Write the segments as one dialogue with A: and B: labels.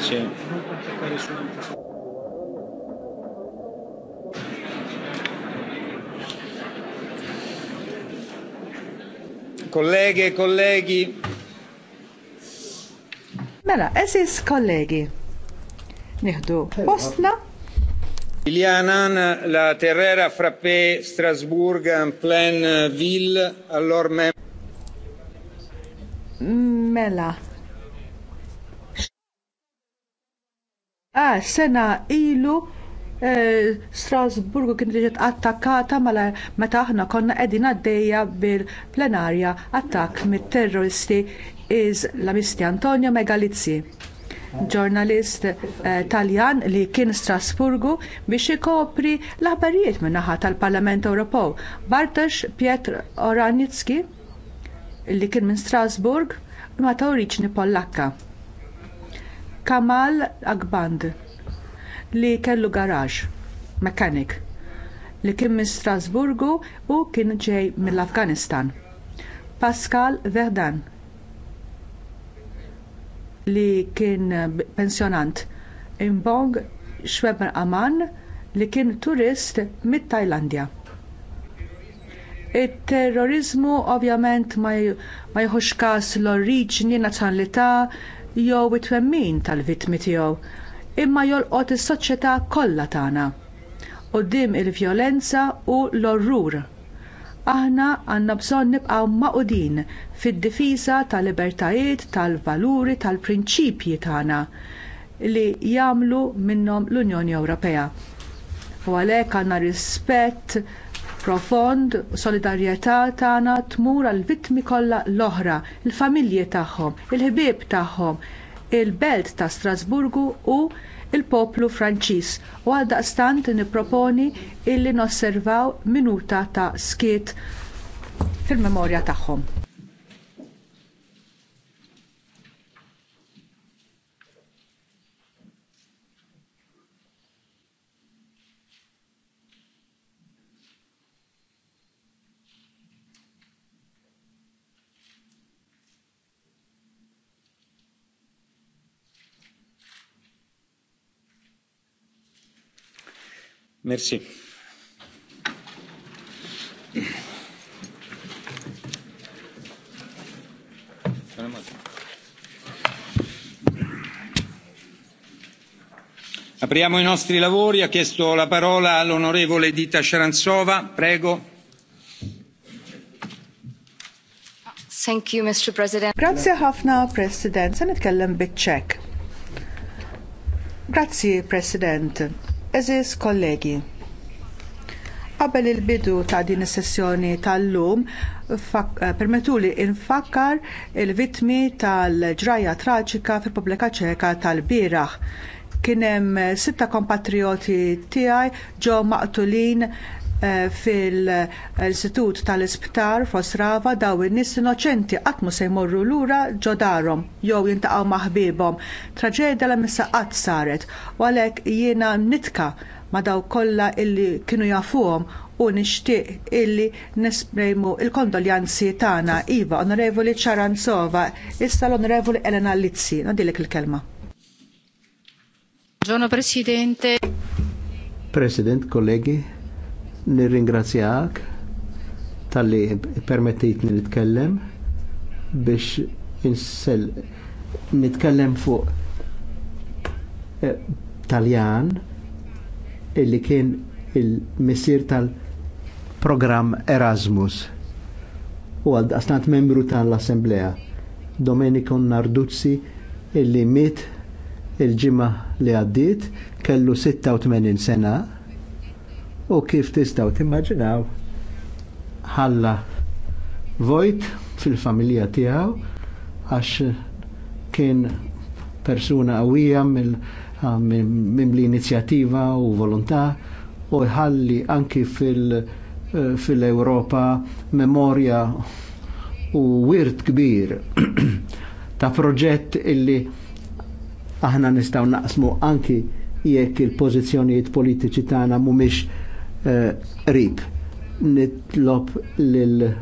A: Sì.
B: Colleghe e colleghi.
C: Mela, esis kollegi. Nihdu postna.
B: Iliana la Terrera frappé Strasbourg en plein ville alors même.
C: Mela, Ah, sena ilu e, Strasburgu kien ġiet attakkata mala meta aħna konna qegħdin għaddejja bil-plenarja attakk mit-terroristi Lamisti Antonio Megalizzi ġurnalist e, Taljan li kien Strasburgu biex ikopri l-aħbarijiet min-naħa tal-Parlament Ewropew. Bartosz Pietr Oranicki li kien minn Strasburg ma ta' oriġni Pollakka Kamal Agband li kellu Garaġ mekanik li kien minn Strasburgu u kien ġej mill-Afganistan. Pascal Verdan li kien pensjonant imbong Schweber Aman li kien turist mit-Tajlandja. it terrorizmu ovvjament ma jħux kas l-oriġni, nazzjonalità, jew it-twemmin tal-vittmi tiegħu, imma jolqot is-soċjetà kollha tagħna quddiem il-vjolenza u l-orrur. Aħna għandna bżonn nibqgħu maqudin fid-difiża tal-libertajiet, tal-valuri, tal-prinċipji tagħna li jagħmlu minnhom l-Unjoni Ewropea. U għalhekk għandna rispett profond, solidarjetà tagħna tmur għall vittmi kollha l-oħra, il-familji tagħhom, il-ħbieb tagħhom, il-belt ta' Strasburgu u l poplu Franċiż. U għaldaqstant nipproponi illi nosservaw minuta ta' skiet fil-memorja tagħhom.
B: Merci. Apriamo i nostri lavori. Ha chiesto la parola all'onorevole Dita Sharantsova. Prego.
C: Thank you, Mr. President. Grazie ħafna, President. Se nitkellem bit-ċek. Grazie, President Eżis kollegi, qabel il-bidu ta' din is-sessjoni tal-lum, eh, permetuli infakkar il-vitmi tal-ġraja traġika fil-Pubblika Ċeka tal-bieraħ. Kien hemm sitta kompatrioti tiegħi ġew maqtulin Eh, fil-istitut tal-isptar Fosrava daw in-nies innoċenti qatt se jmorru lura ġodarhom jew jintaqgħu ma' ħbiebhom. Traġedja li missa qatt saret u għalhekk jiena nitka ma' daw kollha illi kienu jafuhom u nixtieq illi nisprejmu l il kondoljanzi tagħna Iva, Onorevoli Ċaranzova, issa l-Onorevoli Elena Lizzi, nadilek il-kelma. Buongiorno Presidente.
B: President, kollegi, nirringrazzjak tal-li permettitni nitkellem biex insel nitkellem fuq eh, Taljan illi kien il-missir tal-program Erasmus u għad astant membru tal-Assemblea Domenico Narduzzi illi mit il-ġimma li għaddit kellu 86 sena u kif tistaw timmaġinaw ħalla vojt fil-familja tijaw għax kien persuna għawija ah, minn l-inizjativa u volontà u ħalli anki fil-Europa fil eh, memoria u wirt kbir ta' proġett illi aħna nistaw naqsmu anki jekk il-pożizzjonijiet politiċi tagħna mhumiex Eh, rib. Nitlob lil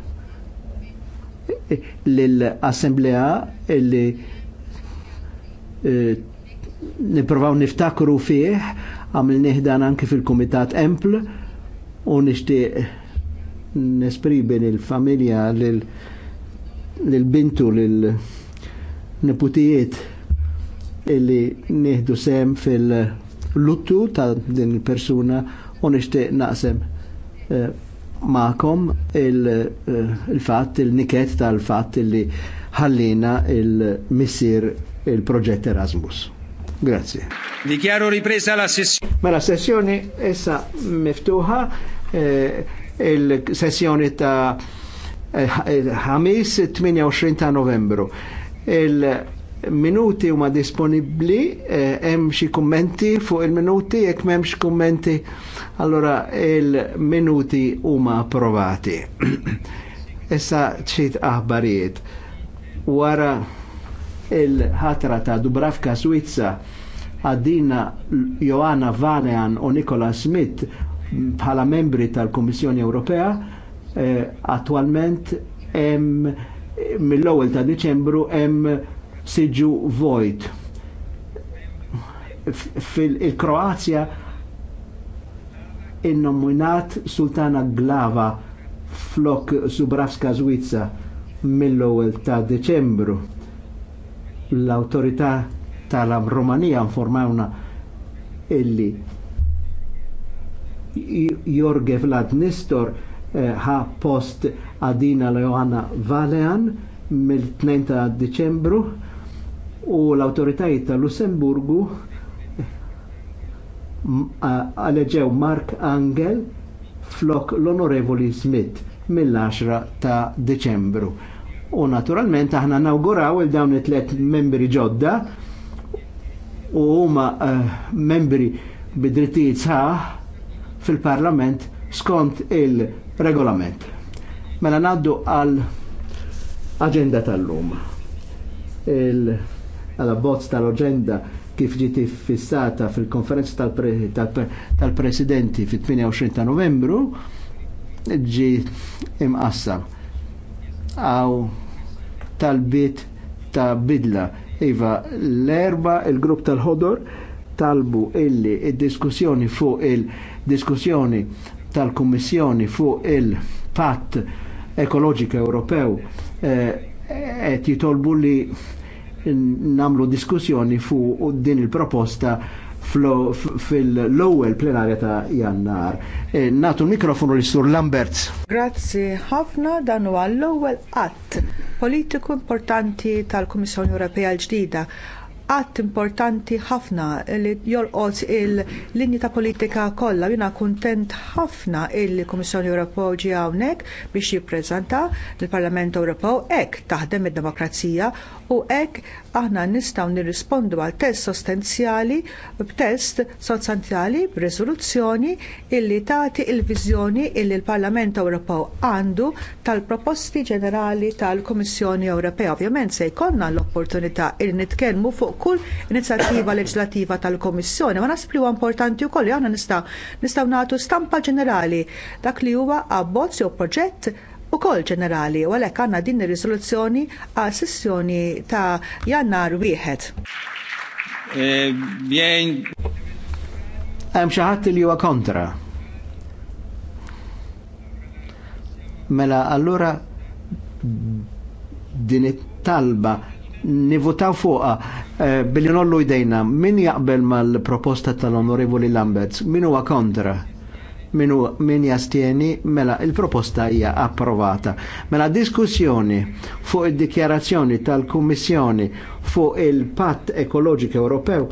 B: l-assemblea li eh, niprovaw niftakru fih għamil nihdan anki fil-komitat Empl u nishtiq nespriben il-familja lil-bintu lil-neputijiet li nihdu sem fil-luttu ta' din il-persuna u naqsem eh, ma'kom il-fatt il fat eh, il tal-fatt li ħallina il-missir il-proġett Erasmus. Grazie. Dikjaru ripresa la sessjoni. Mela sessjoni essa miftuħa eh, il-sessjoni ta' ħamis 28 ta' novembru. Il-minuti huma disponibbli, hemm eh, xi kummenti fuq il-minuti, jekk m'hemmx kummenti Allora il-minuti huma approvati. Issa ċit aħbarijiet. Wara il-ħatra ta' Dubravka Swizza għaddina Joanna Vanean u Nikola Smith bħala membri tal-Kommissjoni Ewropea eh, attualment mill-ewwel ta' Diċembru hemm siġu vojt. Fil-Kroazja innominat Sultana Glava flok Subravska Zwizza mill-ewwel ta' Deċembru. L-awtorità tal romania informawna illi Jorge Vlad Nistor eh, ħa post Adina Leona Valean mill-2 ta' Deċembru u l-autoritajiet tal-Lussemburgu għaleġew Mark Angel flok l-Onorevoli Smith mill-10 ta' Deċembru. U naturalment aħna nawguraw il-dawn it-tlet membri ġodda u huma uh, membri bidrittijiet sħaħ fil-Parlament skont il-regolament. Mela naddu għal agenda tal-lum. il bozz tal-agenda kif ġiet fissata fil-konferenza tal-presidenti fit-28 ta' novembru ġi imqassam. Għaw tal-bit ta' bidla. Iva, l-erba il-grupp tal-ħodor talbu illi id-diskussjoni fuq il-diskussjoni tal-Kummissjoni fuq il-Patt Ekoloġika Ewropew eh, qed eh, jitolbu li namlu diskussjoni fuq din il-proposta fil-lowel plenarja ta' jannar. E, natu mikrofonu li sur Lambert.
C: Grazzi ħafna dan huwa l-ewwel qatt politiku importanti tal-Kummissjoni Ewropea l-ġdida Att importanti ħafna li jolqot il-linji ta' politika kollha Jina kuntent ħafna il kummissjoni Ewropew ġi hawnhekk biex jippreżenta lill-Parlament Ewropew hekk taħdem id-demokrazija u hekk aħna nistgħu nirrispondu għal test sostanzjali b'test sostanzjali b'riżoluzzjoni illi tagħti l il viżjoni illi l-Parlament Ewropew għandu tal-proposti ġenerali tal-Kummissjoni Ewropea. Ovvjament se jkollna l-opportunità il nitkellmu fuq fuq kull inizjattiva leġislattiva tal-Komissjoni, ma nasib li huwa importanti wkoll li aħna nistgħu nagħtu stampa ġenerali dak li huwa abbozz jew proġett ukoll ġenerali, u għalhekk għandna din ir-riżoluzzjoni għal sessjoni ta' jannar wieħed.
B: Eh,
C: Hemm xi ħadd li
B: huwa kontra. Mela allura din it-talba nivutaw fuqa eh, billi nollu idejna min jaqbel mal-proposta tal-onorevoli Lamberts min huwa kontra minu min jastieni mela il-proposta hija approvata mela diskussjoni fuq id-dikjarazzjoni tal-Kummissjoni fuq il-Patt Ekoloġiku Ewropew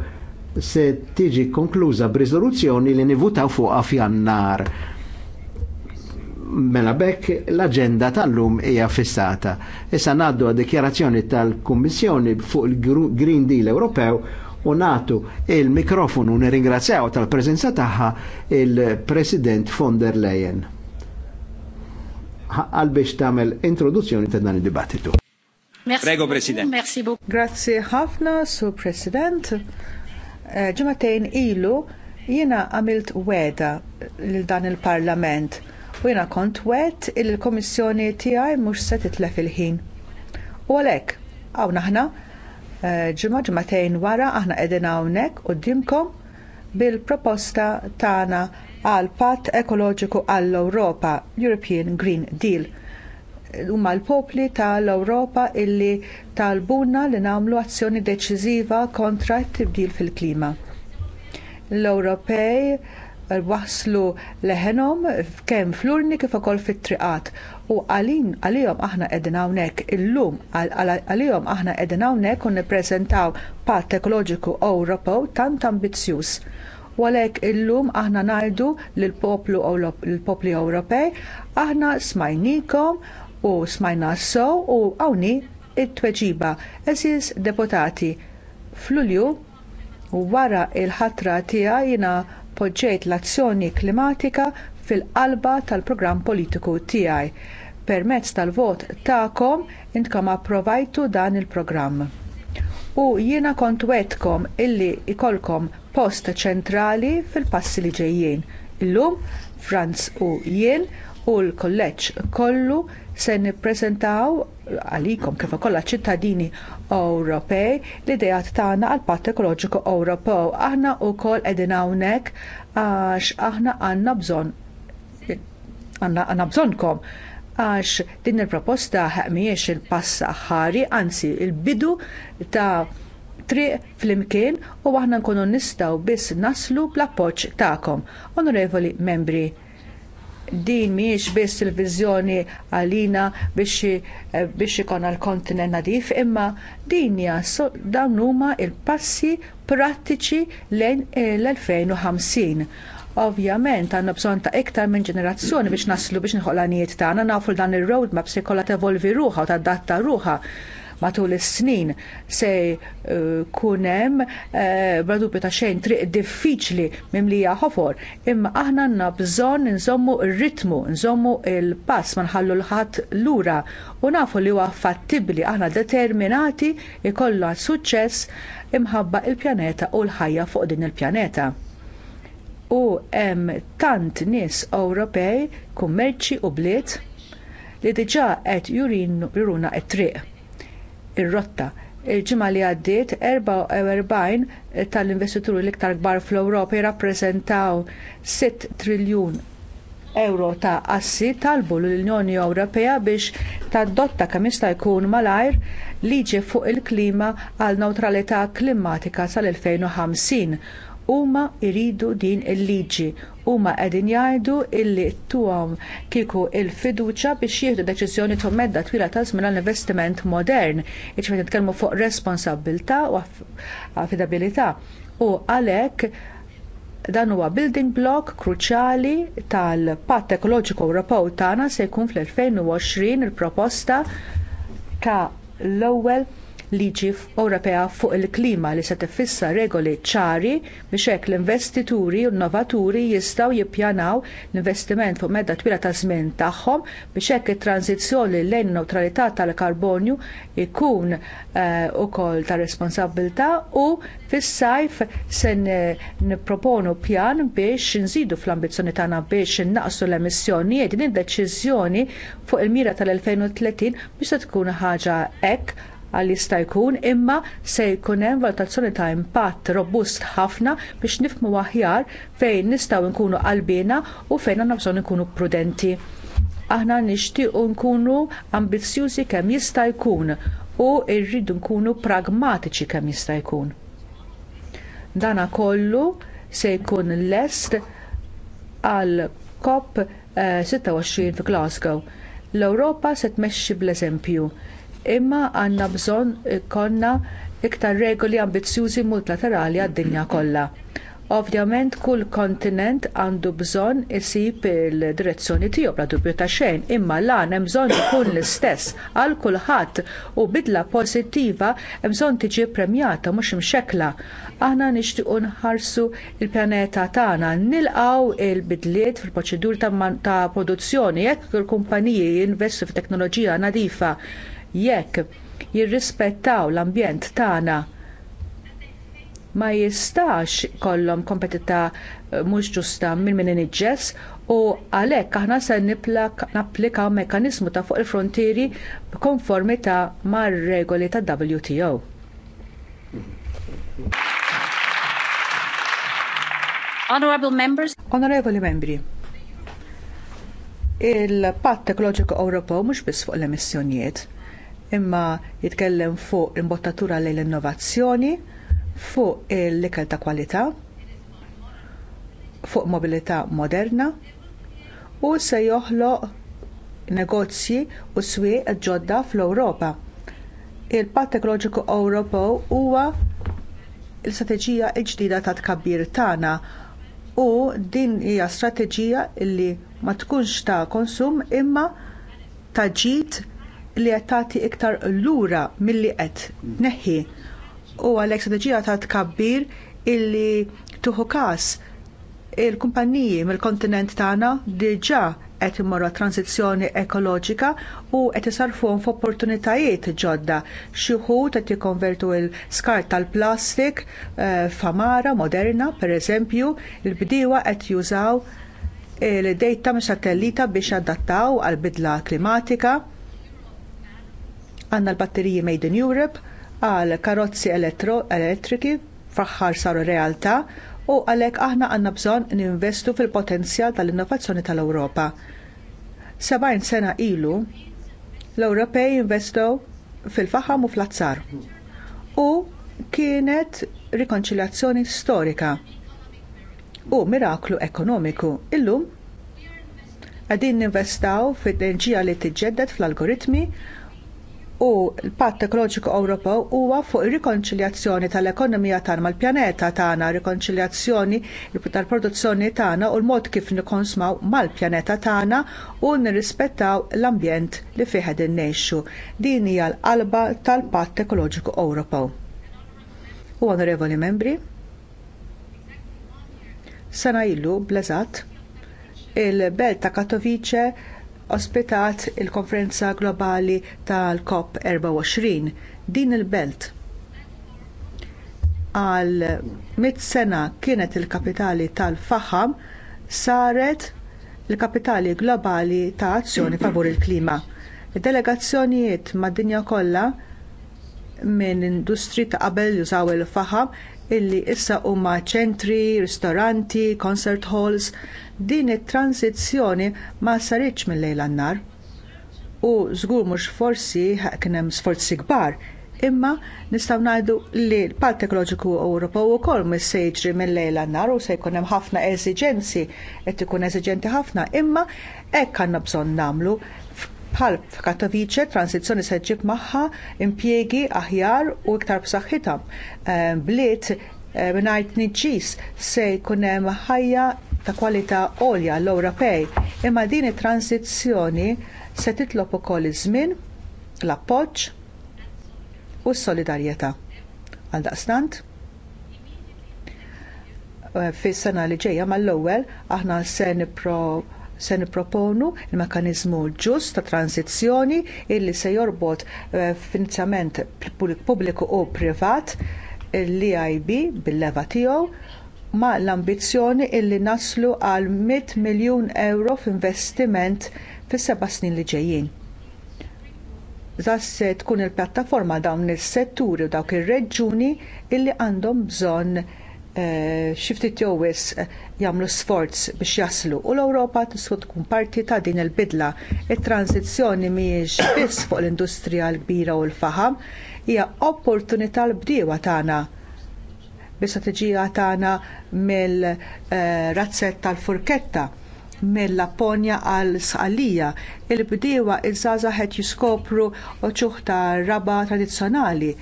B: se tiġi konkluża b'riżoluzzjoni li nivutaw fuqha f'jannar. Mela bekk l-agenda tal-lum hija fissata. Issa ngħaddu għad dikjarazzjoni tal-Kummissjoni fuq il-Green Deal Ewropew u natu il-mikrofonu nirringrazzjaw tal-preżenza tagħha il-President von der Leyen. Għalbiex biex tagħmel introduzzjoni ta' dan id-dibattitu.
C: Prego, President. Grazie ħafna, su President. Eh, ġematejn ilu jiena għamilt weda l dan il-Parlament U jiena kont wet il l-Kummissjoni tiegħi mhux se titlef il-ħin. U għalhekk hawn aħna eh, ġimgħa ġimagħtejn wara aħna qegħdin hawnhekk qudiemkom bil-proposta tagħna għal patt ekoloġiku għall-Ewropa, European Green Deal. Huma l-popli tal-Ewropa illi talbuna li nagħmlu azzjoni deċiżiva kontra t-tibdil fil-klima. L-Ewropej waslu leħenhom kemm flurni kif ukoll fit-triqat u għalin għalihom aħna qegħdin hawnhekk illum għalihom aħna qegħdin hawnhekk u nippreżentaw patt ekoloġiku Ewropew tant ambizzjuż. U għalhekk illum aħna ngħidu lill poplu l-popli Ewropej aħna smajnikom u smajna sew u hawnni it-tweġiba. Eżis deputati, f'Lulju wara l ħatra tiegħi jiena poġġejt l-azzjoni klimatika fil-qalba tal-programm politiku tiegħi. Permezz tal-vot tagħkom intkom approvajtu dan il-programm. U jiena kont wetkom illi ikolkom post ċentrali fil-passi li ġejjin. Illum Franz u jien u l-kolleġġ kollu se nippreżentaw għalikom kif ukoll ċittadini Ewropej l-idejat tagħna għal Patt Ekoloġiku Ewropew. Aħna wkoll qegħdin hawnhekk għax aħna għandna bżonn għandna bżonnkom għax din il-proposta mhijiex il-pass ħari, anzi il-bidu ta' triq flimkien u aħna nkunu nistgħu biss naslu bl-appoġġ tagħkom. Onorevoli membri, din mhijiex biss il-viżjoni għalina eh, biex ikonna l-kontinent nadif, imma din hija dawn huma l passi prattiċi lejn eh, l-2050. Ovvjament għandna bżonn ta' iktar minn ġenerazzjoni biex naslu biex nħolanijiet tagħna nafu dan ir roadmap se jkollha tevolvi ruħha u tadatta ruħha matul is-snin se eh, kun hemm eh, bradubju ta' xejn triq diffiċli mimlija ħofor, imma aħna għandna bżonn nżommu r ritmu nżommu l pass ma nħallu l-ħadd lura u nafu li huwa fattibbli aħna determinati jkollha suċċess imħabba l pjaneta u l-ħajja fuq din il-pjaneta u hemm tant nies Ewropej, kummerċi u bliet li diġà qed juruna t triq ir-rotta. Il-ġimgħa li għaddiet 44 tal-investituri l-iktar kbar fl-Ewropa jirrappreżentaw 6 triljun euro ta' assi talbu l-Unjoni Ewropea biex tadotta kemm jista' jkun malajr liġi fuq il-klima għal newtralità klimatika sal-2050 huma jridu din il-liġi huma qegħdin jgħidu illi tuhom kieku l-fiduċja biex jieħdu deċiżjoni ta' medda twila ta'ż żmien għall-investiment modern, jiġifieri nitkellmu fuq responsabilità u affidabilità. U għalhekk dan huwa building block kruċjali tal-Patt Ekoloġiku Ewropew tagħna se jkun fl-2020 il-proposta ta' l-ewwel liġi Ewropea fuq il-klima li se tiffissa regoli ċari biex hekk l-investituri u l-novaturi jistgħu jippjanaw l-investiment fuq medda twila ta' żmien tagħhom biex hekk it-tranzizzjoni lejn neutralità tal-karbonju ikun eh, ukoll ta' responsabilità u fis-sajf se nipproponu pjan biex nżidu fl-ambizzjoni tagħna biex innaqsu l-emissjonijiet din id-deċiżjoni fuq il-mira tal-2030 biex se tkun ħaġa hekk għal jista' jkun imma se jkun hemm valutazzjoni ta' impatt robust ħafna biex nifhmu aħjar fejn nistgħu nkunu qalbina u fejn għandna bżonn nkunu prudenti. Aħna nixtiequ nkunu ambizzjużi kemm jista' jkun u rridu nkunu pragmatiċi kemm jista' jkun. Dana kollu se jkun lest għal COP 26 eh, fi Glasgow. L-Ewropa se tmexxi bl-eżempju imma għandna bżonn ikollna iktar regoli ambizzjużi multilaterali għad-dinja kollha. Ovvjament kull kontinent għandu bżonn isib il-direzzjoni tiegħu bla dubju ta' xejn, imma lan hemm bżonn ikun l-istess għal kulħadd u bidla pożittiva hemm bżonn tiġi premjata mhux imxekkla. Aħna nixtiequ nħarsu l pjaneta tagħna, nilqgħu l bidliet fil-proċedur ta', ta produzzjoni jekk il-kumpaniji jinvestu f'teknoloġija nadifa jekk jirrispettaw l-ambjent tagħna ma jistax kollhom kompetita eh, mhux ġusta minn min inġess u għalhekk aħna se napplikaw mekkaniżmu ta' fuq il-frontieri b'konformità mar-regoli tad WTO.
A: Honorable members.
C: Honorable membri. Il-Patt Ekoloġiku Ewropew mhux biss fuq l-emissjonijiet, imma jitkellem fuq imbottatura lejn l-innovazzjoni, fuq il-likel ta' kwalità, fuq mobilità moderna u se joħloq negozji u swieq ġodda fl-Ewropa. Il-Patt Ekoloġiku Ewropew huwa l-istrateġija l-ġdida ta' tkabbir tagħna u din hija strateġija li ma tkunx ta' konsum imma ta' ġid li qed tagħti iktar lura milli qed tneħħi u għalhekk strateġija ta' tkabbir illi tuħu każ il-kumpanniji mill-kontinent tagħna diġà qed imorru transizzjoni ekoloġika u qed isarfuhom f'opportunitajiet ġodda. Xi wħud qed jikkonvertu l-skart tal-plastik eh, f'amara moderna, pereżempju, il-bdiewa qed jużaw l-dejta mis-satellita biex adattaw għall bidla klimatika Għandna l-batteriji Made in Europe, għal karozzi elettro elettriki fl-aħħar saru realtà u għalhekk aħna għandna bżonn ninvestu fil-potenzjal tal-innovazzjoni tal-Ewropa. 70 sena ilu l-Ewropej investew fil-faħam u fl-azzar. U kienet rikonċiljazzjoni storika u miraklu ekonomiku. Illum qegħdin ninvestaw fil-enerġija li tiġġedded fl-algoritmi u l-Patt Ekoloġiku Ewropew huwa fuq ir-rikonċiljazzjoni tal-ekonomija tagħna mal-pjaneta tagħna, rikonċiljazzjoni tal-produzzjoni tagħna u l-mod kif nikkonsmaw mal-pjaneta tagħna u nirrispettaw l-ambjent li fih qegħdin ngħixu. Din hija l-qalba tal-Patt Ekoloġiku Ewropew. U onorevoli membri, sena ilu bleżat il-belt ta' Katowice ospitat il-konferenza globali tal-COP24 din il-belt għal mit sena kienet il-kapitali tal-faħam saret il-kapitali globali ta' azzjoni favur il-klima. Delegazzjonijiet mad dinja kollha minn industri ta' qabel jużaw il-faħam illi issa huma ċentri, ristoranti, concert halls, din it-transizzjoni ma saritx mill-lejl għan-nar. U żgur mhux forsi kien hemm sforzi kbar, imma nistgħu ngħidu li l-Park Teknoloġiku Ewropew ukoll mis se jiġri mill-lejla nar u se jkun hemm ħafna eżiġenzi qed ikun eżiġenti ħafna, imma hekk għandna bżonn nagħmlu bħal f'Katowice tranzizzjoni se ġib magħha impjiegi aħjar u iktar b'saħħitha. Eh, bliet eh, mingħajr tniġġis se jkun hemm ħajja ta' kwalità għolja l-Ewropej. Imma din it tranzizzjoni se titlob ukoll iż-żmien, l-appoġġ u s-solidarjetà. Għaldaqstant, eh, fis-sena li ġejja mal-ewwel aħna se nippro se nipproponu l-mekkaniżmu ġust ta' transizzjoni illi se jorbot eh, finanzjament pubbliku u privat l-EIB bil-leva tiegħu ma l-ambizzjoni illi naslu għal 100 miljun euro f'investiment fis-seba' snin li ġejjin. Zas se tkun il-pjattaforma dawn is-setturi u dawk ir-reġjuni illi għandhom bżonn Eh, xiftit jowis eh, jagħmlu sforz biex jaslu u l-Ewropa tiswa tkun parti ta' din il-bidla. It-tranzizzjoni mhijiex biss fuq l-industrija l-kbira u l-faħam, hija opportunità l-bdiewa tagħna bis-strateġija tagħna mill-razzett eh, tal-furketta mill-Laponja għal sqalija il-bdiewa iż-żgħażagħ qed jiskopru oċuħ ta' raba tradizzjonali.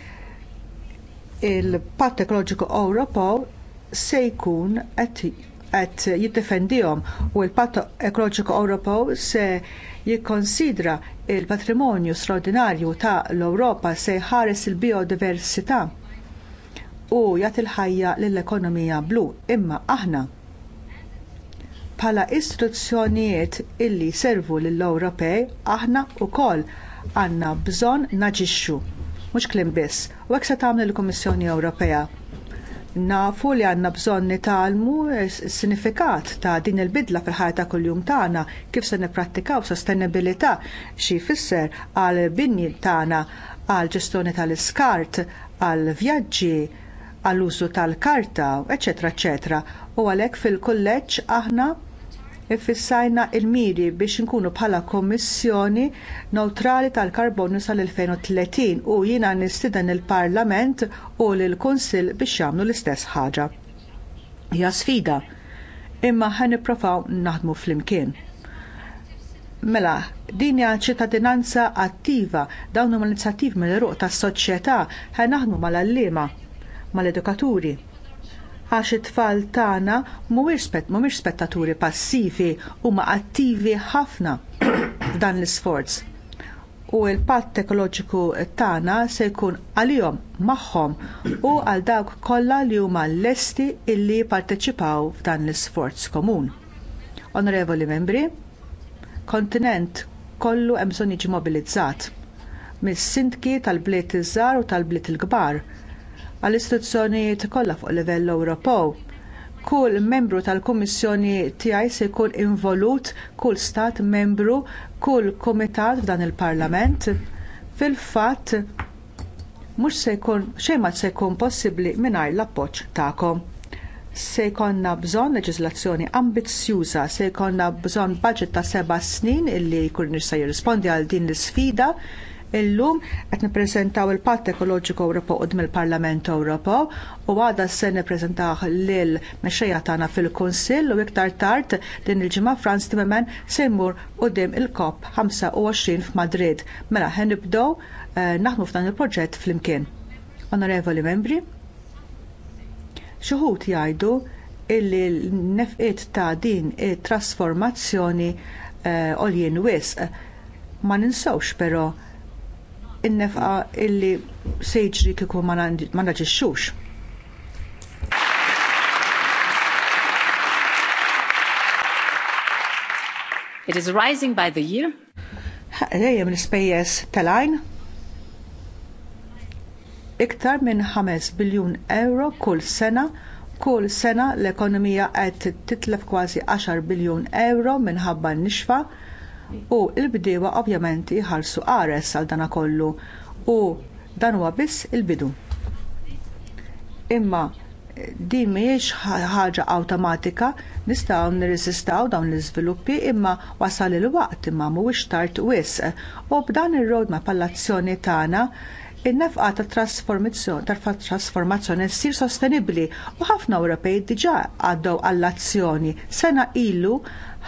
C: Il-Patt Ekoloġiku Ewropew se jkun qed jiddefendihom u l-Patt Ekoloġiku Ewropew se jikkonsidra l patrimonju straordinarju ta' l-Ewropa se jħares il-biodiversità u jagħti l-ħajja lill-ekonomija blu imma aħna bħala istituzzjonijiet illi servu lill-Ewropej aħna wkoll għandna bżonn naġixxu mhux kliem biss u hekk se tagħmel il-Kummissjoni Ewropea nafu li għandna bżonn nitalmu s-sinifikat ta' din il-bidla fil-ħajja ta' kuljum tagħna kif se nipprattikaw sostenibilità xi jfisser għal binji tagħna għal ġestjoni tal-iskart, għal vjaġġi, għall użu tal-karta, eċetera, eċetera. U għalhekk fil-kulleġġ aħna Iffissajna il-miri biex inkunu bħala Kommissjoni neutrali tal-karbonju sal-2030 u jiena nistieden il-Parlament u lill-Kunsill biex jagħmlu l-istess ħaġa. Hija sfida, imma ħan nipprovaw naħdmu flimkien. Mela, din hija ċittadinanza attiva dawn huma l-inizjattivi mill-eruq tas-soċjetà ħa naħdmu mal-allima mal-edukaturi, għax it-tfal tagħna mhumiex spettaturi passivi huma attivi ħafna f'dan l-isforz. U l-patt teknoloġiku tagħna se jkun għalihom magħhom u għal dawk kollha li huma lesti illi jipparteċipaw f'dan l-isforz komun. Onorevoli membri, kontinent kollu hemm bżonn jiġi mobilizzat mis-sindki tal-bliet iż-żgħar u tal-bliet il-kbar. il kbar għall-istituzzjonijiet kollha fuq livell Ewropew. Kull membru tal-Kummissjoni tiegħi se jkun involut kull stat membru, kull kumitat f'dan il-Parlament. Fil-fatt mhux se jkun xejn ma se jkun possibbli mingħajr l-appoġġ tagħkom. Se jkollna bżonn leġiżlazzjoni ambizzjuża, se jkollna bżonn budget ta' seba' snin illi jkun nista' jirrispondi għal din l-isfida Illum qed nippreżentaw il-Patt Ekoloġiku Ewropew qudiem il-Parlament Ewropew u għada se nippreżentah lil mexejja tagħna fil-Kunsill u iktar tard din il-ġimgħa Franz Timmerman se jmur qudiem il-COP 25 f'Madrid. Mela ħen nibdew eh, naħdmu f'dan il-proġett flimkien. Onorevoli membri, xi jgħidu illi l-nefqiet ta' din it-trasformazzjoni eh, għoljin wisq ma ninsawx però in-nefqa illi se jiġri kieku ma naġixxux.
A: It is rising by the year.
C: Dejjem l-ispejjeż tal-għajn iktar minn 5 biljun euro kull sena kull sena l-ekonomija qed titlef kważi 10 biljun euro minħabba n-nixfa u l-bdiewa ovvjament jħallsu qares għal dana kollu u dan huwa biss il-bidu. Imma din mhijiex ħaġa awtomatika nistgħu nirreżistaw dawn l-iżviluppi imma wasal il-waqt imma mhuwiex tard wisq u b'dan ir-roadmap għall-azzjoni tagħna in-nefqa tat trasformazzjoni ssir sostenibbli u ħafna Ewropej diġà għaddew għall-azzjoni sena ilu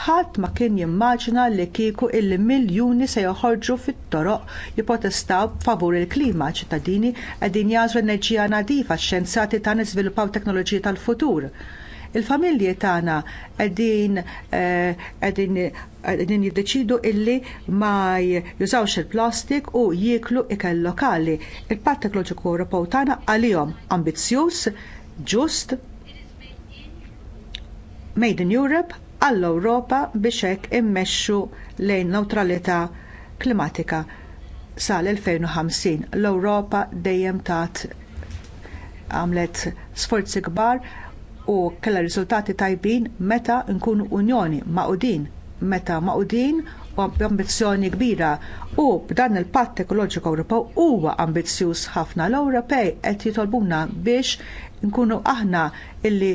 C: Ħadd ma kien jimmaġina li kieku il-miljuni se joħorġu fit-toroq jipprotestaw favur il-klima ċittadini qegħdin jażru enerġija nadifa x-xjenzati tagħna iżviluppaw teknoloġiji tal-futur. Il-familji tagħna eh, qegħdin qegħdin jiddeċidu illi ma jużawx il-plastik u jieklu ikel lokali. Il-Patt Ekoloġiku Ewropew tagħna għalihom ambizzjuż, ġust, Made in Europe għall-Ewropa biex hekk immexxu lejn newtralità klimatika sal-2050. L-Ewropa dejjem tat għamlet sforzi kbar u kellha riżultati tajbin meta nkunu unjoni maqudin, meta maqudin u b'ambizzjoni kbira u b'dan il-patt ekoloġiku Ewropew huwa ambizzjuż ħafna l-Ewropej qed jitolbuna biex nkunu aħna illi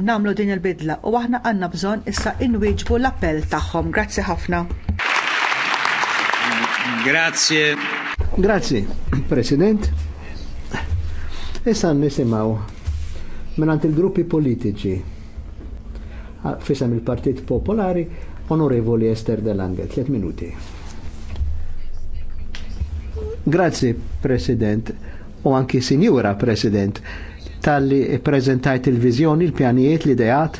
C: nagħmlu din il-bidla u aħna għandna bżonn issa inwieġbu l-appell tagħhom. Grazzi ħafna. Grazie. Grazie, President. Issa nisimaw
B: minnant il-gruppi politiċi fisem il-Partit Popolari Onorevoli Ester Delange, 3 minuti. Grazzi, President, u anki Sinjura President tal-li prezentajt il-vizjoni, il-pjanijiet, l-idejat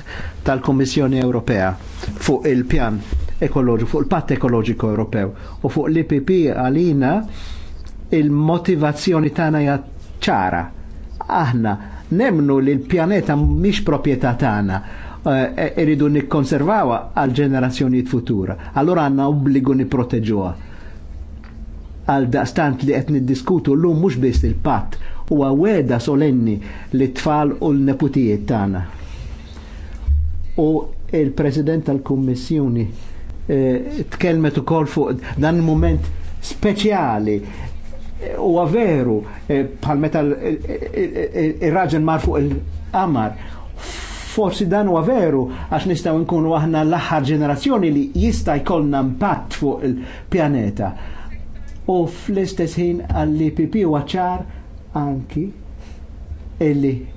B: tal komissjoni Ewropea fuq il-pjan ekoloġiku, fuq il-patt ekoloġiku Ewropew u fuq l-IPP għalina il-motivazzjoni tagħna hija ċara. Aħna nemnu li l-pjaneta mhix proprjetà tagħna eh, eh, irridu e nikkonservawa għal ġenerazzjonijiet futura. allora għandna obbligu nipproteġuha. Għal daqstant li qed niddiskutu llum mhux biss il-patt U weda solenni li tfal u l-neputijiet tagħna. U il-President tal-Kummissjoni tkelmet eh, tkellmet ukoll fuq dan moment speċjali u għaveru eh, meta eh, eh, mar fuq il-qamar forsi dan huwa veru għax nistaw nkunu aħna l-aħħar ġenerazzjoni li jista' jkollna impatt fuq il-pjaneta. U fl-istess ħin għall-IPP huwa ċar anki illi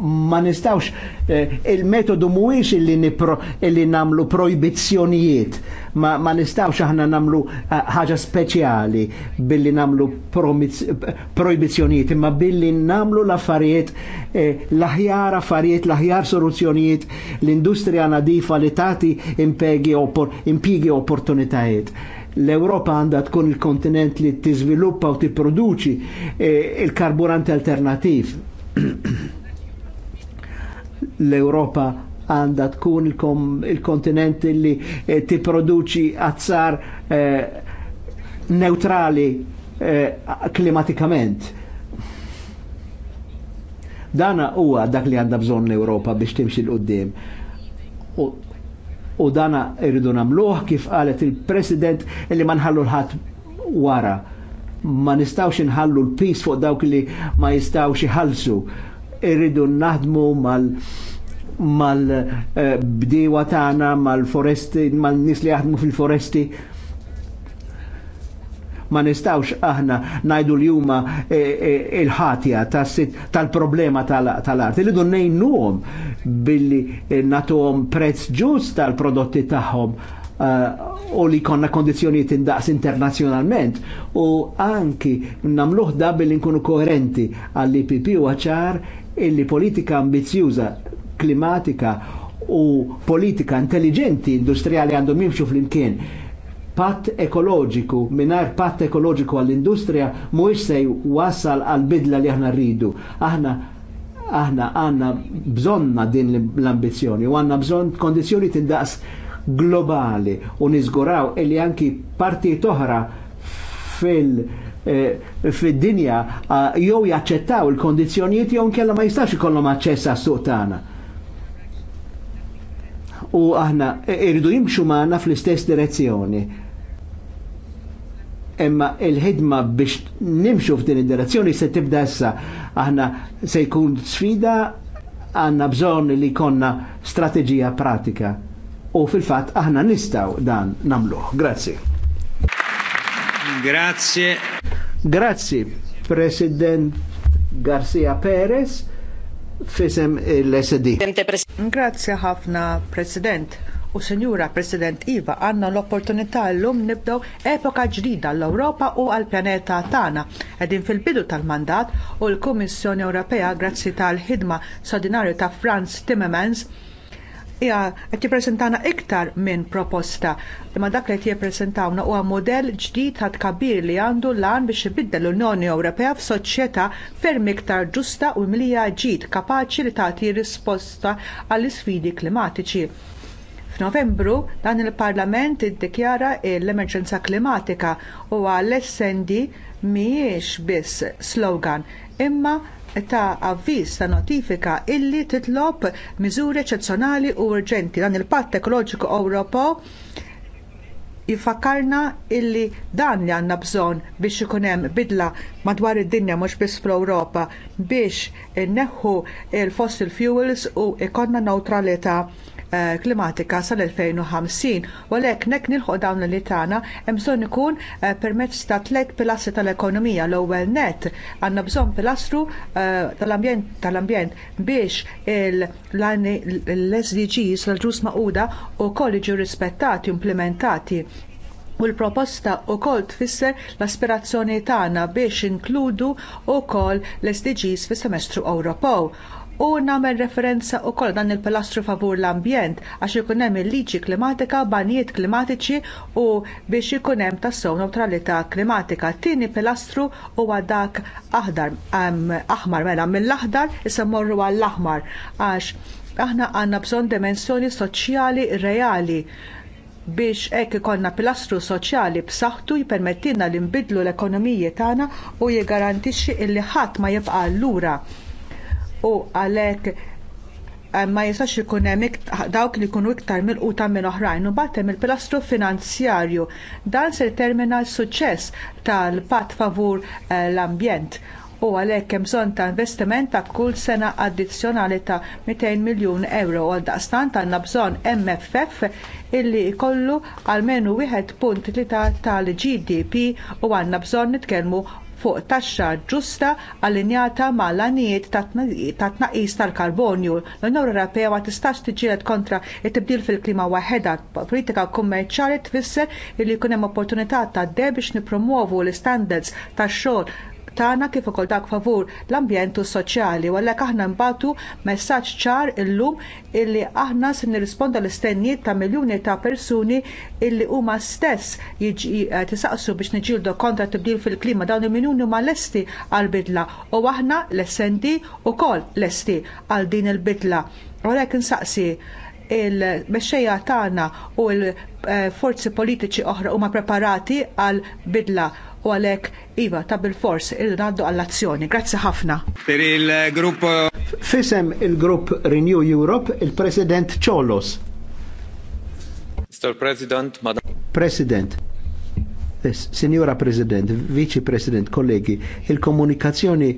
B: ma nistawx eh, il-metodu mhuwiex illi nipro illi namlu proibizzjonijiet ma, ma nistawx aħna namlu eh, ħaġa speċjali billi namlu proibizzjonijiet imma billi namlu l-affarijiet eh, l-aħjar affarijiet l-aħjar soluzzjonijiet l-industrija nadifa li tagħti impiegi oppor, opportunitajiet l-Europa għandha tkun il-kontinent li tiżviluppa u tipproduċi eh, il-karburant alternativ. L-Europa għandha tkun il-kontinent li eh, tipproduċi azzar eh, neutrali klimatikament. Dana huwa dak li għandha bżonn l-Europa biex timxi l-qoddim u dana irridu namluħ kif qalet il-President li ma nħallu l-ħadd wara. Ma nistawx nħallu l-pis fuq dawk li ma jistawx iħallsu. Irridu naħdmu mal- mal eh, bdiwa tagħna, mal-foresti, mal-nies li jaħdmu fil-foresti ma nistawx aħna najdu li huma e, e, il-ħatja tal-problema tal-art. Iridu nejnuhom billi natuhom prezz ġust tal-prodotti tagħhom eh, u li konna kondizjoniet indaqs internazjonalment u anki namluħ da billi nkunu koherenti għall-IPP u għacħar illi politika ambizjuza klimatika u politika intelligenti industrijali għandhom jimxu fl-imkien patt ekoloġiku, minar patt ekoloġiku għall-industrija mhuwiex se wasal għal-bidla li aħna rridu. Aħna aħna għanna bżonna din l-ambizjoni u għanna bżon kondizjoni tindaqs globali u nizguraw illi anki parti toħra fil- eh, fil-dinja ah, jew jaċċettaw il-kondizjonijiet jew kella ma jistax ikollhom aċċess għas-suq tagħna u aħna irridu jimxu maħna fl-istess direzzjoni. Emma il-ħidma biex nimxu f'din id-direzzjoni se tibda issa aħna se jkun sfida għanna bżon li konna strategija pratika. U fil-fat aħna nistaw dan namluħ. Grazzi. Grazie. Grazie, President Garcia Perez fisem l-SD.
C: Grazie ħafna, President. U Senjura President Iva għandna l-opportunità llum nibdew epoka ġdida l ewropa u għall pjaneta tagħna. Qegħdin fil-bidu tal-mandat u l-Kummissjoni Ewropea grazzi tal-ħidma sodinarju ta' Franz Timmermans hija qed tippreżentana iktar minn proposta. Imma dak li qed jippreżentawna huwa mudell ġdid ta' tkabbir li għandu lan biex ibiddel l-Unjoni Ewropea f'soċjetà ferm iktar ġusta u mlija ġid kapaċi li tagħti risposta għall-isfidi klimatiċi. F'Novembru dan il-Parlament iddikjara l-emerġenza klimatika u għall-SND mhijiex biss slogan imma ta' avviż ta' notifika illi titlob miżuri eċċezzjonali u urġenti. Dan il-Patt Ekoloġiku Ewropew jifakkarna illi dan li għandna bżonn biex ikun hemm bidla madwar id-dinja mhux biss fl-Ewropa biex inneħħu l fossil fuels u ikonna neutralità Eh, klimatika sal-2050 u għalhekk nek nilħu dawn li tagħna hemm bżonn ikun eh, permezz ta' tliet pilastri tal-ekonomija l-ewwel net għandna bżonn pilastru eh, tal-ambjent tal-ambjent biex l-SDGs l-ġus maquda wkoll jiġu rispettati u implementati u l-proposta wkoll tfisser l-aspirazzjoni tagħna biex inkludu wkoll l-SDGs fis semestru Ewropew u nagħmel referenza wkoll dan il-pilastru favur l-ambjent għax ikun hemm il-liġi klimatika, banijiet klimatiċi u biex ikun hemm tassew neutralità klimatika. Tieni pilastru huwa dak aħdar aħmar mela mill-aħdar issa morru għall-aħmar għax aħna għandna bżonn dimensjoni soċjali reali biex hekk ikollna pilastru soċjali b'saħħtu jippermettilna li nbiddlu l-ekonomiji tagħna u jiggarantixxi li ħadd ma jibqa' lura u għalhekk eh, ma jistax ikun hemm dawk li jkunu iktar milquta minn oħrajn u hemm il-pilastru finanzjarju. Dan se jtermina s-suċċess tal-patt favur eh, l-ambjent u għalhekk hemm bżonn ta' investiment ta' kull sena addizzjonali ta' 200 miljun euro għal daqstant għandna bżonn MFF illi jkollu għalmenu 1.3 tal-GDP u għandna bżonn nitkellmu fuq taxxa ġusta allinjata mal l-anijiet ta' tnaqqis tal-karbonju. L-Unjoni Ewropea ma tistax tiġieled kontra t tibdil fil-klima waħedha. Politika kummerċjali tfisser li jkun hemm opportunità ta' deb biex nippromovu l istandards tax xogħol tagħna kif ukoll dak favur l-ambjent u soċjali u għalhekk aħna nbagħtu messaġġ ċar illum illi aħna se nirrisponda l-istennijiet ta' miljuni ta' persuni illi huma stess eh, tisaqsu biex niġildu kontra tibdil fil-klima dawn il miljuni huma lesti għal-bidla u aħna l-essendi wkoll lesti għal din il-bidla. Għalhekk insaqsi il-mexxejja tagħna u l-forzi eh, politiċi oħra huma preparati għal bidla u għalhekk iva ta' bilfors irridu ngħaddu għall-azzjoni. Grazzi ħafna.
B: Per il-grupp Fisem il-grupp Renew Europe il-President Ciolos. Mr. President, Madam President. Signora President, Vice President, kollegi, il-komunikazzjoni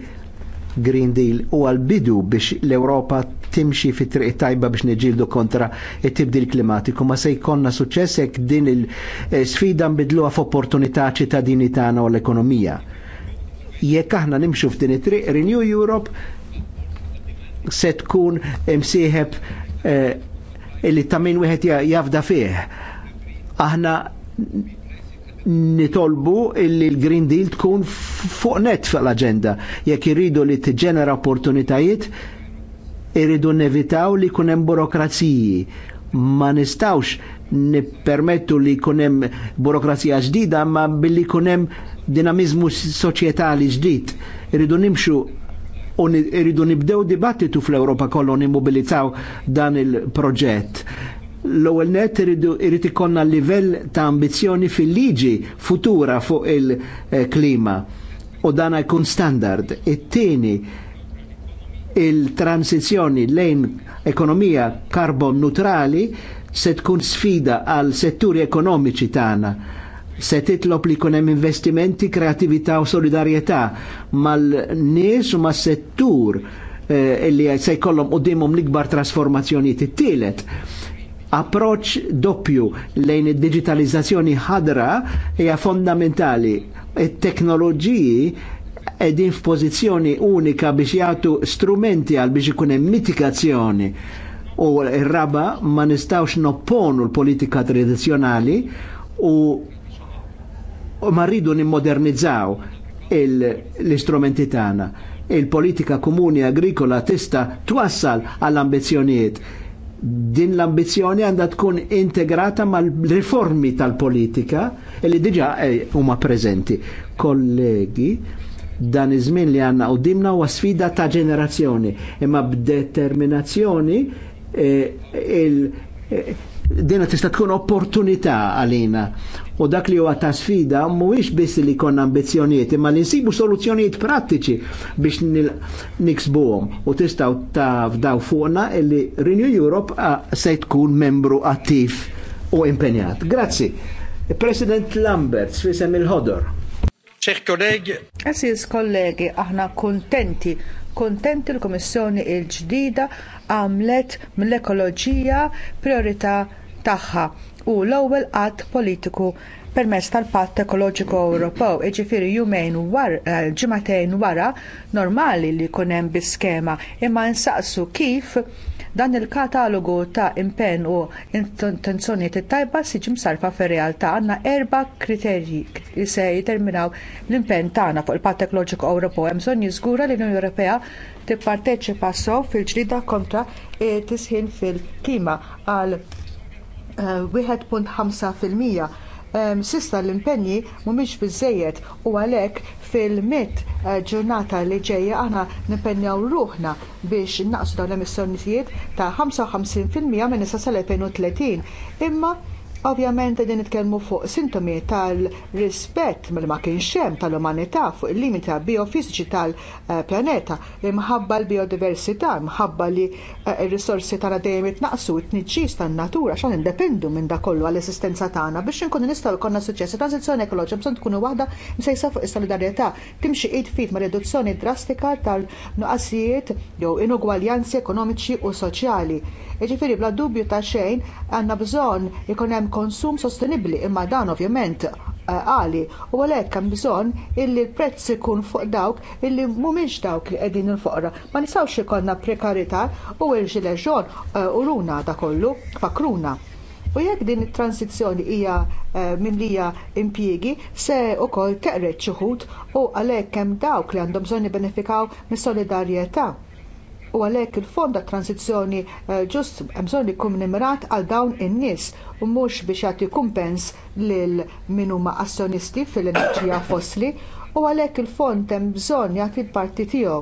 B: Green Deal u għal-bidu biex l-Europa timxi fit triq tajba biex niġildu kontra it-tibdil klimatiku. Ma se jkollna suċċess hekk din il-sfida eh, nbidluha f'opportunità ċittadini tagħna u l-ekonomija. Jekk aħna nimxu f'din it-triq, Renew Europe se tkun imsieħeb eh, illi tamin wieħed jafda fih. Aħna nitolbu illi l-Green Deal tkun fuq net fl-agenda. Jekk irridu li tġenera opportunitajiet, Iridu nevitaw li kunem burokraziji. Ma nistawx nippermettu li kunem burokrazija ġdida ma billi kunem dinamizmu soċietali ġdid. Iridu nimxu u iridu nibdew dibattitu fl-Europa kollu nimmobilizzaw dan il-proġett. L-ewwel net irid ikollna livell ta' ambizzjoni fil-liġi futura fuq il-klima eh, u dan jkun standard. It-tieni il-transizjoni lejn ekonomija karbon neutrali se tkun sfida għal setturi ekonomiċi tagħna se titlob li kunem investimenti, kreativita u solidarietà mal-nies u mas-settur eh, illi se jkollhom qudiemhom l-ikbar trasformazzjonijiet it-tielet approċ doppju lejn id-digitalizzazzjoni ħadra hija fondamentali. it teknoloġiji edin f'pożizzjoni unika biex jgħatu strumenti għal biex ikun mitikazzjoni u r-raba ma nistawx nopponu l-politika tradizjonali u ma rridu nimmodernizzaw l-istrumenti tagħna. Il-politika komuni agrikola tista twassal għall-ambizzjonijiet. Din l ambizjoni għandha tkun integrata mal-riformi tal-politika li diġa eh, huma preżenti. Kollegi, Dan iż-żmien li għandna qudiemna huwa sfida ta' ġenerazzjoni, imma b'determinazzjoni e, e, dina tista' tkun opportunità għalina. U dak li huwa ta' sfida mhuwiex biss li konna ambizzjonijiet, imma li nsibu soluzzjonijiet prattiċi biex niksbuhom u tistgħu daw fuqna li Renew Europe se tkun membru attiv u impenjat. Grazzi. President Lambert, fisem il-ħodor. Ċer kollegi.
C: Aziz kollegi, aħna kontenti kontenti l-Komissjoni l ġdida għamlet mill-ekoloġija priorità tagħha u l-ewwel qatt politiku permezz tal-Patt Ekoloġiku Ewropew. Iġifieri jumejn war eh, ġimagħtejn wara normali li jkun hemm biskema imma nsaqsu kif dan il-katalogu ta' impenn u intenzjonijiet it-tajba siġi msarfa fir-realtà għandna erba' kriterji li se jiterminaw l-impenn tagħna fuq il-Patt Ekoloġiku Ewropew. Hemm bżonn jiżgura li l-Unjoni Ewropea tipparteċipa sew fil-ġlida kontra tisħin fil-klima għal 1.5 eh, fil-mija sista l-impenji mhumiex biżżejjed u għalhekk fil-mit eh, ġurnata li ġejja aħna nimpenjaw ruħna biex naqsu dawn l-emissjonijiet ta' 55% minn issa sal-2030 imma Ovvjament din nitkellmu fuq sintomi tal-rispett mill mela ma kienx hemm tal-umanità fuq il-limiti biofiżiċi tal-pjaneta imħabba l-biodiversità, imħabba li eh, r-risorsi tagħna dejjem itnaqsu t-tniġġis tan-natura xan independu minn dak kollu għall-esistenza tagħna biex inkunu nistgħu jkollna suċċess. Transizzjoni ekoloġika bżonn tkun waħda msejsa fuq is-solidarjetà timxi qid fit ma' riduzzjoni drastika tal nuqasijiet jew inugwaljanzi ekonomiċi u soċjali. Jiġifieri bla dubju ta' xejn għandna bżonn ikun hemm konsum sostenibbli imma dan ovvjament eh, għali u għalhekk hemm bżonn illi l-prezz ikun fuq dawk illi mhumiex dawk li qegħdin il-foqra. Ma nistgħux ikollna prekarità u l-ġileġon eh, uruna ta' kollu fakruna. U jekk din it-transizzjoni hija eh, minn li impjiegi se wkoll teqret xi wħud u għalhekk hemm dawk li għandhom bżonn jibbenefikaw mis-solidarjetà u għalhekk il-fond tat transizzjoni eh, ġust hemm bżonn ikun nimrat għal dawn in-nies u mhux biex jagħti kumpens lil min huma azzjonisti fil-enerġija fossli u għalhekk il-fond hemm bżonn jagħti l-parti tiegħu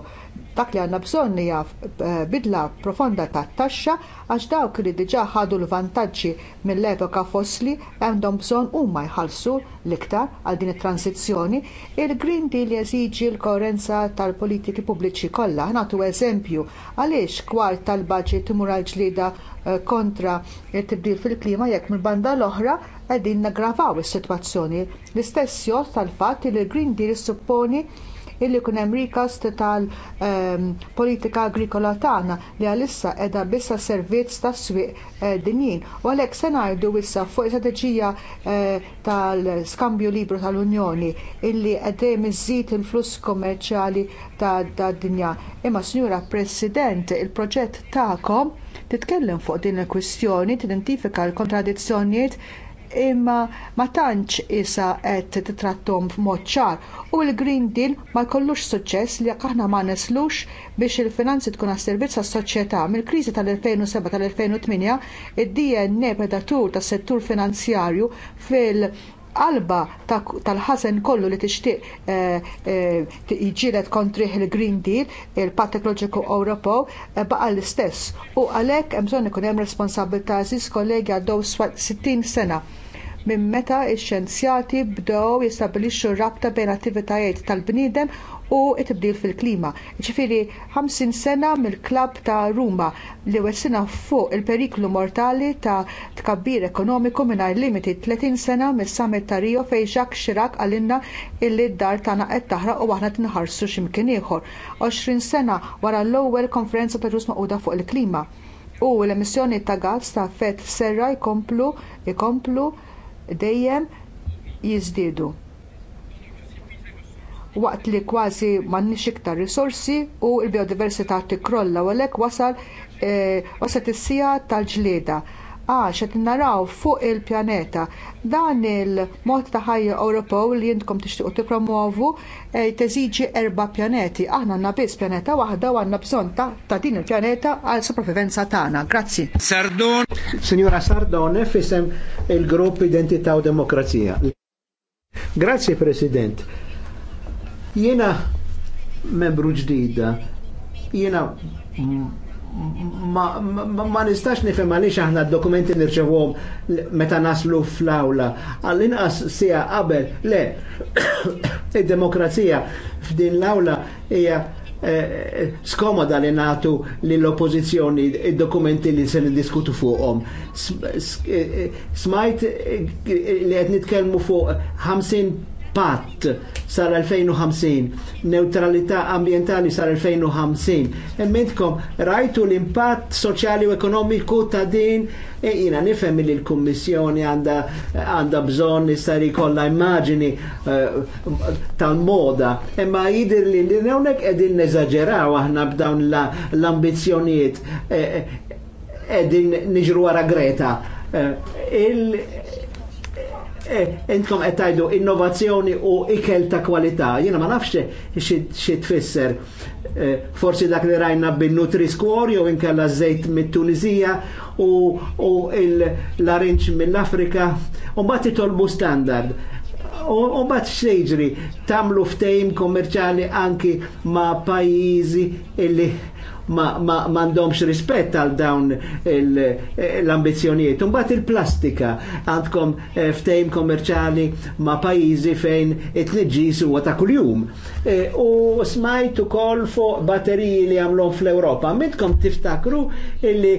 C: dak li għandna bżonn hija eh, bidla profonda tat-taxxa għax dawk li diġà ħadu l-vantaġġi mill-epoka fossli għandhom bżonn huma jħallsu l-iktar għal din it-transizzjoni. Il-Green Deal jeżiġi l-koerenza tal-politiki pubbliċi kollha. Nagħtu eżempju għaliex kwart tal-baġit imur ġlieda eh, kontra t-tibdil fil-klima jekk mill-banda l-oħra qegħdin nagravaw is-sitwazzjoni. L-istess jgħod tal-fatt li l-Green Deal supponi illi jkun hemm rikast tal-politika ehm, agrikola tagħna li għalissa qiegħda biss servizz tas-swieq eh, dinjin. U għalhekk se ngħidu issa fuq strateġija eh, tal-skambju libru tal-Unjoni illi qegħdejjem iżżid il-fluss kummerċjali tad-dinja. Imma Sinjura President, il-proġett tagħkom titkellem fuq din il-kwistjoni, tidentifika l-kontradizzjonijiet imma ma tantx isa qed titrattom f'mod ċar u l-Green Deal ma jkollux suċċess li jekk aħna ma neslux biex il-finanzi tkun għas-servizz għas-soċjetà. Mill-kriżi tal-2007 tal-2008 id-DNA predatur tas-settur finanzjarju fil- qalba tal-ħasen kollu li tixtieq eh, eh, iġielet kontriħ il-Green Deal, il-Patt Ekoloġiku Ewropew, eh, baqa l-istess. U għalhekk hemm bżonn ikun hemm responsabilità żis kollegi għaddew 60 sena minn meta x-xjenzjati bdew jistabbilixxu rabta bejn attivitajiet tal-bniedem u t-tibdil fil-klima. Ġifieri 50 sena mill-klabb ta' Ruma li wessina fuq il-periklu mortali ta' tkabbir ekonomiku mingħajr limiti 30 sena mis-summit ta' Rio fejn Jacques Chirac għalinna illi d-dar tagħna qed taħraq u aħna tinħarsu x'imkien ieħor. 20 sena wara l-ewwel konferenza ta' ġus maquda fuq il-klima u l-emissjoni ta' gazz ta' fett serra jkomplu jkomplu dejjem jiżdiedu waqt li kważi m'għandniex iktar risorsi u l-biodiversità tikrolla u għalhekk wasal e, eh, wasal is-sija tal-ġlieda għax qed naraw fuq il-pjaneta dan il-mod ta' ħajja Ewropew li intkom tixtiequ tippromovu eh, teżiġi erba' pjaneti. Aħna għandna biss pjaneta waħda u għandna bżonn ta' din il-pjaneta għal sopravivenza tagħna. Grazzi.
B: Sardon. Signora Sardone fisem il-grupp Identità u Demokrazija. Grazzi President. Jiena membru ġdida, jiena ma nistax nifhem għaliex aħna d-dokumenti nirċevuhom meta naslu fl-awla. Għall-inqas sija qabel, le, id-demokrazija f'din l-awla hija eh, skomoda li natu li l-oppozizjoni id-dokumenti li se diskutu fuqhom. Eh, smajt eh, li qed nitkellmu fuq 50 PAT sar 2050 neutralità ambientali sar 2050 Emmentkom, rajtu l-impatt soċjali u ekonomiku ta' din e jina nifem li l-Kommissjoni għanda bżon nistari kolla immaġini uh, tal-moda, imma jidir li l-newnek edin neżagġeraw aħna b'dawn l-ambizjoniet edin eh, eh, niġru għara Greta. Uh, Eh, intom qed tgħidu innovazzjoni u ikel ta' kwalità. Jiena ma nafx xi tfisser eh, forsi dak li rajna bin-nutri score jew inkella żejt mit-Tunizija u l-arinċ mill-Afrika u mbagħad titolbu standard. U bat xejġri tamlu ftejm kommerċali anki ma' pajizi illi Ma m'għandhomx rispett għal dawn l-ambizzjonijiet. Imbagħad il-plastika għandkom eh, ftejm kommerċali ma' pajjiżi fejn it-tniġġis huwa ta' kuljum. Eh, u smajt ukoll fuq batteriji li għamlhom fl-Ewropa. Mitkom tiftakru illi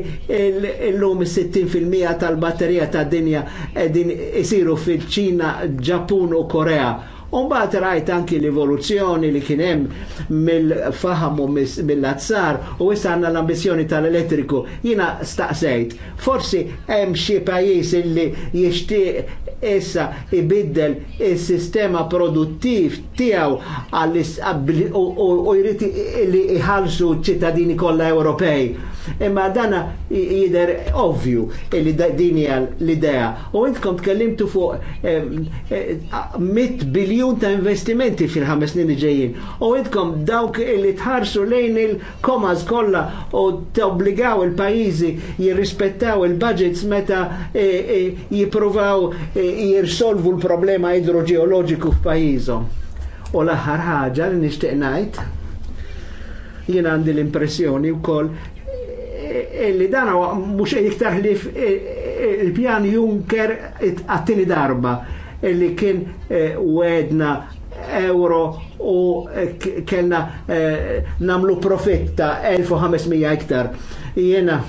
B: illum 60% tal-batterija tad dinja din isiru fil-Ċina, Ġappun u Korea Umbat rajt anki l-evoluzzjoni li kienem mill-faham u mill-azzar u issa għanna l-ambizjoni tal-elettriku. Jina staqsejt, forsi hemm xi pajis li jixtieq issa ibiddel il-sistema produttiv tiegħu u jrid li iħallsu ċittadini kollha Ewropej. Imma dana jider ovvju li dinja l-idea. U intkom tkellimtu fuq 100 biljun biljun ta' investimenti fil-ħames snin ġejjin. U idkom dawk li tħarsu lejn il-komas kolla u tobbligaw il pajizi jirrispettaw il-budgets meta e, e, e, jirsolvu l-problema idroġeoloġiku f'pajjiżhom. U l-aħħar ħaġa li nixtieq ngħid jien għandi l-impressjoni wkoll e, li dan mux iktar li e, e, il-pjan Juncker għattini darba illi kien eh, wedna euro u eh, kellna eh, namlu profitta 1500 iktar. Jena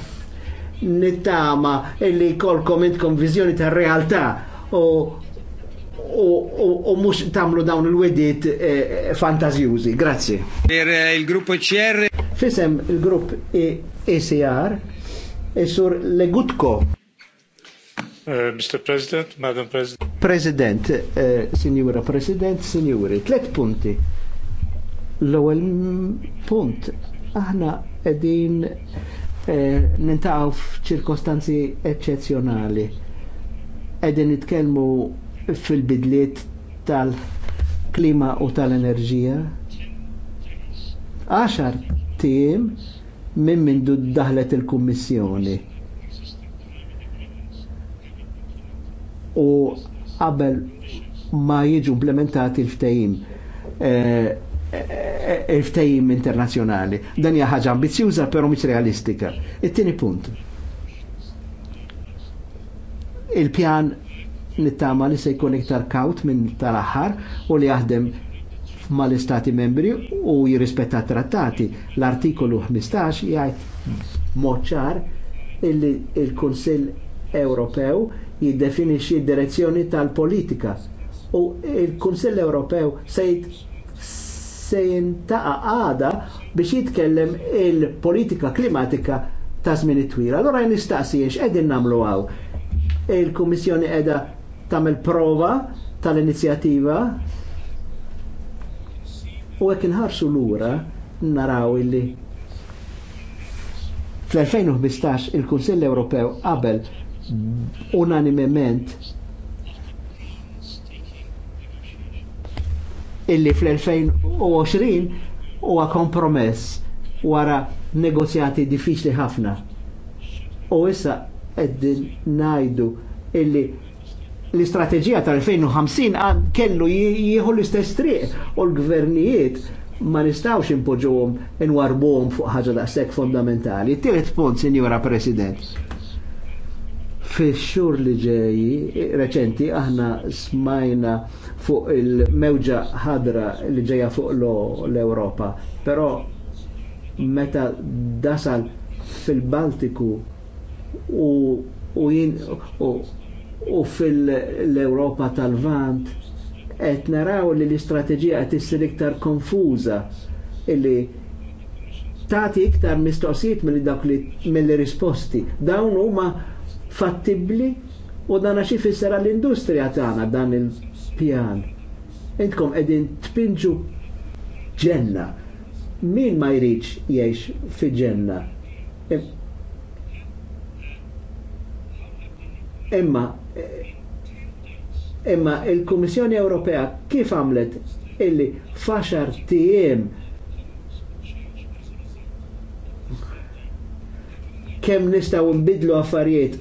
B: nittama illi kolkom intkom vizjoni ta' realtà u u mux tamlu dawn il-wedit fantazjużi. Grazie. Per il-grupp e CR. Fisem il-grupp ECR, e il-sur e Legutko. Uh, Mr. President, Madam President. President, eh, Signora President, Signori, tlet punti. L-ewwel punt, aħna qegħdin eh, nintaqgħu f'ċirkostanzi eċċezzjonali. Qegħdin nitkellmu fil-bidliet tal-klima u tal-enerġija. Għaxar tim minn min daħlet il-Kummissjoni u qabel ma jiġu implementati l ftajim il-ftejim eh, eh, internazjonali. Dan hija ħaġa ambizjuża però mhix realistika. It-tieni punt. Il-pjan nittama li se jkun iktar kaut minn tal-aħħar u li jaħdem ma l-istati membri u jirrispetta trattati. L-artikolu 15 jgħid moċċar il-Kunsill Ewropew jiddefinixxi d-direzzjoni tal-politika u il-Kunsill Ewropew se jintaqa' għada biex jitkellem il-politika klimatika ta' żmien twila. Allora nistaqsi jiex qegħdin nagħmlu għaw. Il-Kummissjoni qiegħda tagħmel prova tal-inizjattiva u hekk inħarsu lura naraw illi fl-2015 il-Kunsill Ewropew qabel unanimement illi fl-2020 huwa kompromess wara negozjati diffiċli ħafna. U issa qed ngħidu illi l-istrateġija tal-2050 kellu jieħu l-istess triq u l-gvernijiet ma nistawx impoġuhom inwarbuhom fuq ħaġa daqshekk fondamentali. Tielet punt, Sinjora President fil-xur li ġeji, reċenti, aħna smajna fuq il-mewġa ħadra li ġeja fuq l-Europa, pero meta dasal fil-Baltiku u, u, u, u fil-Europa tal-Vant, et naraw li l-istrateġija qed issir iktar konfuża illi tagħti iktar mistoqsijiet mill-dak mill-risposti. Dawn huma fattibli u dana xi fissera l-industrija tagħna dan il-pjan. Intkom qegħdin tpinġu ġenna. Min ma jridx jgħix fi ġenna? Imma imma eh, il-Kummissjoni Ewropea kif għamlet illi faxar tijem kem nistaw nbidlu affarijiet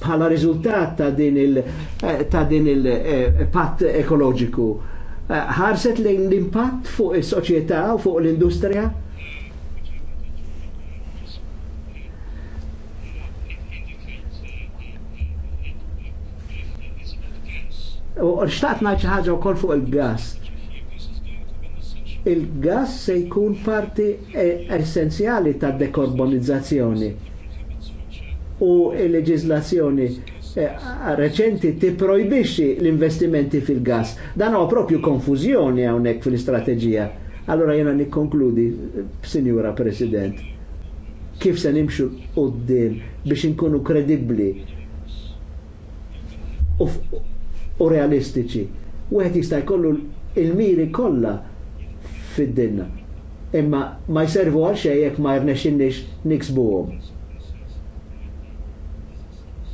B: bħala rizultat ta' din il-patt il eh, eh, ekoloġiku eh, ħarset lejn l-impatt fuq il soċjetà u fuq l-industrija? U xtaqt ħagġa u kol fuq il-gas. Il-gas se jkun parti essenzjali tad dekarbonizzazzjoni u il-leġizlazzjoni eh, reċenti tipprojbixxi l-investimenti fil-gas. Dan huwa propju konfużjoni hawnhekk fil-istrateġija. Allora jena nikkonkludi, Sinjura President, kif se nimxu qoddim biex inkunu kredibbli u realistiċi. Wieħed jista' jkollu il-miri kollha fid-dinna. Imma ma jservu għal xejn jekk ma jrnexxinniex niksbuhom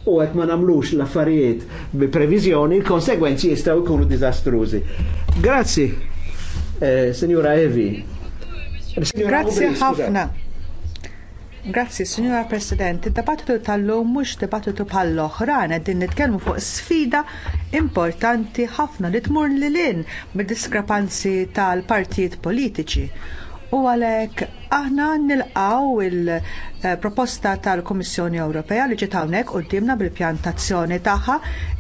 B: u għet ma namlux l-affarijiet bi previżjoni, il-konsegwenzi jistaw ikunu dizastruzi. Grazzi, eh, Signora Evi.
C: Grazzi ħafna. Grazzi, Signora President. Id-dibattitu tal-lum mhux dibattitu bħall oħrajn din nitkellmu fuq sfida importanti ħafna li tmur l in mid-diskrepanzi tal-partijiet politiċi. U għalek Aħna nilqaw il-proposta tal-Komissjoni Ewropea li ġiet hawnhekk qudiemna bil-pjantazzjoni tagħha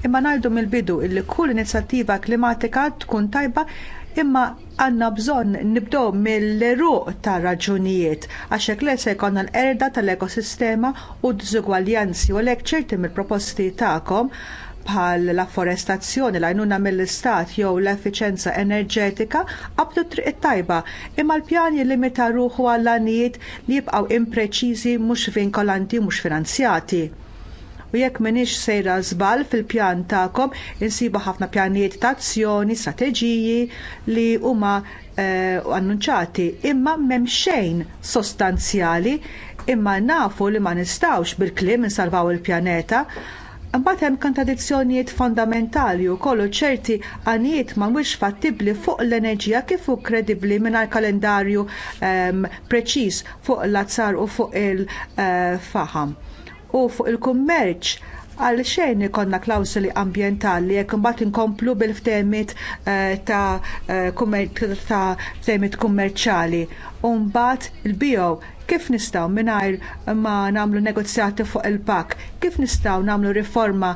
C: imma ngħidu mill-bidu li kull inizjattiva klimatika tkun tajba imma għandna bżonn nibdew mill-ruq ta' raġunijiet għax hekk le se jkollna l-erda tal-ekosistema u d-diżugwaljanzi u l-ek ċerti mill-proposti tagħkom bħal l-afforestazzjoni l-għajnuna mill-istat jew l-effiċenza enerġetika qabdu triq it tajba imma l-pjan jillimita ruħu għall għanijiet li jibqgħu impreċiżi mhux vinkolanti mhux finanzjati u jekk m'iniex sejra żball fil-pjan tagħkom insibu ħafna pjanijiet ta' azzjoni, strateġiji li huma eh, annunċati imma m'hemm xejn sostanzjali imma nafu li ma nistgħux bil-kliem insalvaw il-pjaneta Mbagħad hemm kontradizzjonijiet fondamentali wkoll ċerti għanijiet mhux fattibbli fuq l-enerġija kif hu kredibbli mingħajr kalendarju ehm, preċiż fuq l-azzar u fuq il-faħam. Eh, u fuq il-kummerċ għal xejn ikonna klawsuli ambjentali jekk imbagħad inkomplu bil-ftehmiet eh, eh, ta' ftehmiet kummerċali. U mbagħad il-bio Kif nistgħu mingħajr ma nagħmlu negozjati fuq il-pak? Kif nistgħu nagħmlu riforma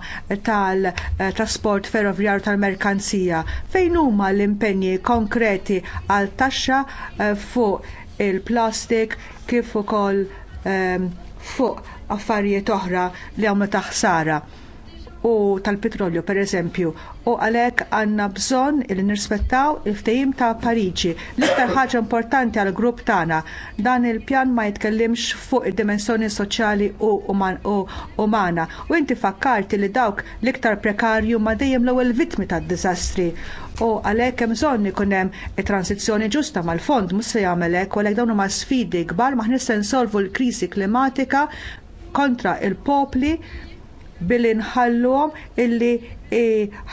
C: tal-trasport ferroviarju tal-merkanzija? Fejn huma l-impenji konkreti għal taxxa eh, fuq il-plastik kif ukoll eh, fuq affarijiet oħra li għamlu taħsara u tal-petrolju pereżempju. u għalhekk għandna bżonn li nirrispettaw il-ftehim ta' Pariġi. L-iktar ħaġa importanti għall grupp tagħna dan il-pjan ma jitkellimx fuq id-dimensjoni soċjali u umana u inti fakkarti li dawk l-iktar prekarju ma dejjem l-ewwel vittmi tad-diżastri u għalhekk hemm bżonn ikun hemm transizzjoni ġusta mal-fond mhux se jagħmel hekk u għalhekk dawn huma sfidi kbar ma se nsolvu l-kriżi klimatika kontra l popli billi nħalluhom illi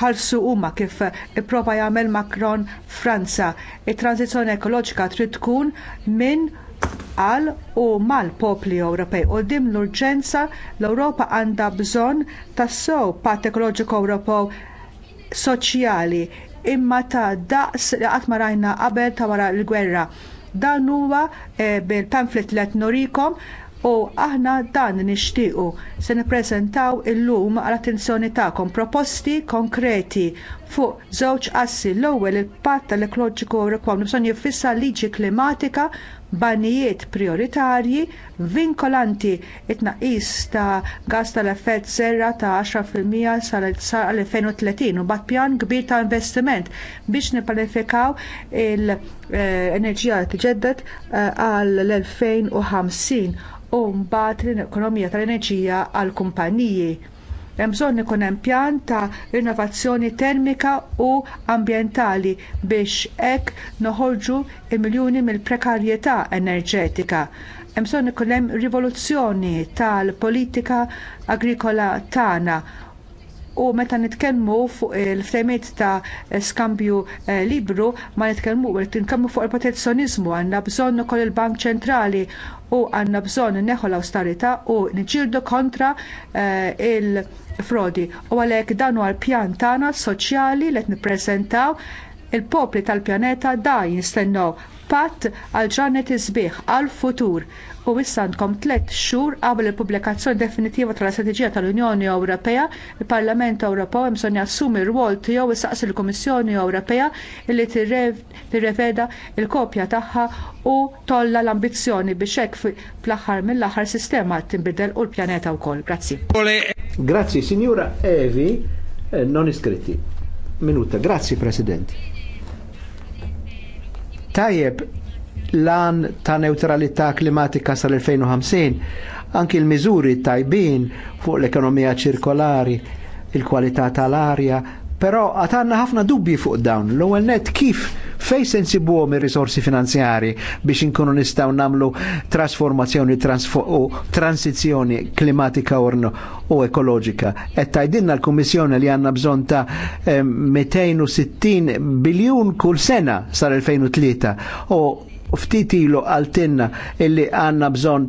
C: ħalsu huma kif ipprova jagħmel Macron Franza. It-tranzizzjoni ekoloġika trid tkun minn għal u mal-popli Ewropej. U dim l-urġenza l-Ewropa għandha bżonn tas-sew pat ekoloġiku Ewropew soċjali imma ta' daqs li qatt ma rajna qabel ta' wara l-gwerra. Dan huwa eh, bil-pamflet li qed norikom u aħna dan nixtiequ se nippreżentaw illum għal attenzjoni tagħkom proposti konkreti fuq żewġ assi l-ewwel il-patt tal-ekoloġiku Ewropew bżonn jiffissa liġi klimatika banijiet prioritarji vinkolanti t tnaqqis ta' gass tal-effett serra ta' 10% sal-2030 u bat pjan kbir ta' investiment biex nipplanifikaw l-enerġija eh, tiġeddet eh, għal l-2050 u mbagħad l-ekonomija tal-enerġija għall kumpaniji Hemm bżonn ikun hemm pjan ta' innovazzjoni termika u ambjentali biex hekk noħorġu miljuni mill-prekarjetà enerġetika. Hemm bżonn ikun hemm rivoluzzjoni tal-politika agrikola tagħna u meta nitkellmu fuq il-ftemiet ta' skambju eh, libru ma nitkellmu tinkellmu fuq il-protezzjonizmu għandna bżonn ukoll il-Bank Ċentrali u għandna bżonn neħu l awstarita u niġġieldu kontra eh, il-frodi. U għalhekk dan huwa l-pjan tagħna soċjali li t nippreżentaw il-popli tal-pjaneta da jinstennew patt għal ġranet izbieħ għall futur u issa għandkom tliet xhur qabel il-pubblikazzjoni definittiva tal-Istrateġija tal-Unjoni Ewropea, il-Parlament Ewropew hemm bżonn jassumi r-rwol tiegħu issaqs il-Kummissjoni Ewropea li tirreveda il-kopja tagħha u tolla l-ambizzjoni biex hekk fl-aħħar mill-aħħar sistema tinbidel u l-pjaneta wkoll. Grazzi. Grazzi, Signora
B: Evi, eh, non iskritti. Minuta, grazzi President. Tajjeb, lan ta' neutralità klimatika sal-2050, anki l-miżuri tajbin fuq l-ekonomija ċirkolari, il-kwalità tal-arja, però għatanna ħafna dubbi fuq dawn. L-ewwel net kif fej sensibuhom ir-risorsi finanzjari biex inkunu nistgħu nagħmlu trasformazzjoni u transizzjoni klimatika u ekoloġika. Qed tgħidilna l-Kummissjoni li għandna bżonn ta' 260 eh, biljun kull sena sar 2003 u ftit ilu għaltinna illi għanna bżon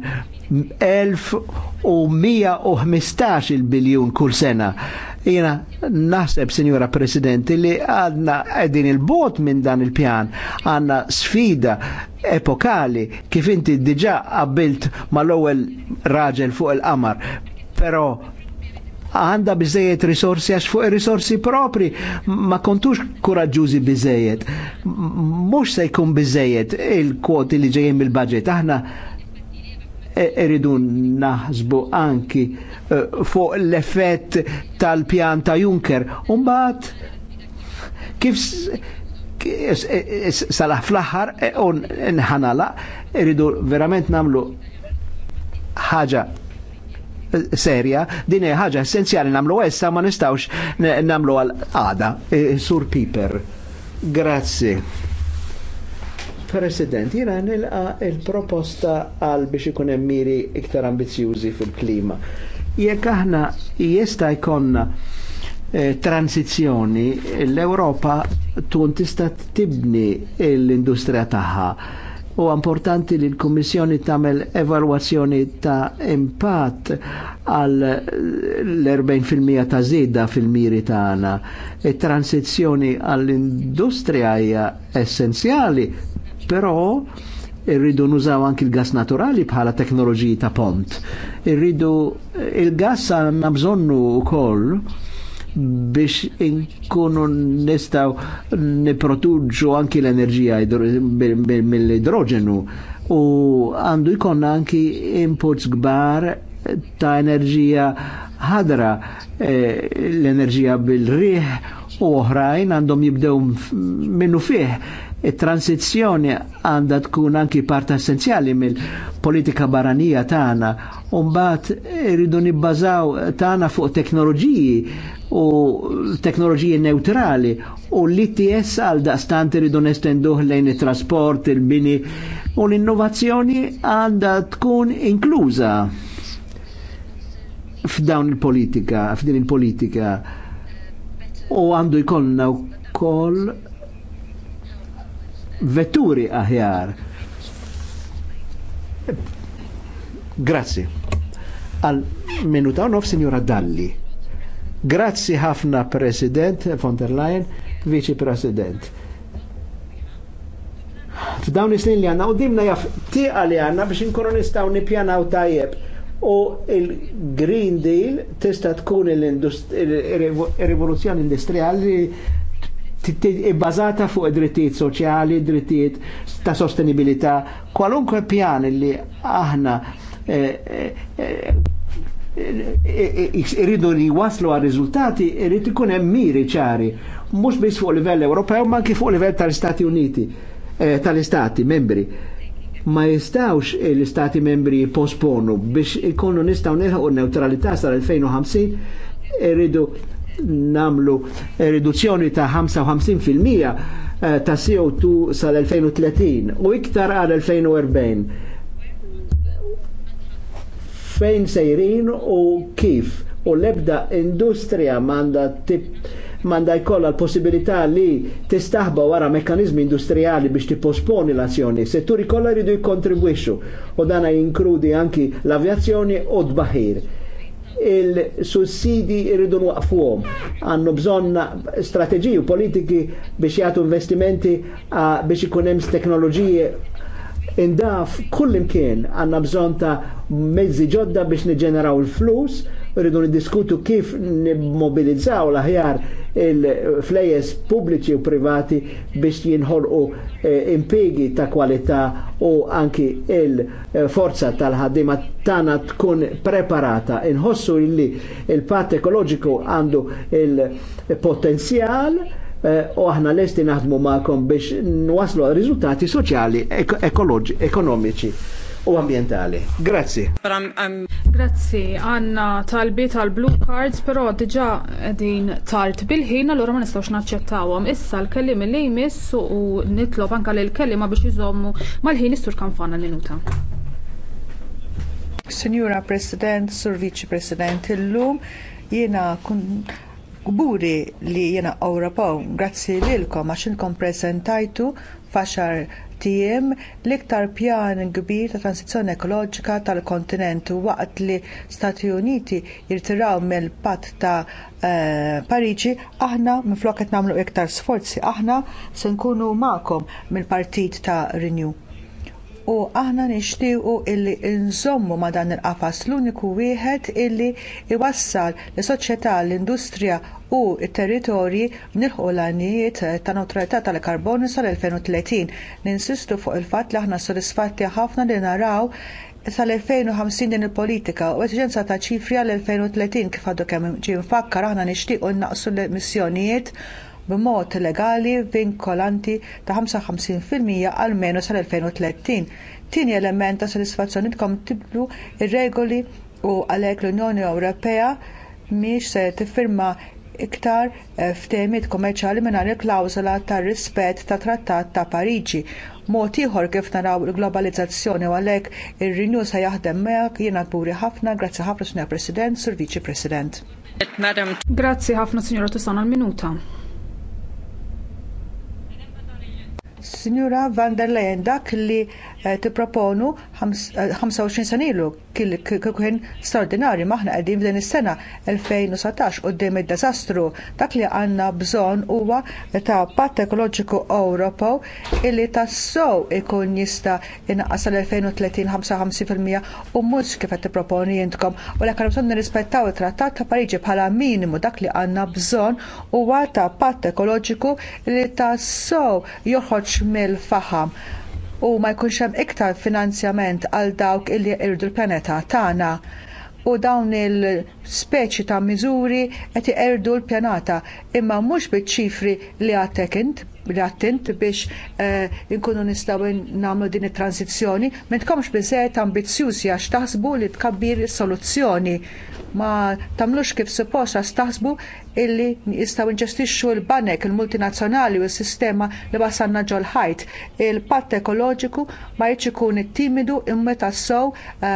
B: 1115 il-biljun kull sena. Jena naħseb, Sinjora President, li għadna għedin il-bot minn dan il-pjan, għanna sfida epokali kif inti diġa għabilt mal-ewwel raġel fuq il-qamar, pero għanda bizzejiet risorsi għax fuq risorsi propri ma kontux kuraġġużi bizzejiet. Mux se jkun bizzejiet il-kwoti li ġejjem bil budget Aħna e- eridun naħsbu anki e, fuq l-effett tal-pjan ta' Juncker. unbat kif e- salaħ fl-axar un nħanala, verament namlu ħaġa serja, din hija ħaġa essenzjali nagħmlu issa ma nistgħux nagħmlu għal għada. E, Sur Piper. Grazzi. President, jina nilqa il-proposta għal biex ikun hemm miri iktar ambizjużi fil-klima. Jekk aħna jista' jkollna e, transizjoni l-Europa tkun tista' tibni l-industrija tagħha u importanti li l-Kummissjoni tagħmel evalwazzjoni ta' impatt għal l-40% ta' żieda fil-miri tagħna. It-transizzjoni għall-industrija hija essenzjali, però irridu nużaw anki il-gas naturali bħala teknoloġiji ta' pont. Irridu il-gas għandna bżonnu wkoll biex inkunu nistaw niprotuġu anki l-enerġija mill-idroġenu u għandu jkonna anki inputs gbar ta' enerġija ħadra e, l-enerġija bil-riħ u oħrajn għandhom jibdew minnu fih it-transizjoni e, għandha tkun anki parta essenzjali mill-politika barranija tagħna u mbagħad iridu nibbażaw tagħna fuq teknoloġiji u teknoloġiji neutrali u l-ITS għal daqstant iridu nestenduh lejn il trasport il-bini u l-innovazzjoni għandha tkun inkluża f'dawn il-politika, f'din il-politika u għandu jkollna wkoll vetturi aħjar. Grazie. Al minuta nof, signora Dalli. Grazzi ħafna President von der Leyen, Vice President. F'dawn is-snin li għandna u dimna jaf tieqa li għandna biex inkunu nistgħu nippjanaw tajjeb u il-Green Deal tista' tkun il-rivoluzzjoni industrijali bbażata fuq id-drittijiet soċjali, drittijiet ta' sostenibilità, kwalunkwe pjan li aħna eh, eh, eh, irridu li waslu għal riżultati irrid ikun hemm miri ċari, mhux biss fuq livell Ewropew ma anke fuq livell tal-Istati Uniti, eh, tal-Istati membri. Ma jistawx l-Istati membri posponu biex ikunu nistaw nilħu neutralità sal-2050 irridu namlu riduzzjoni ta' 55% eh, ta' CO2 sal-2030 u iktar għal 2040 fejn sejrin u kif u lebda industrija manda tip manda jkolla l-possibilità li tistaħba wara mekkanizmi industrijali biex tipposponi l-azzjoni. Setturi kolla ridu jikkontribwixxu u dana jinkrudi anki l-avjazzjoni u d bahir il-sussidi ridu nwaqfu għom. Għannu bżonna strategiju politiki biex jgħatu investimenti biex ikun s teknoloġiji indaf kull imkien għanna bżon ta' mezzi ġodda biex niġeneraw il-flus, rridu niddiskutu kif nimmobilizzaw l-aħjar il-flejes pubbliċi u privati biex jinħolqu eh, impiegi ta' kwalità u anki il-forza tal-ħaddima tana tkun preparata. Inħossu illi il-pat ekoloġiku għandu il-potenzjal Eh, u aħna lesti naħdmu ma'kom biex nwaslu riżultati soċjali, ekonomiċi u ambientali. Grazzi.
A: Grazzi, għanna talbi tal-blue cards, però diġa din talt bil-ħin, allora ma nistawx naċċettawhom. Issa l-kellim li jmiss u nitlob anka l-kellima biex iżommu mal-ħin istur kanfana l-minuta.
C: Signora President, Sur Vice President, illum jiena kun gburi li jena Ewropew. Grazzi lilkom għax inkom preżentajtu faxar tiem l-iktar pjan kbir ta' transizzjoni ekoloġika tal-kontinent waqt li Stati Uniti jirtiraw mill patt ta' eh, Pariġi, aħna minflok qed nagħmlu iktar sforzi, aħna se nkunu magħkom mill-partit ta' Renew u aħna nixtiequ illi nżommu ma dan il-qafas l-uniku wieħed illi iwassal l soċjetà l-industrija u t-territorji nilħu l-għanijiet ta' neutralità tal-karbonju sal-2030. Ninsistu fuq il-fatt li aħna sodisfatti ħafna li naraw sal-2050 din il-politika u eċġenza ta' ċifri għal-2030 kif għadu kemm ġie mfakkar aħna nixtiequ naqsu l-emissjonijiet b'mod legali vinkolanti ta' 55% għalmenu sal-2030. Tieni element ta' sodisfazzjoni tkom tiblu ir-regoli u għalhekk l-Unjoni Ewropea mhix se tiffirma iktar eh, ftehmiet kummerċjali mingħajr il-klawżola tar rispett tat Trattat ta' Pariġi. Mod ieħor kif naraw il-globalizzazzjoni u għalhekk ir-renew se jaħdem miegħek jiena kburi ħafna, grazzi ħafna Sinjor President, Sur Viċi President.
A: Grazzi ħafna Sinjora Tusan l minuta
C: Signora van der Leyen, dak li eh, tipproponu 25 eh, sanilu kien straordinari maħna għedin f'din is-sena u d quddiem id-deżastru. Dak li għandna bżonn huwa ta' pat ekoloġiku Ewropew illi sow ikun jista' inqas l-2030 55% u mhux kif qed tipproponi jintkom. U l bżon nirrispettaw it-Trattat ta' Pariġi bħala minimu dak li għandna bżonn huwa ta' patt ekoloġiku li sow joħroġ mill-faħam u ma jkunx hemm iktar finanzjament għal dawk illi jqirdu l pjaneta tagħna u dawn il-speċi ta' miżuri qed iqerdu l-pjanata imma mhux biċ-ċifri li għatek int attent biex eh, inkunu nistgħu nagħmlu din it-transizzjoni, ma tkomx biżejjed ambizzjużi għax taħsbu li tkabbir soluzzjoni ma tamlux kif suppost għax taħsbu illi jistgħu nġestixxu l-banek il-multinazzjonali u s-sistema li wasanna ġol-ħajt. Il-patt ekoloġiku ma jiġ ikun timidu imma tassow eh,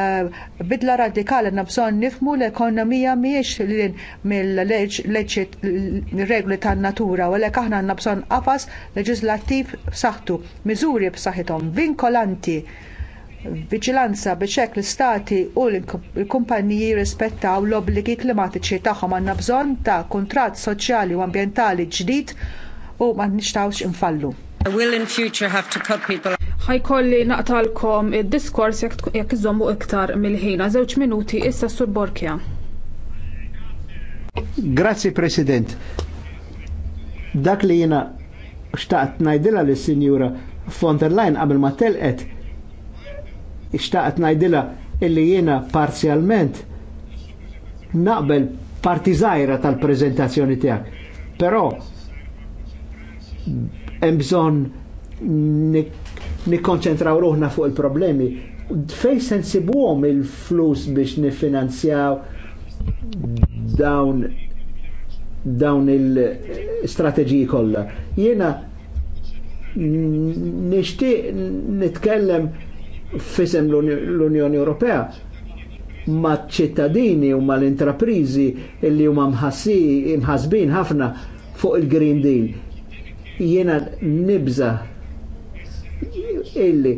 C: bidla radikali għandna bżonn nifmu l-ekonomija mhijiex lin mill-regoli tan-natura u għalhekk aħna għandna bżonn qafas leġislattiv b'saħħtu, miżuri b'saħħithom vinkolanti viċilanza biex hekk l-istati u l-kumpaniji jirrispettaw l-obbligi klimatiċi tagħhom għandna bżonn ta' kuntratt soċjali u ambjentali ġdid u ma nixtawx infallu.
A: Ħajkolli naqtalkom id-diskors jekk iżommu iktar mill-ħina. Żewġ minuti issa sur Borkja.
B: Grazzi President. Dak li jiena xtaqt najdila li sinjura von der Leyen qabel ma telqet xtaqt najdila illi jiena parzjalment naqbel parti zaħira tal-prezentazzjoni tijak. Pero, mbżon nikkonċentraw ruħna fuq il-problemi. Fej sensibuhom il-flus biex nifinanzjaw dawn dawn il-strategiji kollha. Jiena nixtieq nitkellem fisem l-Unjoni Ewropea ma ċittadini u ma l-intraprizi li huma mħassi mħasbin ħafna fuq il-Green Deal. Jiena nibza illi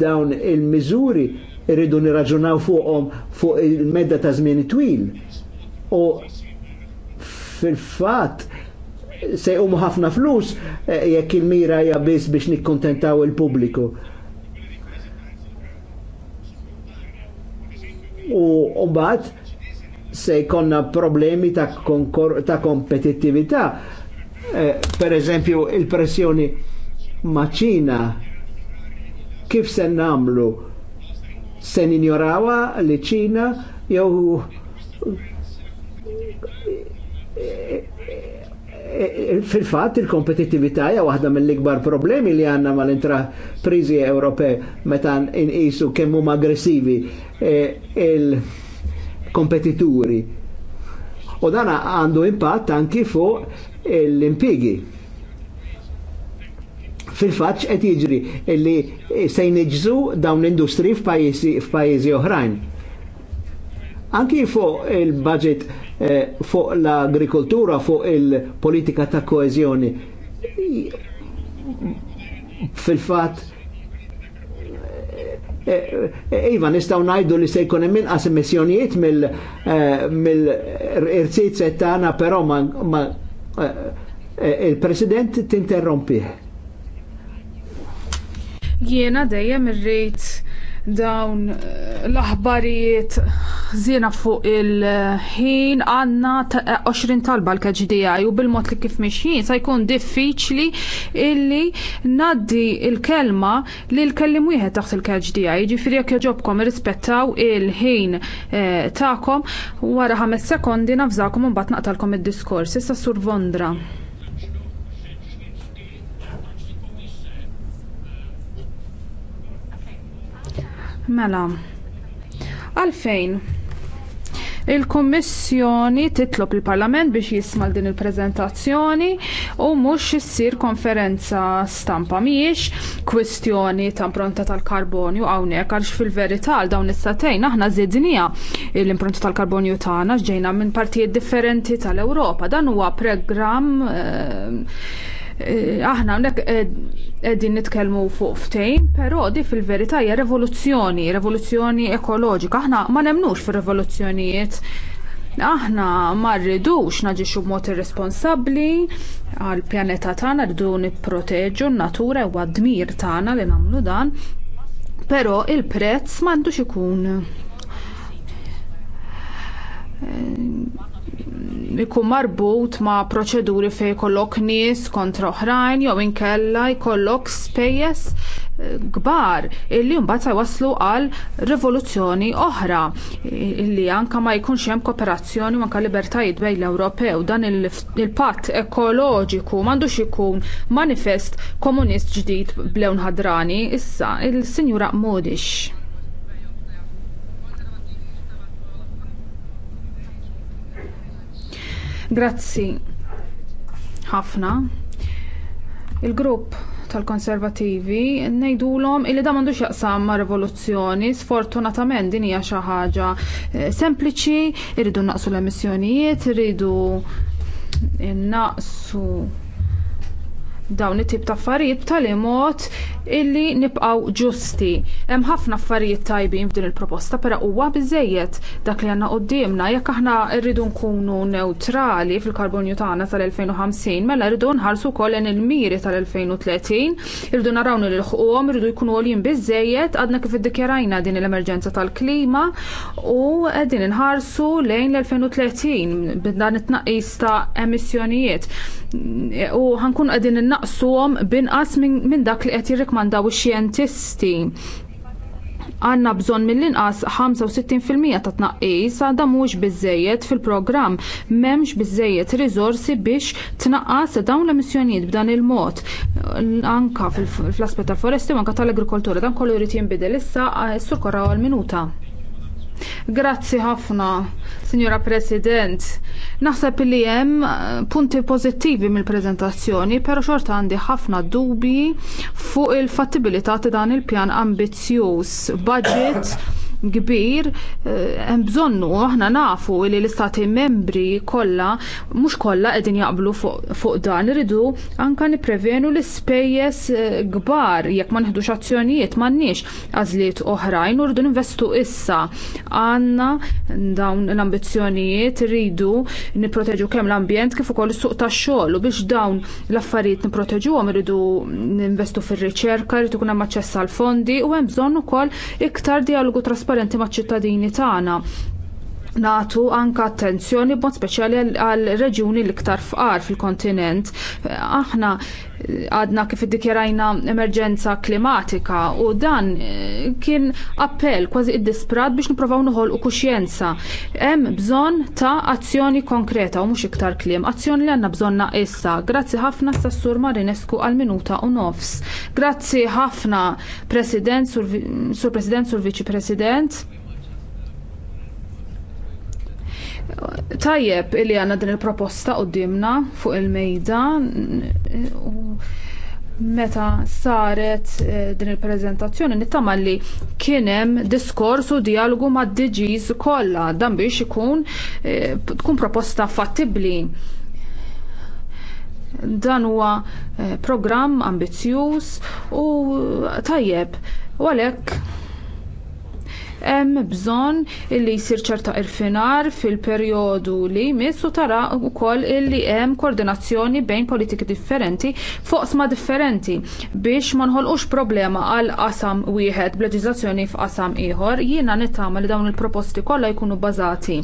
B: dawn il-miżuri irridu nirraġunaw fuqhom fuq il-medda ta' żmien twil. U fil-fat se jqumu ħafna flus eh, jekk il-mira hija biss biex nikkontentaw il-pubbliku. U mbagħad se jkollna problemi ta', ta kompetittività. Eh, per eżempju, il-pressjoni maċina kif se namlu se ninjorawa li ċina jew fil-fat il-kompetitività hija waħda mill-ikbar problemi li għanna mal-intraprizi Ewropej meta inqisu kemm huma aggressivi e, il-kompetituri. U dan għandu impatt anki fuq l-impigi. Fil-fatt qed jiġri li se jniġżu dawn l-industri f'pajjiżi oħrajn anki fuq il-budget eh, fuq l-agrikoltura, fuq il-politika ta' koezjoni. Fil-fat, eh, eh, Iva, nistaw najdu li se jkunem minqas emissjonijiet mill-irċit eh, settana, pero ma il-president tinterrompi.
A: Jiena dejjem irrit dawn eh, l-aħbarijiet żiena fuq il-ħin għandna 20 eh, talba l-KGDI u bil-mod li kif mixjin se jkun diffiċli illi naddi il-kelma li l-kellim wieħed taħt il-KGDI. Ġifieri jekk joġobkom irrispettaw il-ħin eh, tagħkom wara ħames sekondi nafżakom u mbagħad naqtalkom id-diskors. Issa Sur Vondra. Mela, għalfejn il-Kummissjoni titlob il-Parlament biex jisma' din il-preżentazzjoni u mhux issir konferenza stampa miex kwistjoni ta' impronta tal-karbonju hawnhekk għalx fil-verità għal dawn is-satejn aħna żidnija l-impronta tal-karbonju tagħna ġejna minn partijiet differenti tal-Ewropa. Dan huwa programm eh, eh, aħna hawnhekk eh, Qegħdin nitkellmu fuq ftejn, però di fil-verità hija revoluzzjoni, revoluzzjoni ekoloġika. Aħna ma nemnux fir-revoluzzjonijiet. Aħna ma rridux naġixxu b'mod irresponsabbli għall pjaneta tagħna rridu nipproteġu n-natura u d-dmir tagħna li nagħmlu dan, però il-prezz m'għandux ikun eh, ikun marbut ma' proċeduri fejn jkollok nies kontra oħrajn jew inkella jkollok spejjeż eh, kbar illi mbagħad se waslu għal rivoluzzjoni oħra illi anke ma jkunx hemm kooperazzjoni anke libertajiet bejn l-Ewropew dan il-patt ekoloġiku m'għandux ikun manifest komunist ġdid blewn ħadrani issa il-Sinjura Modix. Grazzi ħafna. Il-grupp tal-konservativi ngħidulhom illi da m'għandux jaqsam ma' rivoluzzjoni, sfortunatament din hija xi ħaġa eh, sempliċi, irridu naqsu l-emissjonijiet, irridu naqsu dawn it-tip ta' affarijiet b'tali mod illi nibqgħu ġusti. Hemm ħafna affarijiet tajbin f'din il-proposta, però huwa biżżejjed dak li għandna qudiemna jekk aħna rridu nkunu newtrali fil-karbonju tagħna tal-2050, mela rridu nħarsu wkoll lejn il-miri tal-2030, rridu naraw nilħquhom, rridu jkunu għoljin biżżejjed, għadna kif iddikjarajna din l-emerġenza tal-klima u qegħdin inħarsu lejn l-2030 b'dan it-tnaqqis ta' emissjonijiet u ħankun qegħdin innaqsuhom binqas minn dak li qed jirrikmandaw ix-xjentisti għanna bżon mill-inqas 65% ta' tnaqqis għadha mhux biżżejjed fil-programm m'hemmx biżżejjed riżorsi biex tnaqqas dawn l-emissjonijiet b'dan il-mod. Anka fl-aspett tal-foresti u anka tal-agrikoltura dan kollu jrid jinbidel issa eh, sur korra għal minuta. Grazzi ħafna, Signora President. Naħseb li hemm eh, punti pożittivi mill-preżentazzjoni, però xorta għandi ħafna dubji fuq il-fattibilità ta' dan il-pjan ambizzjuż budget kbir eh, hemm bżonnu aħna nafu li l-istati membri kollha mhux kollha qegħdin jaqblu fuq dan iridu anke nipprevenu l-ispejjeż eh, kbar jekk ma nieħdux azzjonijiet m'għandniex għażliet oħrajn u rridu ninvestu issa għandna dawn l-ambizzjonijiet rridu nipproteġu kemm l-ambjent kif ukoll is-suq tax-xogħol u biex dawn l-affarijiet nipproteġuhom irridu ninvestu fir-riċerka, rridu kun hemm aċċess għall fondi u hemm bżonn ukoll iktar dialogu trasparenti trasparenti maċ-ċittadini tagħna natu anka attenzjoni b'mod speċjali għal reġjuni l-iktar fqar fil-kontinent. Aħna għadna kif iddikjarajna emerġenza klimatika u dan eh, kien appell kważi id-disprat biex nipprovaw noħolqu kuxjenza. Hemm bżonn ta' azzjoni konkreta u mhux iktar kliem, azzjoni li għandna bżonna issa. Grazzi ħafna Sassur Marinescu għal minuta u nofs. Grazzi ħafna President, Sur President, Sur Viċi President. Tajjeb li għandna din il-proposta dimna fuq il-mejda u meta saret eh, din il-preżentazzjoni nittama li kien hemm diskors u dialogu mad DGs kollha dan biex ikun eh, tkun proposta fattibbli dan huwa eh, programm ambizjuż u tajjeb u għalhekk hemm bżonn li jsir ċerta irfinar fil-perjodu li jmiss u tara wkoll illi hemm koordinazzjoni bejn politiki differenti foqsma differenti biex ma nħolqux problema għal qasam wieħed bl-leġiżlazzjoni f'qasam ieħor. Jiena nittama li dawn il-proposti kollha jkunu bażati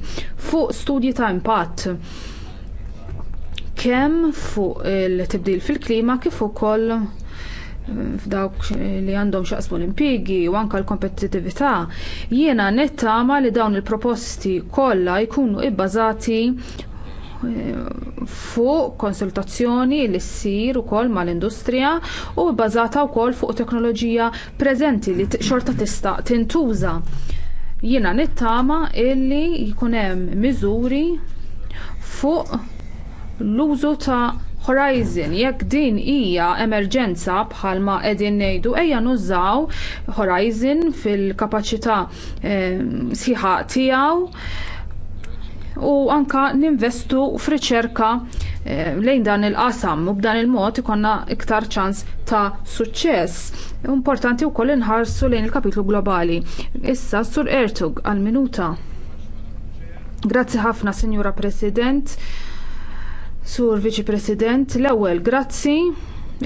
A: fuq studji ta' impatt kemm fuq il-tibdil fil-klima kif ukoll f'dawk li għandhom xaqsmu l-impigi u anke l-kompetitività, jiena nittama li dawn il-proposti kollha jkunu ibbażati eh, fuq konsultazzjoni li ssir ukoll mal-industrija u bbażata wkoll fuq teknoloġija preżenti li xorta tista' tintuża. Jiena nittama illi jkun hemm miżuri fuq l-użu ta' Horizon. Jekk din hija emerġenza bħalma qegħdin ngħidu ejja nużaw Horizon fil-kapaċità eh, tiegħu u anke ninvestu f'riċerka eh, lejn dan il-qasam u b'dan il-mod ikonna iktar ċans ta' suċċess. Importanti wkoll inħarsu lejn il-kapitlu globali. Issa Sur Ertug għal-minuta. Grazzi ħafna, Signora President. Sur Viċi President, l-ewwel grazzi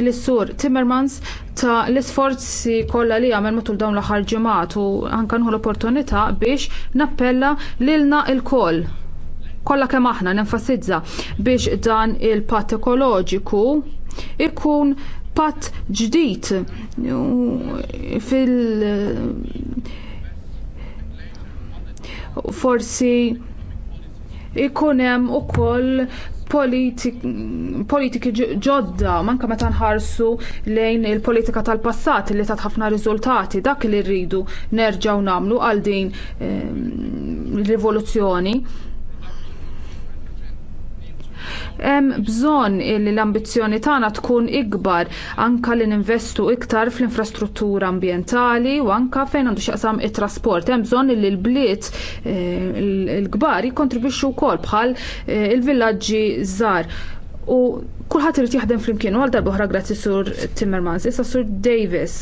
A: l-Sur Timmermans ta' l-isforzi kollha li għamel matul dawn l-aħħar ġimgħat u anke nħu l-opportunità biex nappella lilna lkoll kollha kemm aħna nenfasizza biex dan il-patt ekoloġiku ikun patt ġdid fil forsi ikun hemm ukoll politiki ġodda, manka meta nħarsu lejn il-politika tal-passat li tat ħafna riżultati, dak li rridu nerġgħu nagħmlu għal din ehm, rivoluzzjoni Hemm bżonn li l-ambizzjoni tagħna tkun ikbar anke li ninvestu iktar fl-infrastruttura ambjentali u anke fejn għandu x'aqsam it-trasport. Hemm bżonn li l-bliet eh, l-kbar jikkontribwixxu wkoll bħal eh, il-villaġġi żgħar. U kulħadd irid jaħdem flimkien u għal darba oħra grazzi sur Timmermans, issa sur Davis.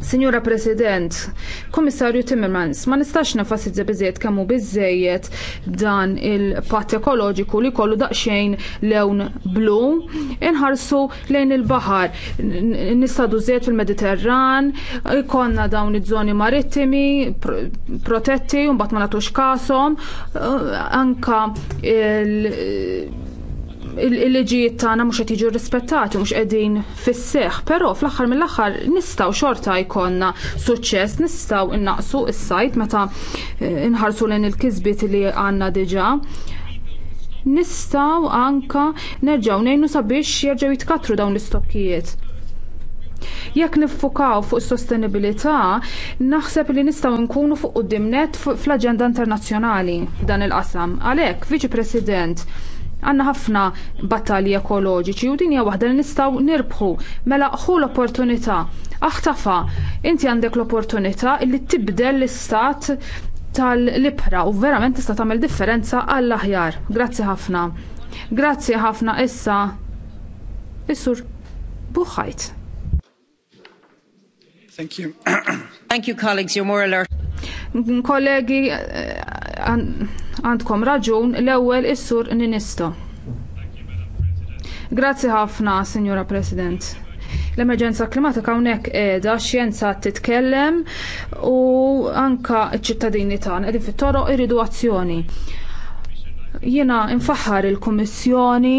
A: Signora President, Komissarju Timmermans, ma nistax nafasidza bizziet kamu bizzejiet dan il-patt ekoloġiku li kollu daqxejn lewn blu, inħarsu lejn il-bahar, nistadu zejt fil-Mediterran, ikonna dawn iż-żoni marittimi, protetti, un bat ma natux kasom, eh, anka il- il-liġijiet tagħna mhux qed jiġu rispettati mhux qegħdin fis-seħħ, però fl-aħħar mill-aħħar nistgħu xorta jkollna suċċess, nistgħu innaqsu s-sajt meta eh, inħarsu lejn il-kisbiet li għandna diġà. Nistgħu anka nerġgħu ngħinu sabiex jerġgħu jitkattru dawn l-istokkijiet. Jekk niffukaw fuq is-sostenibilità, naħseb li nistgħu nkunu fuq qudiemnet fl-aġenda internazzjonali f'dan il-qasam. Għalhekk, Viċi President, għanna ħafna battalji ekoloġiċi u dinja waħda li nistgħu nirbħu. Mela ħu l-opportunità, aħtafa, inti għandek l-opportunità li tibdel l-istat tal-libra u verament tista' tagħmel differenza għall-aħjar. Grazzi ħafna. Grazzi ħafna issa. Is-sur Buħajt. Thank you. Thank
C: you, colleagues. You're more alert.
A: Kollegi, eh, għandkom raġun, l-ewwel is-sur Ninisto. Grazzi ħafna, Sinjora President l-emerġenza klimatika hawnhekk qiegħda x-xjenza titkellem u anke ċ-ċittadini tagħna qegħdin fit-toroq iridu azzjoni. Jiena infaħħar il-Kummissjoni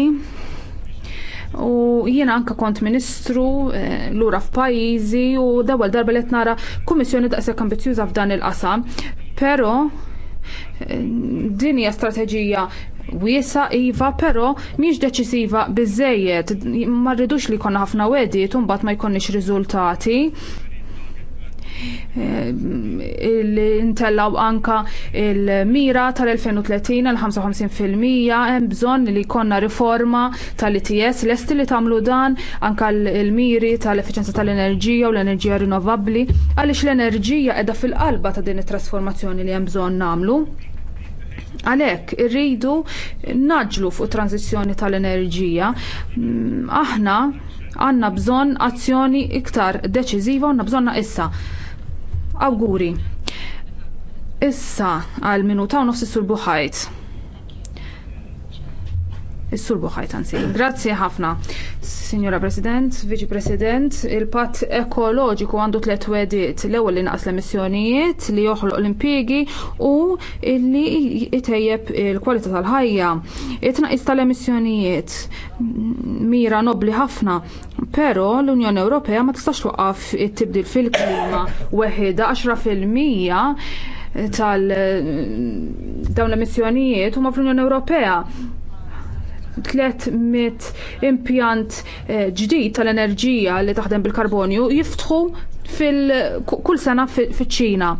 A: u jiena anka kont ministru eh, lura f'pajjiżi u dawel darba li nara kummissjoni daqshekk ambizzjuża f'dan il-qasam. Però eh, din hija strateġija wiesa iva, però mhix deċiżiva biżżejjed. Ma rridux li jkollna ħafna wedi, mbagħad ma jkollniex riżultati. Eh, li intellaw anka il-mira tal-2030 l-55% hemm bżonn li jkollna riforma tal-ITS lesti li tagħmlu dan anka l-miri tal-efficienza tal-enerġija u l-enerġija rinnovabbli għaliex l-enerġija qiegħda fil-qalba ta' din it-trasformazzjoni li hemm bżonn nagħmlu. Għalhekk irridu naġlu fuq tranzizzjoni tal-enerġija. Mm, aħna għandna bżonn azzjoni iktar deċiżiva u għandna bżonna issa. Awguri. Issa għal minuta u nofs sur ħajt. Is-sur Buħajt anzi. Grazzi ħafna. Signora President, Viċi President, il-patt ekoloġiku għandu tliet wedit l-ewwel li naqas l-emissjonijiet li joħloq l-impjiegi u li jitejjeb il-kwalità tal-ħajja. It-tnaqqis tal-emissjonijiet mira nobli ħafna, però l-Unjoni Ewropea ma tistax waqaf it-tibdil fil-klima weħida 10 fil-mija tal dawn l-emissjonijiet huma fl-Unjoni Ewropea 300 impjant eh, ġdid tal-enerġija li taħdem bil-karbonju jiftħu fil-kull sena fiċ-Ċina.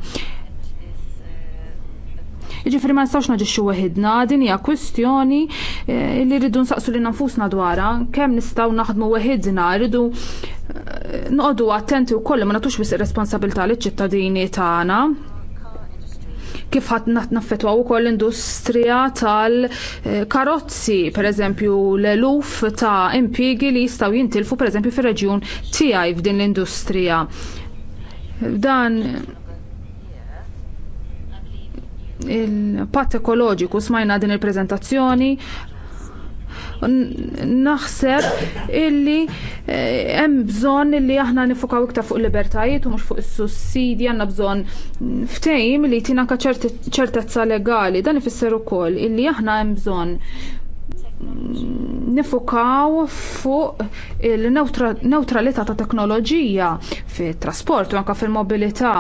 A: Ġifri ma nistax naġixxu weħidna, din hija kwistjoni eh, li rridu nsaqsu li nfusna dwarha, kemm nistgħu naħdmu weħidna, rridu eh, noqogħdu attenti wkoll ma nagħtux biss ir-responsabilità liċ-ċittadini tagħna kif ħadd naffetwaw ukoll l-industrija tal-karozzi, eh, pereżempju l-eluf ta' impjiegi li jistgħu jintilfu pereżempju fir-reġjun tiegħi f'din l-industrija. Dan il-patt ekoloġiku smajna din il-prezentazzjoni naħseb illi eh, hemm bżonn illi aħna nifukaw iktar fuq libertajiet u mhux fuq is-sussidi għandna bżonn ftehim li jtina ċertezza legali dan ifisser ukoll illi aħna hemm bżonn nifukaw fuq il-neutralità ta' teknoloġija fit trasport u anke fil-mobilità.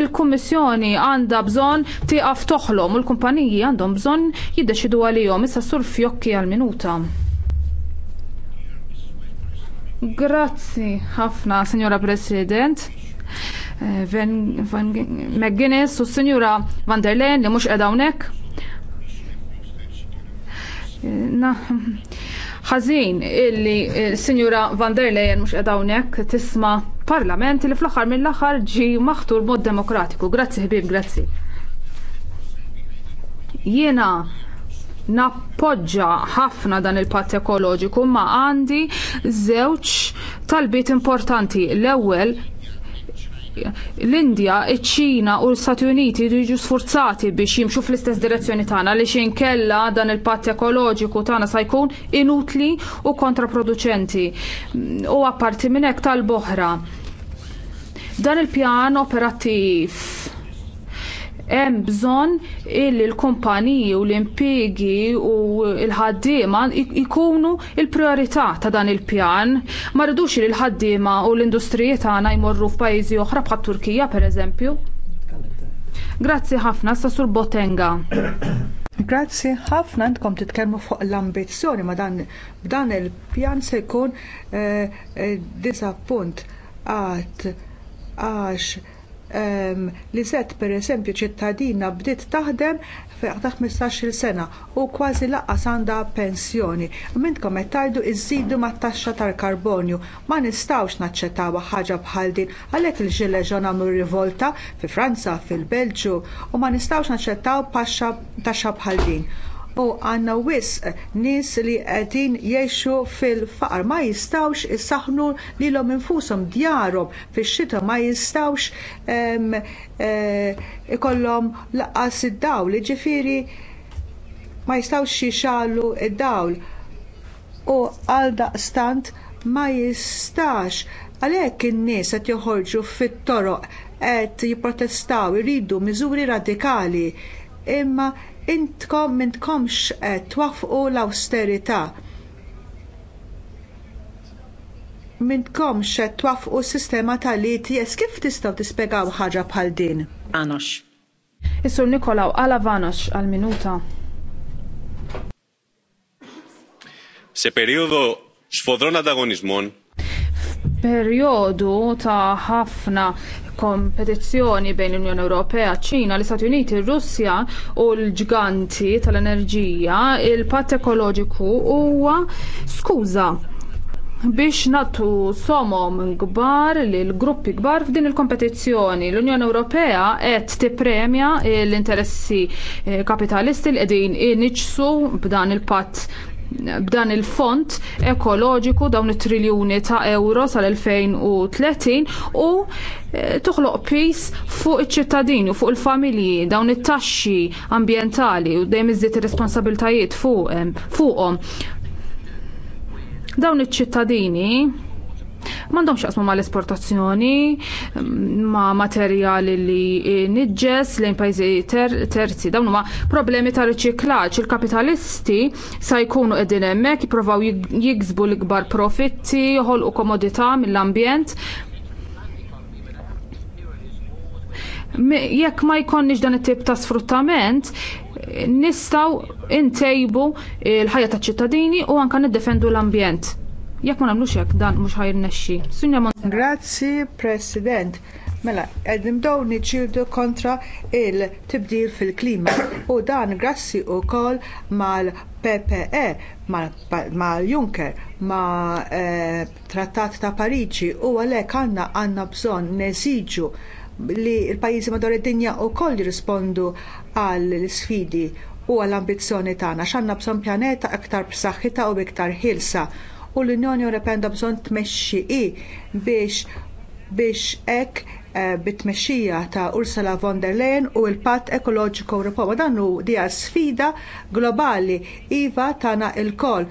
A: Il-Kummissjoni għandha bżonn tieqaf toħlom u l-kumpaniji għandhom bżonn jiddeċidu għalihom issa sur fjokki għall minuta Grazzi ħafna, Signora President. Eh, Van McGuinness u Signora Van der Leyen li mhux qiegħda hawnhekk ħażin illi eh, Sinjura van der Leyen mhux qed hawnhekk tisma' parlament li fl-aħħar mill-aħħar ġi maħtur mod demokratiku. Grazzi ħbib, grazzi. Jiena nappoġġa ħafna dan il-patt ekoloġiku ma għandi żewġ talbiet importanti. L-ewwel l-Indja, iċ-Ċina u l-Stati Uniti jiġu sforzati biex jimxu fl-istess direzzjoni tagħna li xinkella dan il-patt ekoloġiku tagħna sa jkun inutli u kontraproduċenti u apparti minn hekk tal-boħra. Dan il-pjan operattiv hemm bżonn illi l-kumpaniji u l-impjiegi u l-ħaddiema jkunu l-prijorità ta' dan il-pjan. Ma rridux li l-ħaddiema u l industriji tagħna jmorru f'pajjiżi oħra bħat Turkija pereżempju. Grazzi ħafna sa sur Botenga.
C: Grazzi ħafna għandkom titkellmu fuq l-ambizzjoni ma dan b'dan il-pjan se jkun eh, eh, disappunt eh, għad għax um, li set pereżempju ċittadina bdiet taħdem ta' 15-il sena u kważi laqqas għandha pensjoni. Minnkom qed tgħidu iżidu mat-taxxa tal-karbonju. Ma nistgħux naċċettaw ħaġa bħal din għalhekk il-ġile ġon għamlu rivolta fi Franza, fil belġju u ma nistgħux naċċettaw taxxa bħal din u għandna wisq nies li għedin jgħixu fil-faqar ma jistawx l lilhom infushom djarhom fix-xita ma jistawx e, ikollhom laqqas id-dawl, ġifieri ma jistawx jixalu id-dawl u għaldaqstant ma jistax għalhekk in-nies qed joħorġu fit-toroq qed jipprotestaw iridu miżuri radikali imma intkom mintkomx eh, twafqu l-austerità. Mintkomx eh, twafqu
A: s-sistema tal-ITS kif tistgħu tispjegaw ħaġa bħal din? Għanox. Isur sur Nikolaw għala Vanox għal minuta.
B: Se periodo sfodron antagonizmon
A: Periodu ta' ħafna kompetizzjoni bejn l-Unjoni Ewropea, ċina, l-Istati Uniti, Russja u l-ġganti tal-enerġija, il-patt ekoloġiku huwa skuża biex natu somom kbar lil gruppi kbar f'din il-kompetizzjoni. L-Unjoni Ewropea qed tippremja l-interessi eh, kapitalisti li qegħdin iniġsu b'dan il-patt b'dan il-font ekoloġiku dawn it-triljuni ta' euro sal-2030 u eh, toħloq pis fuq iċ-ċittadini, fuq il-familji, dawn it-taxxi ambjentali u dejjem iżdiet ir-responsabiltajiet fuqhom. Dawn iċ-ċittadini M'għandhom xaqsmu mal esportazzjoni ma' materjali li niġġes lejn pajzi ter terzi. Dawn huma problemi ta' riċiklaġġ. Il-kapitalisti sa jkunu qegħdin hemmhekk jiprofaw jiksbu l-ikbar profitti, u komodità mill-ambjent jekk ma jkonniex dan it-tip ta' sfruttament, nistgħu intejbu l-ħajja taċ ċittadini u anke niddefendu l-ambjent. Jekk ma nagħmlux hekk dan mhux ħajrnexxi. Grazzi President. Mela, qegħdin dawni niġġieldu kontra il-tibdil
C: fil-klima u dan grassi wkoll mal-PPE, mal junker ma eh, Trattat ta' Pariġi u għalhekk għandna għandna bżonn neziġu li l-pajjiżi madwar id-dinja wkoll jirrispondu għall isfidi u għall ambizzjoni tagħna x'għandna bżonn pjaneta aktar b'saħħitha u iktar ħilsa u l-Unjoni Ewropea għandha bżonn tmexxi biex biex hekk eh, bit-tmexxija ta' Ursula von der Leyen u l-Patt Ekoloġiku Ewropew dan hu dija sfida globali iva tagħna lkoll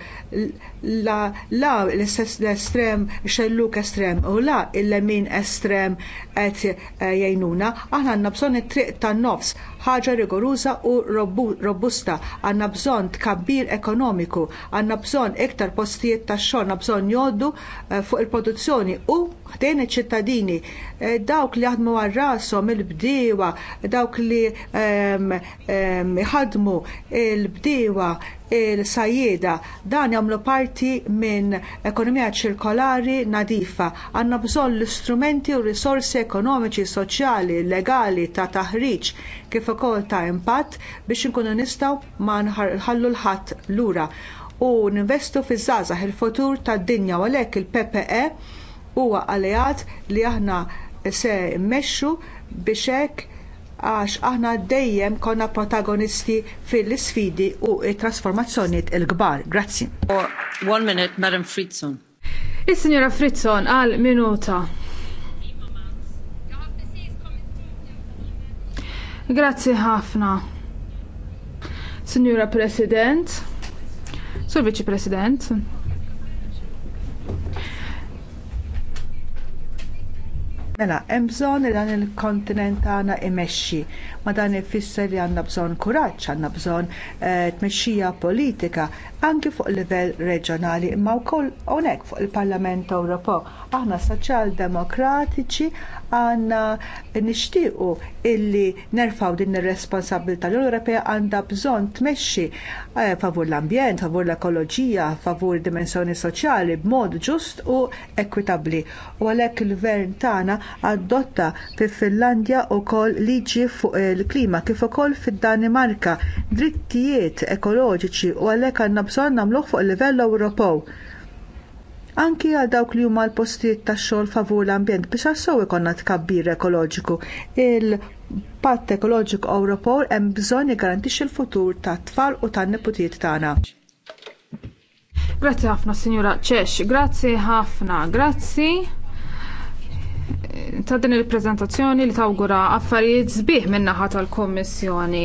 C: la la l-estrem xelluk estrem u la il-lemin estrem qed eh, jgħinuna, aħna għandna bżonn it-triq tan-nofs, ħaġa rigoruża u robusta, għandna bżonn tkabbir ekonomiku, għandna bżonn iktar postijiet tax xogħol, għanna bżonn jgħoddu eh, fuq il-produzzjoni u ħdejn iċ-ċittadini eh, dawk li jaħdmu għal rashom il-bdiewa, dawk li ehm, ehm, ħadmu il-bdiewa il-sajjeda dan jagħmlu parti minn ekonomija ċirkolari nadifa. Għandna bżonn l-istrumenti u risorsi ekonomiċi, soċjali, legali ta' taħriġ kif ukoll ta' impatt biex inkunu nistgħu ma nħallu l-ħadd lura u ninvestu fiż-żgħażagħ il-futur tad-dinja u għalhekk il-PPE huwa alleat li aħna se mmexxu biex hekk għax aħna dejjem konna protagonisti fil isfidi u t trasformazzjonijiet il-kbar. Grazzi.
A: Oh, one minute, Madam Fritzon. is Signora Fritzon għal minuta. Grazzi ħafna. Signora President, Sur Viċi President,
C: Mela, hemm bżonn li dan il-kontinent tagħna imexxi, ma dan ifisser li għandna bżonn kuraġġ, għandna bżonn eh, tmexxija politika anke fuq livell reġjonali imma wkoll hawnhekk fuq il-Parlament Ewropew. Aħna soċjaldemokratiċi għanna nixtiequ illi nerfaw din ir-responsabilità l Ewropea għandha bżonn tmexxi eh, favur l-ambjent, favur l-ekoloġija, favur id dimensjoni soċjali b'mod ġust u ekwitabbli. U għalhekk il-gvern tagħna adotta fi Finlandja wkoll liġi fuq il-klima kif ukoll fid-Danimarka drittijiet ekoloġiċi u għalhekk għandna bżonn nagħmluh fuq il livell Ewropew anki għal dawk li huma l-postijiet tax-xogħol favur l-ambjent biex għassew ikonna tkabbir ekoloġiku. Il-Patt Ekoloġiku Ewropew hemm bżonn jiggarantixxi l-futur tat-tfal u tan-niputijiet tagħna.
A: Grazzi ħafna, Sinjura Ċex. Grazzi ħafna, grazzi ta' din il-prezentazzjoni li tawgura affarijiet sbieħ min-naħa tal-Kommissjoni.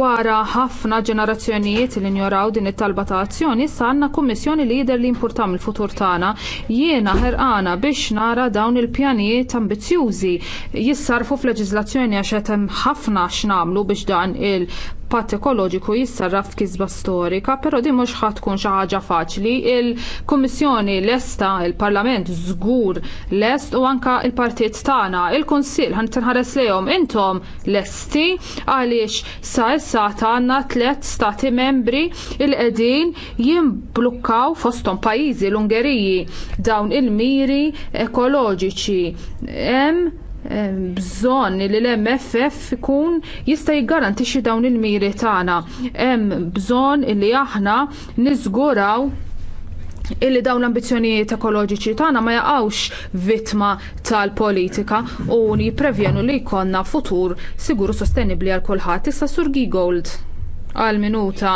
A: Wara ħafna ġenerazzjonijiet li njoraw din it-talba ta' azzjoni, issa għandna Kummissjoni li jidher li importam il-futur tagħna jiena ħerqana biex nara dawn il-pjanijiet ambizzjużi jissarfu f'leġiżlazzjoni għax qed hemm ħafna x'namlu biex dan il patt ekoloġiku jissarraf kisba storika, però din mhux ħadd tkun xi ħaġa faċli. Il-Kummissjoni lesta, il-Parlament żgur lest u anke l partit tagħna, il-Kunsill ħan tinħares lejhom intom lesti għaliex sa issa għandna tliet stati membri il qegħdin jimblukkaw fosthom pajjiżi l-Ungeriji dawn il-miri ekoloġiċi. Hemm bżonn li l-MFF ikun jista' jiggarantixxi dawn il-miri tagħna. Hemm bżonn li aħna niżguraw illi dawn l-ambizzjonijiet ekoloġiċi tagħna ma jaqgħux vittma tal-politika u jipprevjenu li jkollna futur siguru sostenibbli għal kulħadd. Issa Sur Gold għal minuta.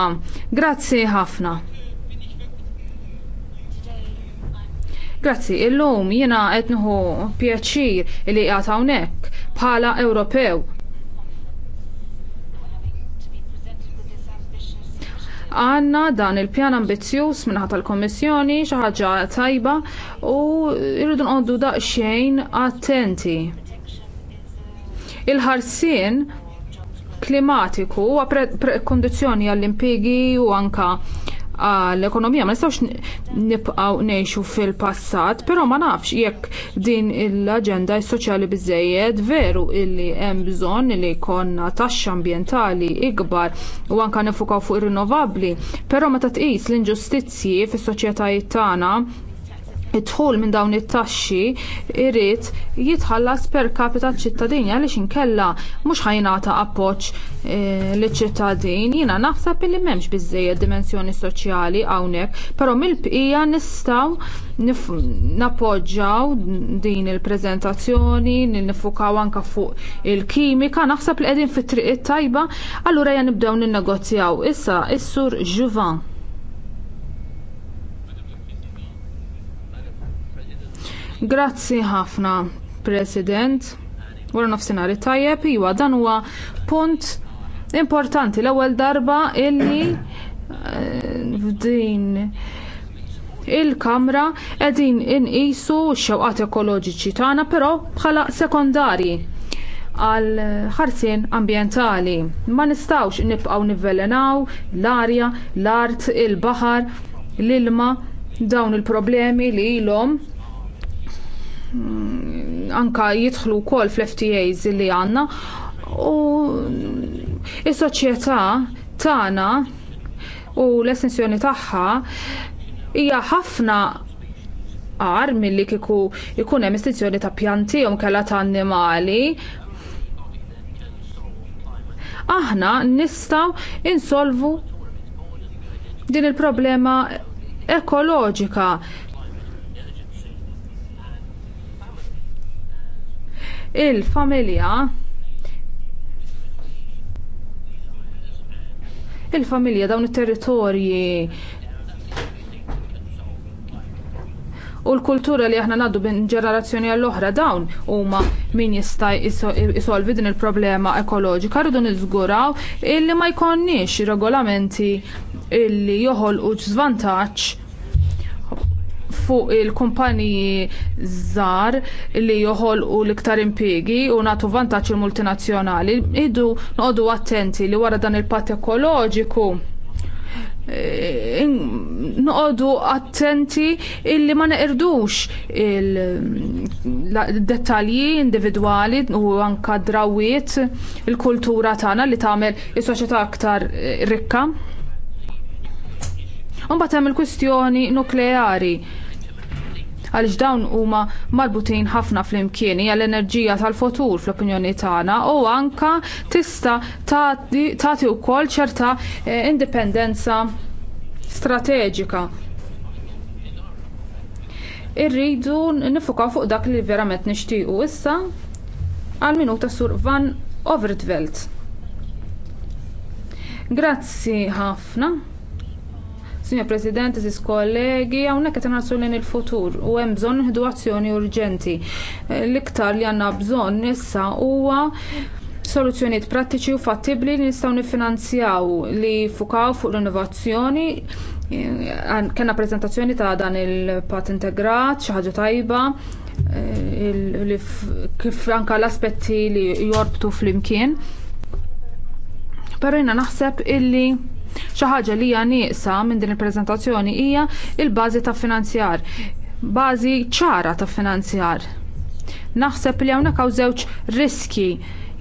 A: Grazzi ħafna. Grazzi, illum jiena qed nieħu pjaċir li qiegħed hawnhekk bħala Ewropew. għanna dan il-pjan ambizzjuż minħat tal-Kommissjoni xi ħaġa tajba u rridu nqoddu daqsxejn attenti. Il-ħarsien klimatiku huwa kondizzjoni għall-impjegi u anka l ekonomija Ma nistgħux nibqgħu ngħixu fil-passat, però ma nafx jekk din l-aġenda soċjali biżżejjed veru illi hemm bżonn li jkollna taxxa ambjentali ikbar u anke nifukaw fuq ir-rinnovabbli, però meta tqis l-inġustizzji fis-soċjetajiet tagħna id-dħul minn dawn it-taxxi irid jitħallas per capita ċ-ċittadini għaliex inkella mhux ħajnata appoġġ eh, liċ-ċittadin. Jiena naħseb li m'hemmx biżżejjed dimensjoni soċjali hawnhekk, però mill-bqija nistgħu nappoġġjaw din il-preżentazzjoni, nifukaw anke fuq il-kimika, naħseb li qegħdin fit-triq it-tajba, allura ja nibdew ninnegozjaw issa is-sur Juvan. Grazzi ħafna, President. Wara nofsinhar tajjeb, iwa dan huwa punt importanti l-ewwel darba illi eh, f'din il-kamra qegħdin inqisu x-xewqat ekoloġiċi tagħna però bħala sekondarji għal ħarsien ambjentali. Ma nistgħux nibqgħu nivvelenaw l-arja, l-art, il-baħar, l-ilma dawn il-problemi li ilhom Mm, anka jidħlu wkoll fl-FTAs li għandna u s soċjetà tagħna u l-essenzjoni tagħha hija ħafna għar milli kieku jkun hemm estensjoni ta' pjanti jew kellha ta' annimali. Aħna nistgħu insolvu din il-problema ekoloġika il-familja il-familja dawn it-territorji u l-kultura li aħna ngħaddu minn ġenerazzjoni għall oħra dawn huma min jista' isolvi din il-problema ekoloġika rridu niżguraw illi ma jkollniex regolamenti illi joħolqu żvantaġġ fuq il-kumpaniji żgħar li joħolqu l-iktar impjiegi u nagħtu vantaġġ il-multinazzjonali, idu noqogħdu attenti li wara dan il-patt ekoloġiku e, noqogħdu attenti illi ma neqirdux il-dettalji individwali u anka drawiet il-kultura tagħna li tagħmel is-soċjetà aktar rikka. Mbagħad hemm il-kwistjoni nukleari għaliex dawn huma marbutin ħafna flimkien imkieni għall enerġija tal-futur fl-opinjoni tagħna u anke tista' tagħti wkoll ċerta eh, indipendenza strateġika irridu nifukaw fuq dak li verament nixtiequ issa għal minuta sur Van Overtveld. Grazzi ħafna. Sinja President, Zis kollegi, hawnhekk qed inħarsu lejn il-futur u hemm bżonn nieħdu azzjoni urġenti. Eh, l-iktar li għandna bżonn issa huwa soluzzjonijiet prattiċi u fattibbli li nistgħu niffinanzjaw li fukaw fuq l-innovazzjoni eh, kenna prezentazzjoni ta' dan il-pat integrat, xi ħaġa tajba, eh, kif anka l-aspetti li jorbtu flimkien. Però jiena naħseb illi Xi ħaġa li hija nieqsa minn din il-preżentazzjoni hija il-bażi ta' finanzjar, bażi ċara ta' finanzjar. Naħseb li hawnhekk hawn żewġ riski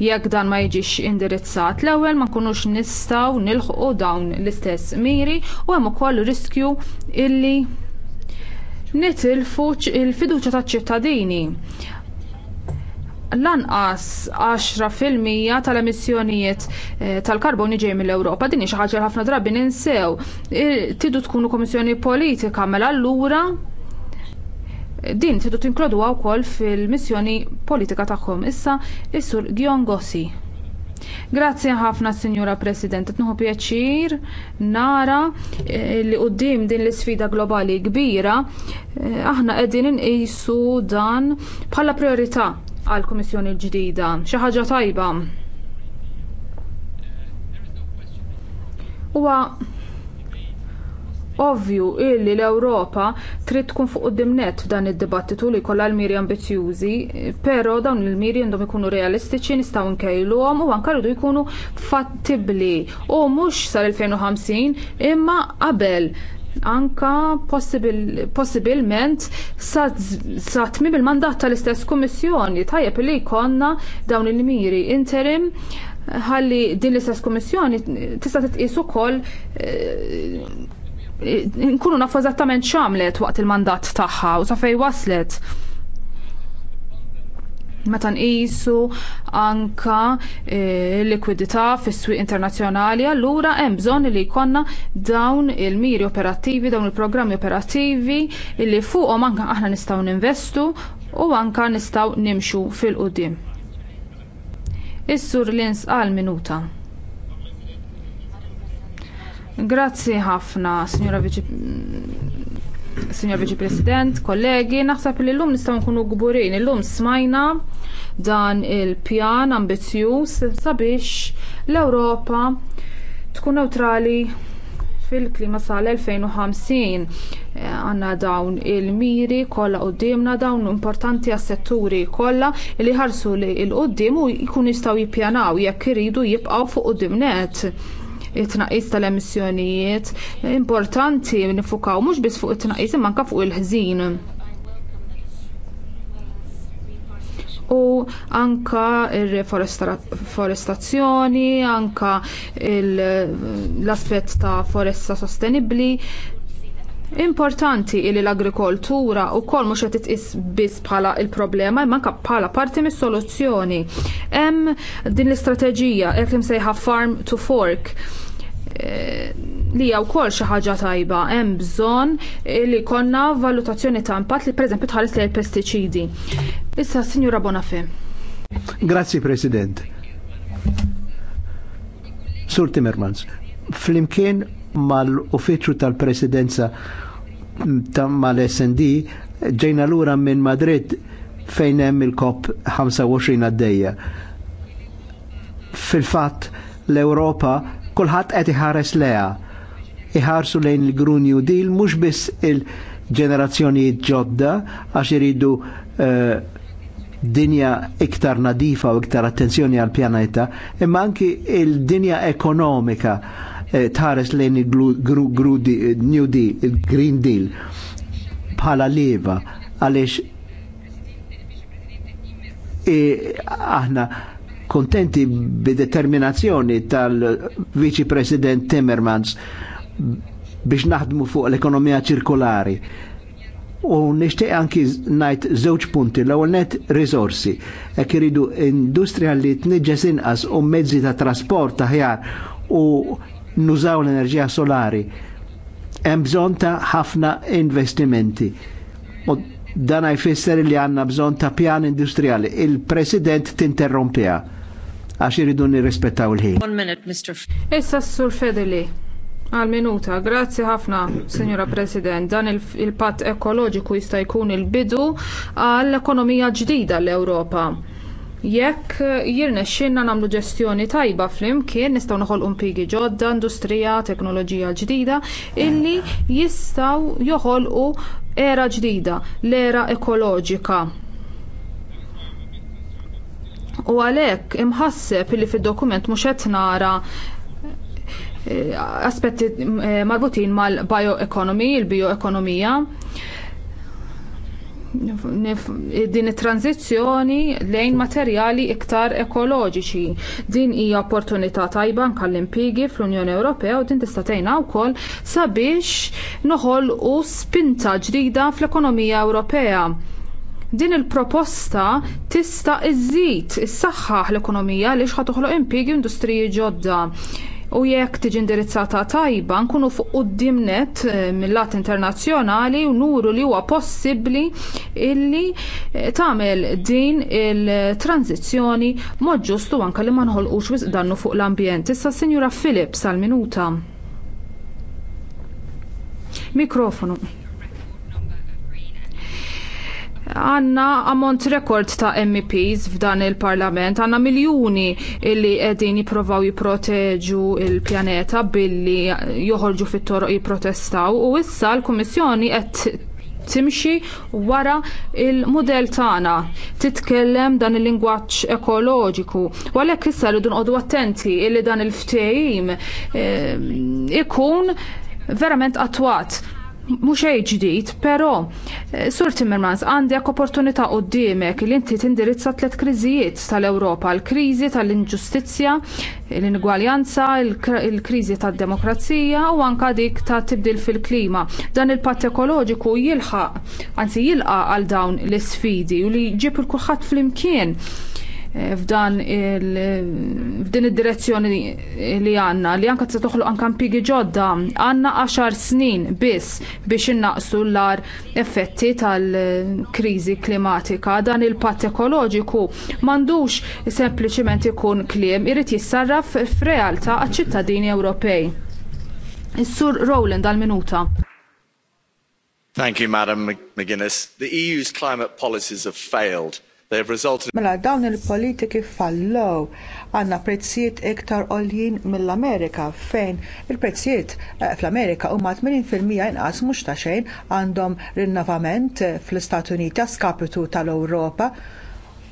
A: jekk dan ma jiġix indirizzat l-ewwel ma nkunux nistgħu nilħqu dawn l-istess miri u hemm ukoll riskju illi nitilfu l-fiduċja taċ-ċittadini lanqas 10% tal-emissjonijiet eh, tal-karboni ġej mill-Ewropa. Din xi ħaġa ħafna drabi ninsew. Tidu tkunu komissjoni politika mela allura din tidu tinklodu wkoll fil-missjoni politika tagħhom. Issa is-sur Gion Gossi. Grazzi ħafna, Sinjura President. Tnuħu pjaċir nara eh, li quddiem din l isfida globali kbira, eh, aħna qegħdin inqisu dan bħala priorità għall kummissjoni l-ġdida. Xi ħaġa tajba. Huwa ovvju illi l-Ewropa trid tkun fuq dimnet f'dan id-dibattitu li jkollha l-miri ambizzjużi, però dawn il-miri għandhom ikunu realistiċi nistgħu nkejluhom u anke rridu jkunu fattibbli u mhux sal-2050 imma qabel anka possibilment sa tmiem il-mandat tal-istess kummissjoni tajjeb li jkollna dawn il-miri interim ħalli din l-istess kummissjoni tista' titqis ukoll eh, nkunu nafu eżattament x'għamlet waqt il-mandat tagħha u sa fejn waslet meta nqisu anka e, l-likwidità fis-swieq internazzjonali allura hemm bżonn li jkollna dawn il-miri operattivi dawn il-programmi operattivi li fuqhom anke aħna nistgħu ninvestu u anke nistgħu nimxu fil-qudiem. Is-sur Lins għal minuta. Grazzi ħafna, Signora Viċi Signor Vice President, kollegi, naħseb li llum nistgħu nkunu gburin. Illum smajna dan il-pjan ambizzjuż sabiex l-Ewropa tkun neutrali fil-klima sal-2050 għanna dawn il-miri kollha qudiemna dawn importanti għas-setturi kollha li ħarsu li l-qudiem u jkun jistgħu jippjanaw jekk iridu jibqgħu fuq qudiemnet it-tnaqqis tal-emissjonijiet. Importanti nifukaw mhux biss fuq it-tnaqqis imma anke fuq il-ħżin. u anka il-reforestazzjoni, anka l-aspett ta' foresta sostenibbli Importanti li l-agrikoltura wkoll mhux qed titqis biss bħala l problema imma anke bħala parti mis-soluzzjoni. Hemm din l-istrateġija jekk imsejħa farm to fork eh, li hija wkoll xi ħaġa tajba hemm bżonn li jkollna valutazzjoni ta' impatt li pereżempju tħares lejn pesticidi Issa Sinjura Bonafè.
B: Grazzi President. Sur Timmermans, flimkien mal-uffiċċju tal-presidenza mal-SND ġejna lura minn Madrid fejn hemm il-COP 25 għaddejja. Fil-fatt l-Ewropa kulħadd qed iħares leha. Iħarsu lejn il-Green New Deal mhux biss il-ġenerazzjonijiet ġodda għax iridu eh, dinja iktar nadifa u iktar attenzjoni għal pjaneta, imma anki il-dinja ekonomika Eh, tħares lejn il-New eh, Deal, il-Green Deal bħala leva għalix eh, aħna kontenti bid-determinazzjoni tal vici President Timmermans biex naħdmu fuq l-ekonomija ċirkolari. U nishtiq anki najt zewċ punti, l-ewwel net risorsi, jekk iridu industrija li t tniġġes inqas u mezzi ta' trasport taħjar u nużaw l-enerġija solari. Hemm bżonn ta' ħafna investimenti. U dan jfisser li għandna bżonn ta' pjan industrijali. Il-President tinterrompija għax iridu nirrispettaw il-ħin.
A: One minute, Mr. Issa s-sur Fedeli. Għal minuta, grazzi ħafna, Signora President. Dan il-patt ekoloġiku jista' jkun il-bidu għall-ekonomija ġdida l-Ewropa Jekk jirnexxinna nagħmlu ġestjoni tajba flimkien nistgħu noħolqu impjiegi ġodda, industrija, teknoloġija ġdida illi jistgħu joħolqu era ġdida, l-era ekoloġika. U għalhekk imħasseb li fid-dokument mhux qed nara eh, aspetti eh, marbutin mal-bioeconomy, il-bioekonomija. il il bioekonomija din it-tranzizzjoni lejn materjali iktar ekoloġiċi. Din hija opportunità tajba l impigi fl-Unjoni Ewropea u din tista' tgħinha wkoll sabiex noħolqu spinta ġdida fl-ekonomija Ewropea. Din il-proposta tista' iżżid is-saħħaħ l-ekonomija għaliex ħatoħloq toħloq industriji ġodda u jekk tiġi indirizzata tajba nkunu fuq quddiem eh, mill-lat internazzjonali u nuru li huwa possibbli illi eh, tagħmel din il-tranzizzjoni mod ġustu anke li ma nħolqux dannu fuq l-ambjent. Issa Sinjura Phillips għal minuta. Mikrofonu għanna ammont rekord ta' MEPs f'dan il-parlament, għanna miljoni illi edin jiprovaw jiproteġu il-pjaneta billi joħorġu fit-toroq jiprotestaw u issa l-Kummissjoni qed timxi wara il mudell tagħna titkellem dan il-lingwaġġ ekoloġiku. U għalhekk issa rridu nqogħdu attenti illi dan il-ftehim eh, ikun verament attwat mhux ej ġdid, però eh, Sur Timmermans għandek opportunità qudiemek li inti tindirizza tliet kriżijiet tal-Ewropa, l-kriżi tal-inġustizzja, l-ingwaljanza, l-kriżi tad-demokrazija u anka dik ta' tibdil fil-klima. Dan il-patt ekoloġiku jilħaq, anzi jilqa' għal dawn l-isfidi u li jġib il fl flimkien f'dan f'din id-direzzjoni li għandna li anke se toħloq anka mpigi ġodda għandna għaxar snin biss biex innaqsu l-ar effetti tal-kriżi klimatika dan il-patt ekoloġiku m'għandux sempliċement ikun kliem irid jissarraf f'realtà għaċ-ċittadini Ewropej. Is-Sur Rowland għal-minuta.
B: Thank you, Madam McGuinness. The EU's climate policies have failed They have resulted
C: Mela dawn il-politiki fallow għandna prezzijiet iktar għoljin mill-Amerika fejn il-prezzijiet eh, fl-Amerika huma 80% inqas mhux ta' xejn għandhom rinnovament eh, fl istat Uniti skapitu tal-Ewropa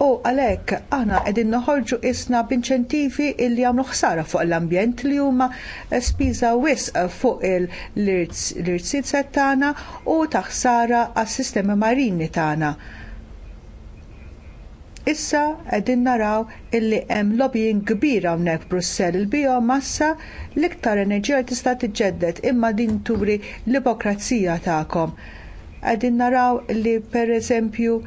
C: u għalhekk aħna qegħdin noħorġu isna b'inċentivi li jagħmlu ħsara fuq l-ambjent li huma eh, spiża wisq fuq l-irtsiet tagħna u taħsara għas-sistemi marini tagħna. Issa qegħdin naraw illi hemm lobbying kbir hawnhekk Brussell il massa l-iktar enerġija tista' tiġġedded imma din turi l-ipokrazija tagħkom. Qegħdin naraw li pereżempju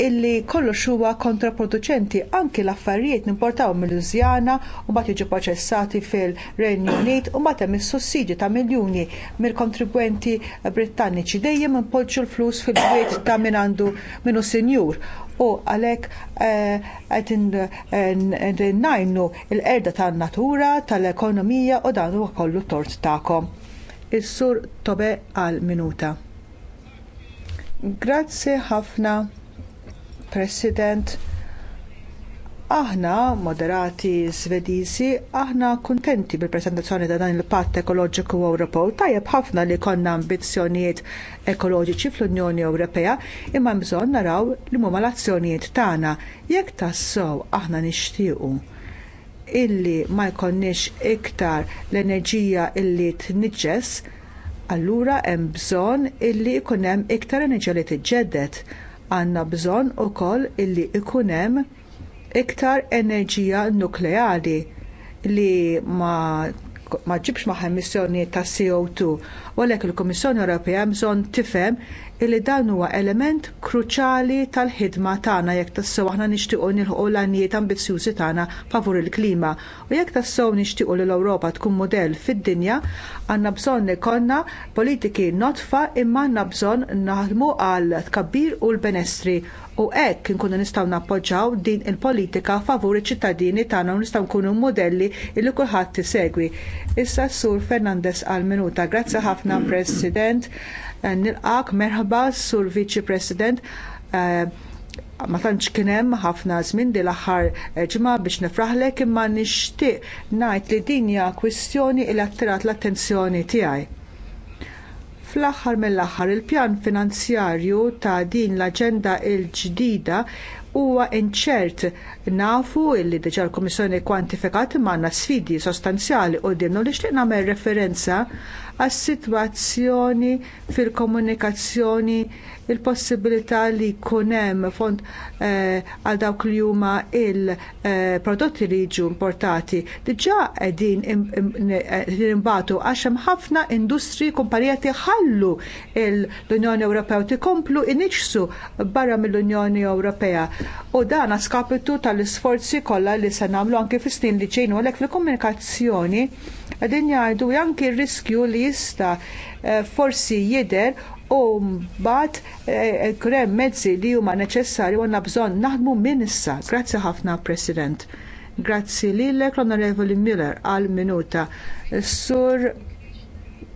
C: illi kollox huwa kontraproduċenti anki l-affarijiet nimportaw mill-Lużjana u mbagħad jiġu proċessati fil-Renju Unit u mbagħad hemm is sussidju ta' miljuni mill-kontribwenti Brittaniċi dejjem impoġġu l-flus fil-bwiet ta' min għandu minu sinjur u għalhekk eh, qed eh, najnu l qerda tan-natura, tal-ekonomija u dan huwa kollu tort tagħkom. Is-sur tobe għal minuta. Grazzi ħafna. President. Aħna, moderati svedizi, aħna kuntenti bil-presentazzjoni ta' dan il-patt ekoloġiku Ewropew. Tajjeb ħafna li konna ambizzjonijiet ekoloġiċi fl-Unjoni Ewropea, imma bżonn naraw li huma l-azzjonijiet tagħna jekk tassew aħna nixtiequ illi ma jkollniex iktar l-enerġija illi tniġġes, allura hemm bżonn illi jkun hemm iktar enerġija li tiġġedded Għandna bżonn ukoll illi ikun hemm iktar enerġija nukleari li ma ma ġibx maħ emissjoni ta' CO2. u għalhekk il-Kummissjoni Ewropea bżonn tifhem li dan huwa element kruċjali tal-ħidma tagħna jekk tassew aħna nixtiequ nilħu l-għanijiet ambizzjużi tagħna favur il-klima. U jekk tassew nixtiequ li l-Ewropa tkun mudell fid-dinja, għandna bżonn ikollna politiki notfa imma għandna bżonn naħdmu għal tkabbir u l-benestri u hekk inkunu nistgħu nappoġġjaw din il-politika favur iċ-ċittadini tagħna u nistgħu nkunu modelli li kulħadd isegwi. Issa Sur Fernandez għal minuta. Grazzi ħafna President. Eh, nilqak merħba Sur Viċi President. Eh, ma tantx kien hemm ħafna żmien di l-aħħar eh, ġimgħa biex nifraħlek imma nixtieq ngħid li din hija kwistjoni li attirat l-attenzjoni tiegħi. Fl-aħħar mill-aħħar il-pjan finanzjarju ta' din l-aġenda l-ġdida huwa inċert nafu li diġà l-Kummissjoni kwantifikat għandna sfidi sostanzjali u dimnu li nagħmel referenza għas-sitwazzjoni fil-komunikazzjoni il-possibilità li jkun hemm fond eh, għal dawk li huma il-prodotti li jiġu importati. Diġà qegħdin eh, imbagħtu għax hemm ħafna industri kumpanijiet ħallu l-Unjoni Ewropea u tikomplu iniġsu barra mill-Unjoni Ewropea. U dan skapitu tal-isforzi kollha li se nagħmlu anke fis-snin li ġejnu għalhekk fil-komunikazzjoni Għadin jgħidu anki r-riskju li jista eh, forsi jidher u mbagħad eh, krem mezzi li huma neċessarji u għandna bżonn naħdmu minn issa. Grazzi ħafna, President. Grazzi lilek, l-Onorevoli Miller, għal minuta. Sur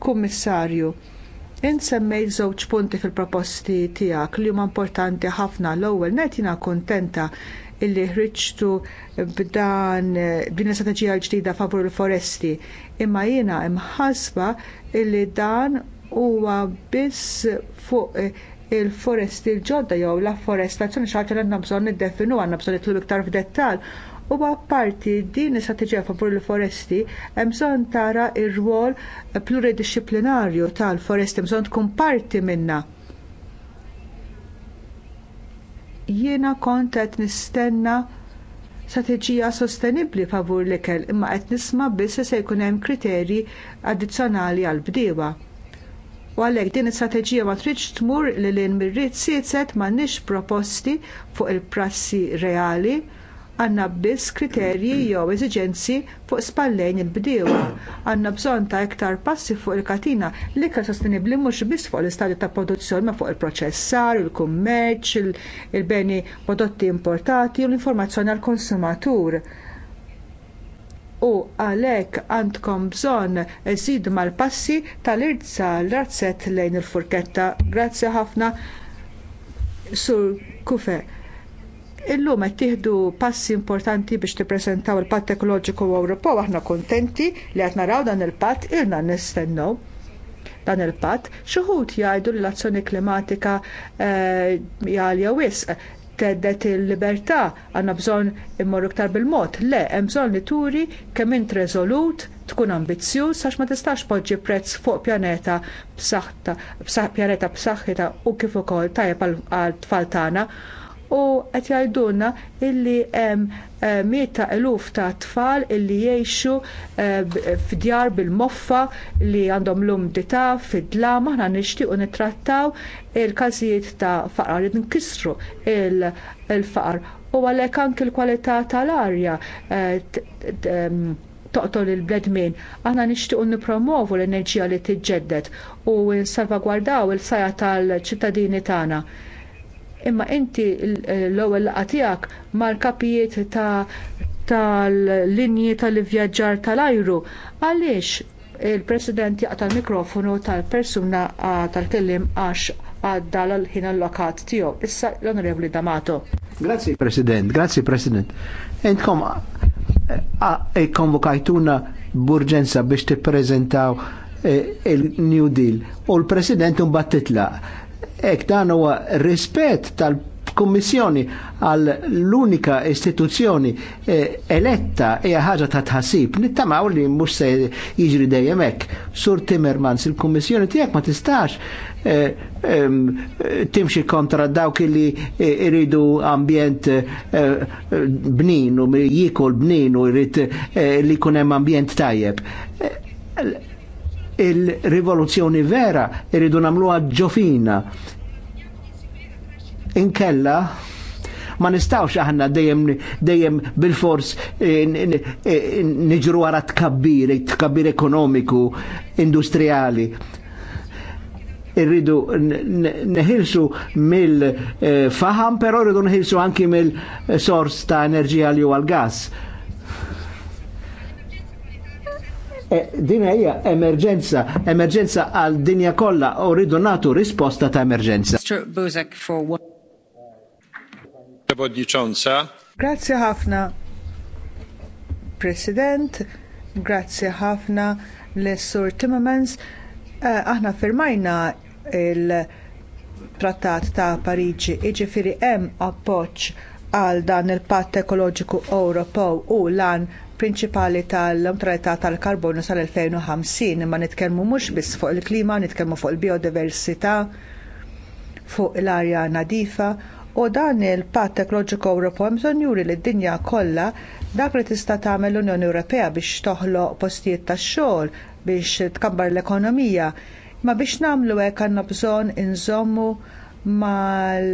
C: Kummissarju, insemmejt żewġ punti fil-proposti tiegħek li huma importanti ħafna l-ewwel net jiena kuntenta illi ħriġtu b'dan b'din l-istrateġija l-ġdida favur il-foresti. Imma jiena imħasba illi dan huwa biss fuq eh, il-foresti l-ġodda jew la forestazzjoni xaġa li għandna bżonn niddefinu għandna bżonn nitlu iktar f'dettall. U apparti din l-istrateġija favur il-foresti hemm bżonn tara r rwol pluridixxiplinarju tal-foresti bżonn tkun parti minnha jiena kont qed nistenna strateġija sostenibbli favur l-ikel imma qed nisma' biss se jkun hemm kriterji addizzjonali għall bdiewa. U għalhekk din is-strateġija ma tridx tmur lil hinn mir-ried sietset m'għandniex proposti fuq il-prassi reali għandna biss kriterji jew eżiġenzi fuq spallejn il bdew Għandna bżonn ta' iktar passi fuq il-katina li iktar sostenibbli mhux biss fuq l-istadju ta' produzzjoni ma fuq il-proċessar, il-kummerċ, il-beni prodotti importati u l-informazzjoni għall konsumatur u għalhekk għandkom bżonn żid mal-passi tal-irza l-arzet lejn il-furketta. Grazzi ħafna sur kufe. Illum qed tieħdu passi importanti biex tippreżentaw il-Patt Ekoloġiku Ewropew aħna kuntenti li qed naraw dan il-patt ilna nistennew dan il-patt. Xi wħud jgħidu li l-azzjoni klimatika eh, għalja wisq teddet il-libertà għandna bżonn immorru iktar bil-mod. Le, hemm bżonn li turi kemm int reżolut tkun ambizzjuż għax ma tistax poġġi prezz fuq pjaneta b'saħħita, pjaneta b'saħħita u kif ukoll tajjeb għal tfal tagħna u qed jgħidulna illi hemm eh, miet ta' eluf ta' tfal illi jgħixu eh, f'djar bil-moffa li għandhom l-umdità fid-dlam aħna nixtiequ nittrattaw il-każijiet ta' faqar li nkissru il-faqar u għalhekk anki l-kwalità tal-arja eh, toqtol il-bledmin. Aħna nixtiequ nippromovu l-enerġija li tiġġedded u nsalvagwardaw il-saja tal-ċittadini tagħna imma inti l-ewwel laqgħa tiegħek mal-kapijiet tal-linji tal-ivvjaġġar tal-ajru. Għaliex il-President jaqta' l-mikrofonu tal-persuna tal kelliem għax għadda l-ħin allokat tiegħu. Issa l-Onorevoli Damato. Grazzi
B: President, grazzi President. Entkom konvokajtuna burġenza biex tippreżentaw eh, il-New Deal u l-President un titlaq Ek dan huwa rispett tal-Kummissjoni għal l-unika istituzzjoni eh, eletta e ħaġa ta' tħassib. Nittamaw li mhux se jiġri dejjem hekk. Sur Timmermans, il-Kummissjoni tiegħek ma tistax eh, timxi kontra dawk li eh, iridu ambjent bnin u jikol bnin u li jkun hemm ambjent tajjeb il-rivoluzzjoni vera iridu namluha ġofina. Inkella ma nistawx aħna dejjem dejjem bil-fors eh, eh, niġru wara tkabbir, tkabbir ekonomiku, industrijali irridu neħilsu mill-faham, eh, pero irridu neħilsu anki mill-sors ta' enerġija li huwa l-gas. Eh, din hija emerġenza, emerġenza għal dinja kollha u rridu nagħtu risposta ta' emerġenza.
C: Grazzi Grazie ħafna, President, grazie ħafna l-Sur Timmermans. Eh, aħna firmajna il-Trattat ta' Pariġi, iġifieri hemm appoġġ għal dan il-patt ekoloġiku Ewropew u lan prinċipali tal-neutralità tal-karbonju sal-2050 imma nitkellmu mhux biss fuq il-klima, nitkellmu fuq il-biodiversità, fuq l-arja nadifa u dan il-patt ekoloġiku Ewropew hemm bżonn juri lid dinja kollha dak li tista' tagħmel l-Unjoni Ewropea biex toħloq postijiet tax-xogħol biex tkabbar l-ekonomija. Ma biex nagħmlu hekk għandna bżonn inżommu mal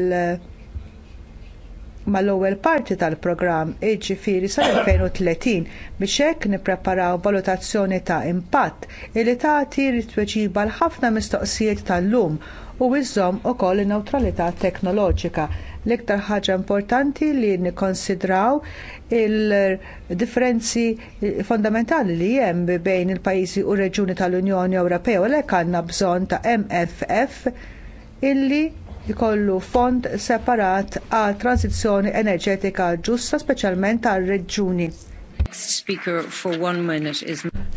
C: mal-ewwel parti tal-programm jiġifieri sal-2030 biex hekk nippreparaw valutazzjoni ta' impatt li tagħti tweġiba l ħafna mistoqsijiet tal-lum u iżżomm ukoll in-newtralità teknoloġika. L-iktar ħaġa importanti li nikkonsidraw il-differenzi fondamentali li hemm bejn il-pajjiżi u r reġjuni tal-Unjoni Ewropea u għalhekk għandna bżonn ta' MFF illi jkollu fond separat għal transizzjoni enerġetika ġusta speċjalment għal reġjuni.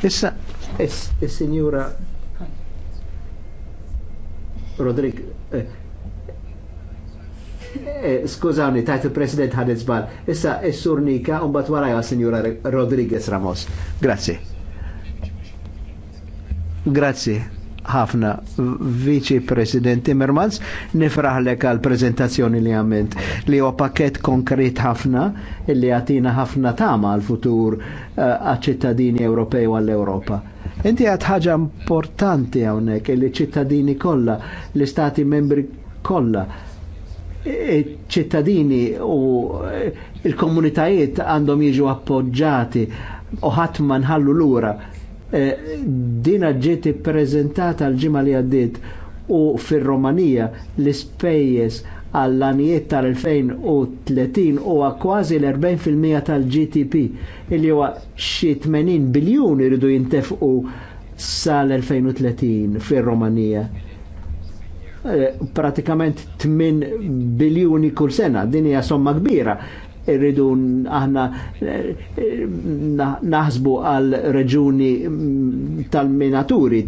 C: Issa, is eh,
B: eh, skużawni, tajt il-President ħadet zbal. Issa, is-sur Nika, un bat Rodriguez Ramos. Grazie. Grazie ħafna. Viċi President Timmermans, nifraħlek għal prezentazzjoni li għamilt li huwa pakket konkret ħafna li għatina ħafna tama għal futur eh, għal-ċittadini Ewropej u għall-Ewropa. Inti għad ħaġa importanti għawnek li ċittadini kolla, l-istati membri kolla, ċittadini u il-komunitajiet għandhom jiġu appoġġati u ħadd ma l-ura. Eh, dina ġiet prezentata l-ġimma li għaddiet u fir-Romanija l-ispejjeż għall-anijiet tal-2030 huwa kważi l-40% tal-GTP illi huwa xi 80 biljun iridu jintefqu sal-2030 fir-Romanija. Eh, pratikament 8 biljuni kull sena, din hija somma kbira irridu aħna eh, eh, naħsbu għal reġuni mm, tal-minaturi,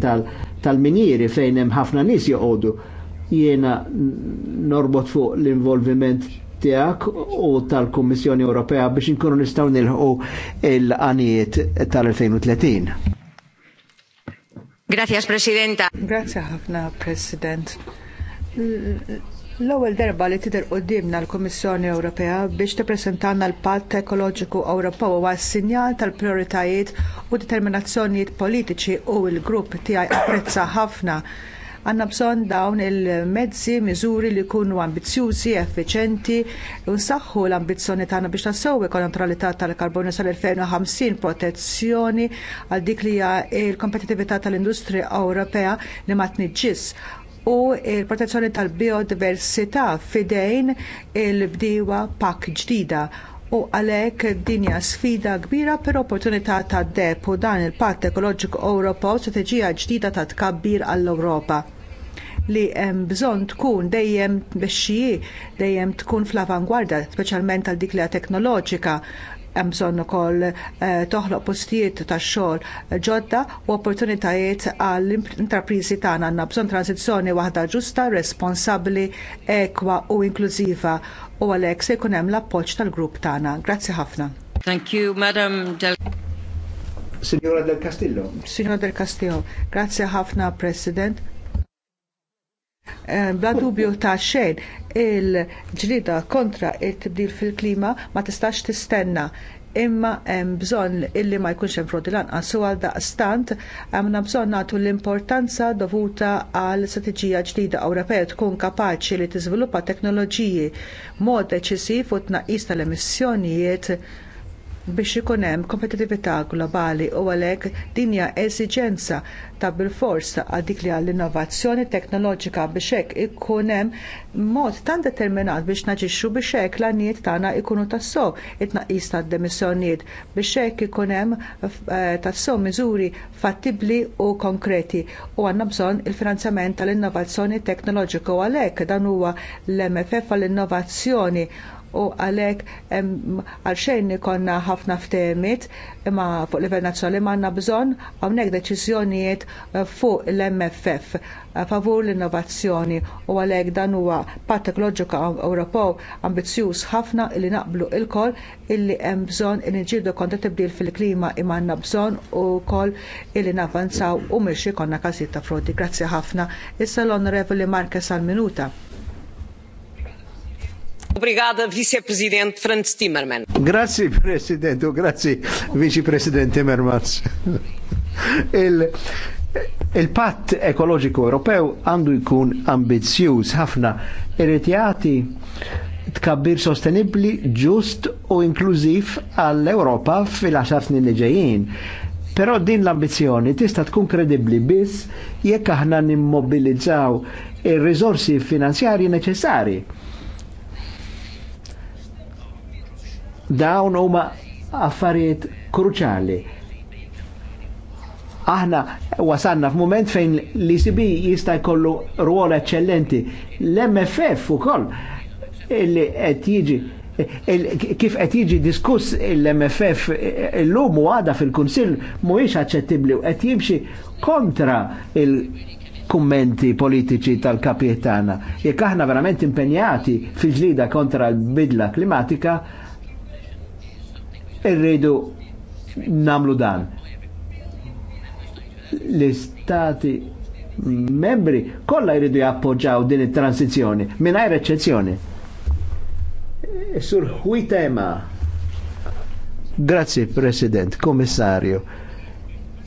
B: tal-minieri fejn hemm ħafna nies joqogħdu. Jiena norbot fuq l-involviment tiegħek u tal kummissjoni Ewropea biex inkunu nistgħu nilħu il-għanijiet tal-2030.
C: Grazie, Presidenta. Grazie ħafna, President. L-ewwel darba li tidher qudiemna l-Kummissjoni Ewropea biex tippreżentana l-Patt Ekoloġiku Ewropew huwa sinjal tal-prijoritajiet u determinazzjonijiet politiċi u l-grupp tiegħi apprezza ħafna. Għandna bżonn dawn il-mezzi, miżuri li jkunu ambizzjużi, effiċenti, u nsaħħu l-ambizzjoni tagħna biex tassew kontralità tal-karbonju sal-2050 protezzjoni għal dik li hija l kompetitività tal-industrija Ewropea li ma tniġġis u l protezzjoni tal-biodiversità fidejn il-bdiewa pak ġdida u għalhekk din hija sfida kbira per opportunità ta' dep u dan il-Patt Ekoloġiku Ewropew strateġija ġdida ta' tkabbir għall-Ewropa li hemm bżonn tkun dejjem bexxiji, dejjem tkun fl-avangwarda, speċjalment għal dik li teknoloġika hemm bżonn ukoll eh, toħloq postijiet tax-xogħol ġodda u opportunitajiet għall intrapriżi tagħna għandna bżonn transizzjoni waħda ġusta, responsabbli, ekwa u inklużiva u għalhekk se jkun hemm l-appoġġ tal-grupp tagħna. Grazzi ħafna.
B: Thank you, Madam Del Signora del
C: Castillo. Signora del Castillo, grazie ħafna President. Eh, bla dubju ta' xejn il-ġlida kontra t tibdil fil-klima ma tistax tistenna imma hemm bżonn illi ma jkunx hemm frodi lanqas u għal daqstant għamna bżonn nagħtu l-importanza dovuta għal strateġija ġdida Ewropea tkun kapaċi li tiżviluppa teknoloġiji mod deċisiv u tnaqqis tal-emissjonijiet biex ikun hemm kompetitività globali u għalhekk din hija eżiġenza ta' bilfors għal dik li għall-innovazzjoni teknoloġika biex hekk ikun hemm mod tan determinat biex naġixxu biex hekk l-għanijiet tagħna jkunu tassew it-tnaqqis tad-demissjonijiet biex hekk ikun hemm eh, tassew miżuri fattibbli u konkreti u għandna bżonn il-finanzjament tal-innovazzjoni teknoloġika u għalhekk dan huwa l-MFF għall-innovazzjoni u għalhekk għalxejn ikonna ħafna ftehmiet imma fuq livell nazzjonali għandna bżonn hawnhekk deċiżjonijiet eh, fuq l-MFF eh, favur l-innovazzjoni u għalhekk dan huwa patt ekoloġiku Ewropew ambizzjuż ħafna li naqblu lkoll illi hemm bżonn li nġidu kontra tibdil fil-klima imma għandna bżonn ukoll illi navanzaw u mhux ikollna każijiet ta' frodi. Grazzi ħafna. Issa l-Onorevoli Marques għal minuta.
B: Obrigada, Vice-President Franz Timmermans. Grazie, grazie, Vice-President Timmermans. il, il patt ekoloġiku Ewropew għandu jkun ambizzjuż ħafna irid jagħti tkabbir sostenibbli, ġust u inklużiv għall-Ewropa fil-10 snin li ġejjin. Però din l-ambizzjoni tista' tkun kredibbli biss jekk aħna nimmobilizzaw ir-riżorsi finanzjarji neċessarji. Dawn huma affarijiet kruċali. Aħna wasanna f'mument fejn l-ICB jista' jkollu ruol eccellenti. L-MFF ukoll illi qed jiġi kif qed jiġi diskuss l-MFF illum u għada fil-Kunsill mhuwiex aċċettibbli u qed jimxi kontra il-kummenti politiċi tal-kapietana. Jekk aħna verament impenjati fil-ġlida kontra l-bidla klimatika, irridu namlu dan. L-istati membri kollha jridu jappoġġaw din it-transizjoni mingħajr eċċezzjoni. E sur tema. Grazzi President, Komissarju.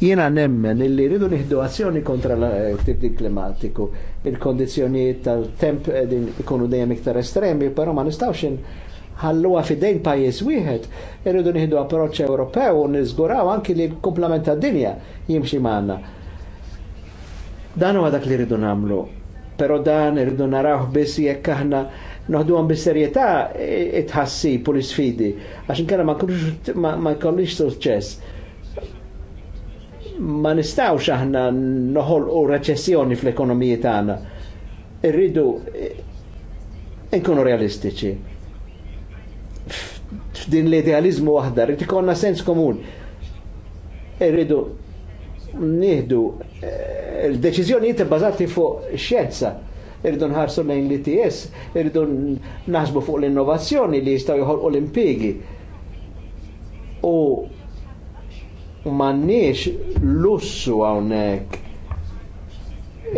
B: Jiena nemmen illi rridu nieħdu azzjoni kontra l-tibdil eh, klimatiku. Il-kondizzjonijiet tal-temp din ikunu dejjem iktar estremi, però ma nistgħux ħalluha fidejn pajjiż wieħed, irridu nieħdu approċċ Ewropew u niżguraw anki li l-kumplament tad-dinja jimxi magħna. Dan huwa dak li rridu nagħmlu, però dan irridu narawh biss jekk aħna noħdu għan bis-serjetà itħassib u l isfidi għax inkella ma jkollix suċċess. Ma nistgħux aħna noħolqu reċessjoni fl-ekonomiji tagħna. Irridu eh, nkunu realistiċi f'din l-idealizmu waħda, rrid ikonna sens komun. Irridu nieħdu eh, l-deċiżjonijiet bbażati fuq xjenza. Irridu nħarsu lejn l-ITS, irridu naħsbu fuq l-innovazzjoni li jistgħu joħolqu l impjiegi U m'għandniex lussu hawnhekk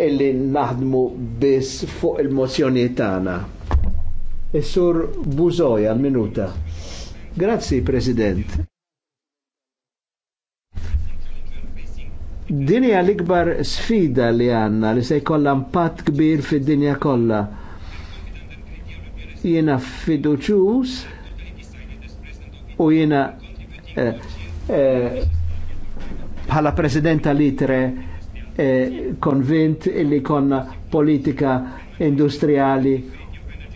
B: illi naħdmu biss fuq il-mozzjoni tagħna sur Buzoj għal-minuta. Grazzi, President. Dinja l ikbar sfida li għanna li se jkollha impatt kbir fid-dinja kollha. Jiena fiduċus u jiena bħala eh, eh, presidenta litre eh, konvint illi konna politika industriali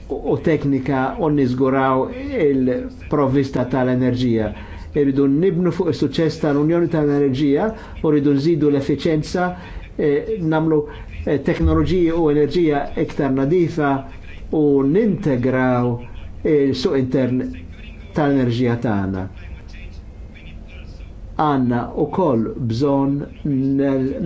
B: u teknika u nizguraw il-provvista tal-enerġija. Irridu nibnu fuq il suċċess tal-Unjoni tal-Enerġija u rridu nżidu l-efficienza eh, namlu eh, teknoloġiji u enerġija iktar nadifa u nintegraw il-suq intern tal-enerġija tagħna. Għanna u koll bżon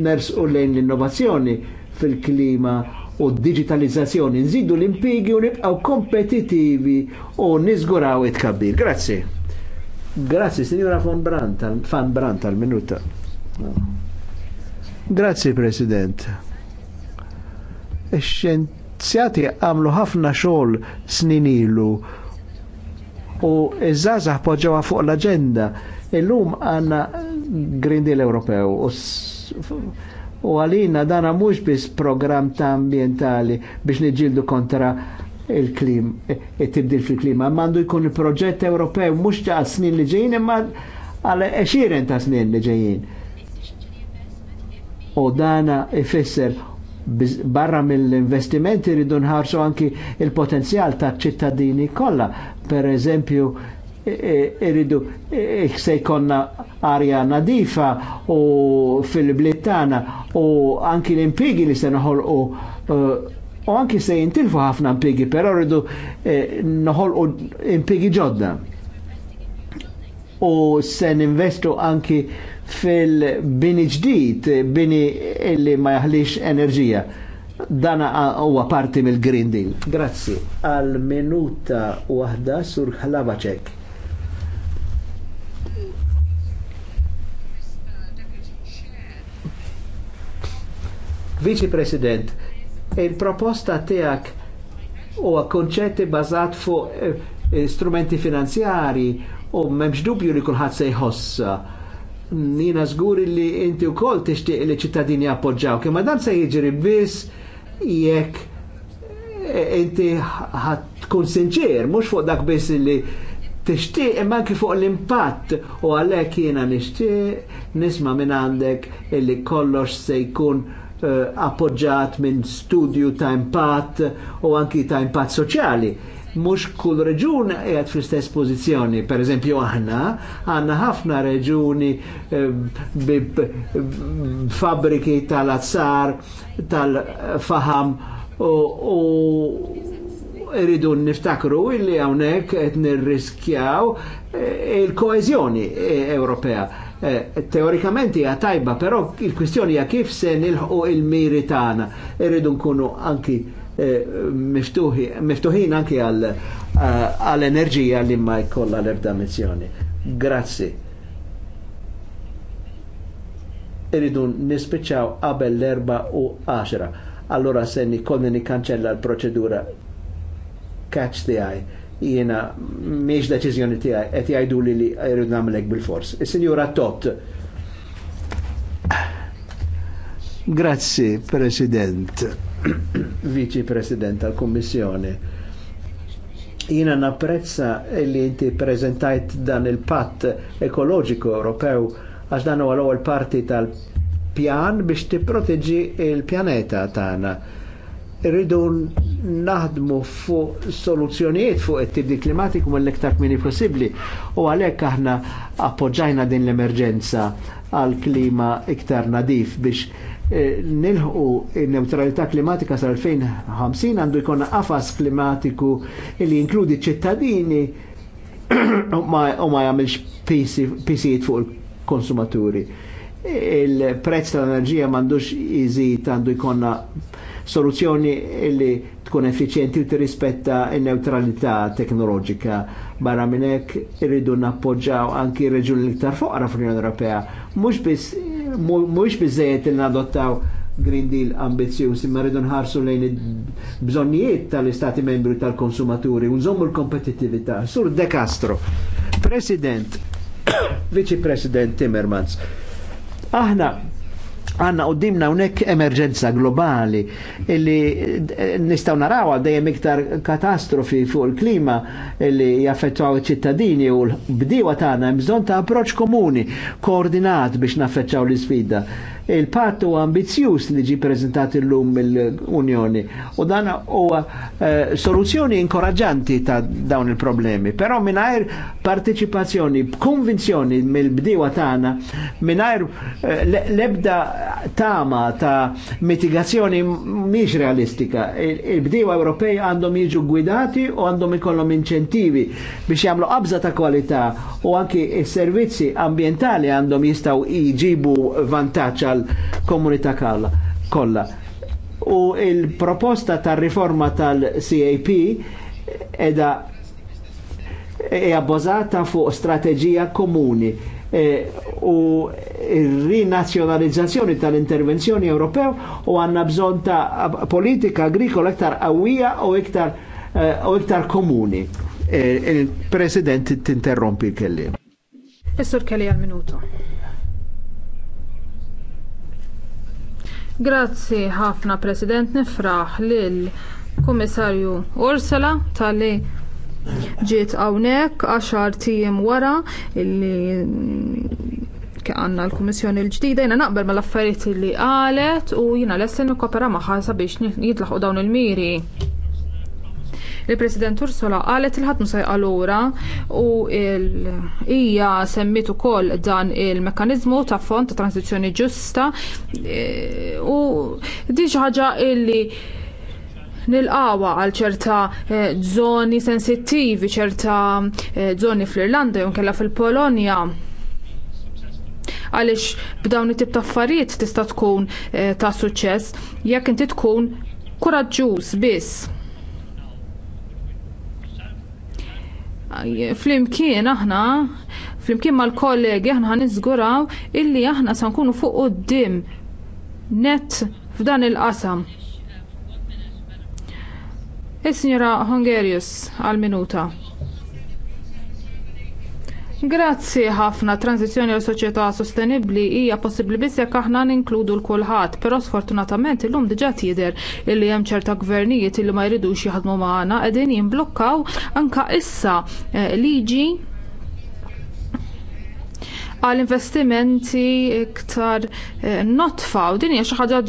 B: nersqu lejn l-innovazzjoni fil-klima u digitalizzazzjoni, nżidu l-impigi u nibqaw kompetitivi u nizguraw it-kabbir. Grazzi. Grazzi, signora von Brantal, fan Brantal, minuta Grazzi, President. xenzjati għamlu ħafna xogħol sninilu u iż-żgħażagħ fuq l agenda Illum għandna Green Deal Ewropew U għalina dana mhux biss programm ta' ambientali biex niġildu kontra il-klim, it-tibdil fil-klima, mandu jkun il-proġett Ewropew mhux ta' snin li ġejjin imma għal 20 ta' snin li ġejjin. U dana ifisser barra mill-investimenti rridu nħarsu anki il-potenzjal ta' ċittadini kollha. Per eżempju, E, e, irridu e, se jkonna arja nadifa u fil-bliet tagħna u anki l impigi li se noħolqu u anki se jintilfu ħafna impigi però rridu noħolqu impigi ġodda. U se ninvestu anki fil-bini ġdid, bini illi ma jaħlix enerġija dana huwa parti mill-Green Deal. Grazzi. Għal minuta waħda sur ħlabaċek. Viċi President, il-proposta tiegħek huwa konċetti bażat fuq eh, strumenti finanzjari u m'hemmx dubju li kulħadd se jħossa. Nina żguri li inti wkoll tixtieq li ċittadini appoġġaw, kemm dan se jiġri biss jekk eh, inti tkun sinċer, mhux fuq dak biss li tixtieq imma anki fuq l-impatt u għalhekk jiena nixtieq nisma' minn għandek illi kollox se jkun Eh, appoġġat minn studju ta' impatt u anki ta' impatt soċjali. Mux kull reġun jgħat fl-istess pozizjoni. Per eżempju, aħna għanna ħafna reġuni eh, fabriki tal-azzar, tal-faham u irridu niftakru illi hawnhekk et nirriskjaw eh, il koeżjoni Ewropea Eh, teorikament hija tajba, però il-kwistjoni hija kif se nilħu il-miri tagħna. Irridu nkunu anki eh, miftuħin anki eh, għall-enerġija li ma jkollha l-ebda missjoni. Grazzi. Irridu nispiċċaw qabel l-erba u 10. Allora se nikolni nikkanċella l-proċedura catch the eye jiena miex deċiżjoni tiegħi qed jgħidu li li jrid nagħmlek bil-fors. Is-Sinjura e, Tot. Grazzi, President, Viċi President tal-Kummissjoni. Jiena napprezza li inti prezentajt dan il-patt ekoloġiku Ewropew għax dan huwa l-ewwel parti tal-pjan biex tipproteġi il-pjaneta tagħna. Ta Rridu naħdmu fuq soluzzjonijiet fuq it-tibdil klimatiku mill-iktar kmini possibbli u għalhekk aħna appoġġajna din l-emerġenza għal klima iktar nadif biex eh, nilħu neutralità klimatika sal-2050 għandu jkun qafas klimatiku li jinkludi ċittadini u ma jagħmilx pisijiet fuq il-konsumaturi. Il-prezz tal-enerġija m'għandux iżid għandu jkollna soluzzjoni li tkun effiċjenti u tirrispetta n-neutralità teknoloġika. Barra minnek irridu nappoġġaw anki reġuni l-iktar foqra fl-Unjoni Ewropea. Mux biżejjed il-nadottaw Green Deal ambizjuż, imma rridu nħarsu lejn il-bżonnijiet tal-Istati membri tal-konsumaturi, unżommu l-kompetittività. Sur De Castro, President, Vice President Timmermans, aħna għanna u dimna unek emerġenza globali illi eh, nistaw naraw dejjem iktar katastrofi fuq il-klima illi jaffetwaw iċ-ċittadini u l-bdiwa tagħna hemm bżonn ta' approċċ komuni koordinat biex naffeċċaw l-isfida. Il-patt huwa ambizzjuż li ġi preżentat lum mill-Unjoni u dan huwa eh, soluzzjoni inkoraġanti ta' dawn il-problemi, però minnajr partecipazzjoni, konvinzjoni mill bdiwa tagħna mingħajr eh, l tama ta' mitigazzjoni miex realistika. il bdiwa Ewropej għandhom jiġu gwidati u għandhom ikollhom inċentivi biex jagħmlu qabża ta' kwalità u anki s-servizzi ambientali għandhom jistgħu jġibu vantaġġ għal tal-komunità kollha. U il-proposta tal-riforma tal-CAP edha hija e bbażata fuq strategija komuni e, u rinazjonalizzazzjoni tal-intervenzjoni Ewropew u għanna bżon ta' politika agrikola iktar qawwija u iktar e, u iktar komuni. E, Il-President t-interrompi kelli.
A: Is-Sur Kelly għal-minuto. Grazzi ħafna President nifraħ lil Kummissarju Ursula tal-li ġiet hawnhekk għaxar tim wara illi għandna l-Kummissjoni l-ġdida jiena naqbel mal-affarijiet li qalet u jiena lesti nikkopera magħha sabiex jitlaħqu dawn il-miri. Il-President Ursula qalet il-ħadd musaj allura u hija semmit ukoll dan il-mekkaniżmu ta' fond ta' transizzjoni ġusta eh, u di xi ħaġa illi għal ċerta eh, zoni sensittivi, ċerta eh, zoni fl-Irlanda, jew fil-Polonja. Għaliex b'dawn it-tip ta' affarijiet tista' tkun ta' suċċess jekk inti tkun kuraġġuż biss. flimkien aħna flimkien mal-kollegi aħna ħaniżguraw illi aħna se nkunu fuq quddiem net f'dan il-qasam. Is-Sinjora eh, Hungarius għal-minuta. Grazzi ħafna tranzizjoni għal soċjetà sostenibbli hija possibbli biss jekk aħna ninkludu l kulħadd, però sfortunatament illum diġà tidher illi hemm ċerta gvernijiet illi ma jridux jaħdmu magħna qegħdin jimblukkaw anke issa eh, liġi għal investimenti iktar eh, notfa u din hija xi ħaġa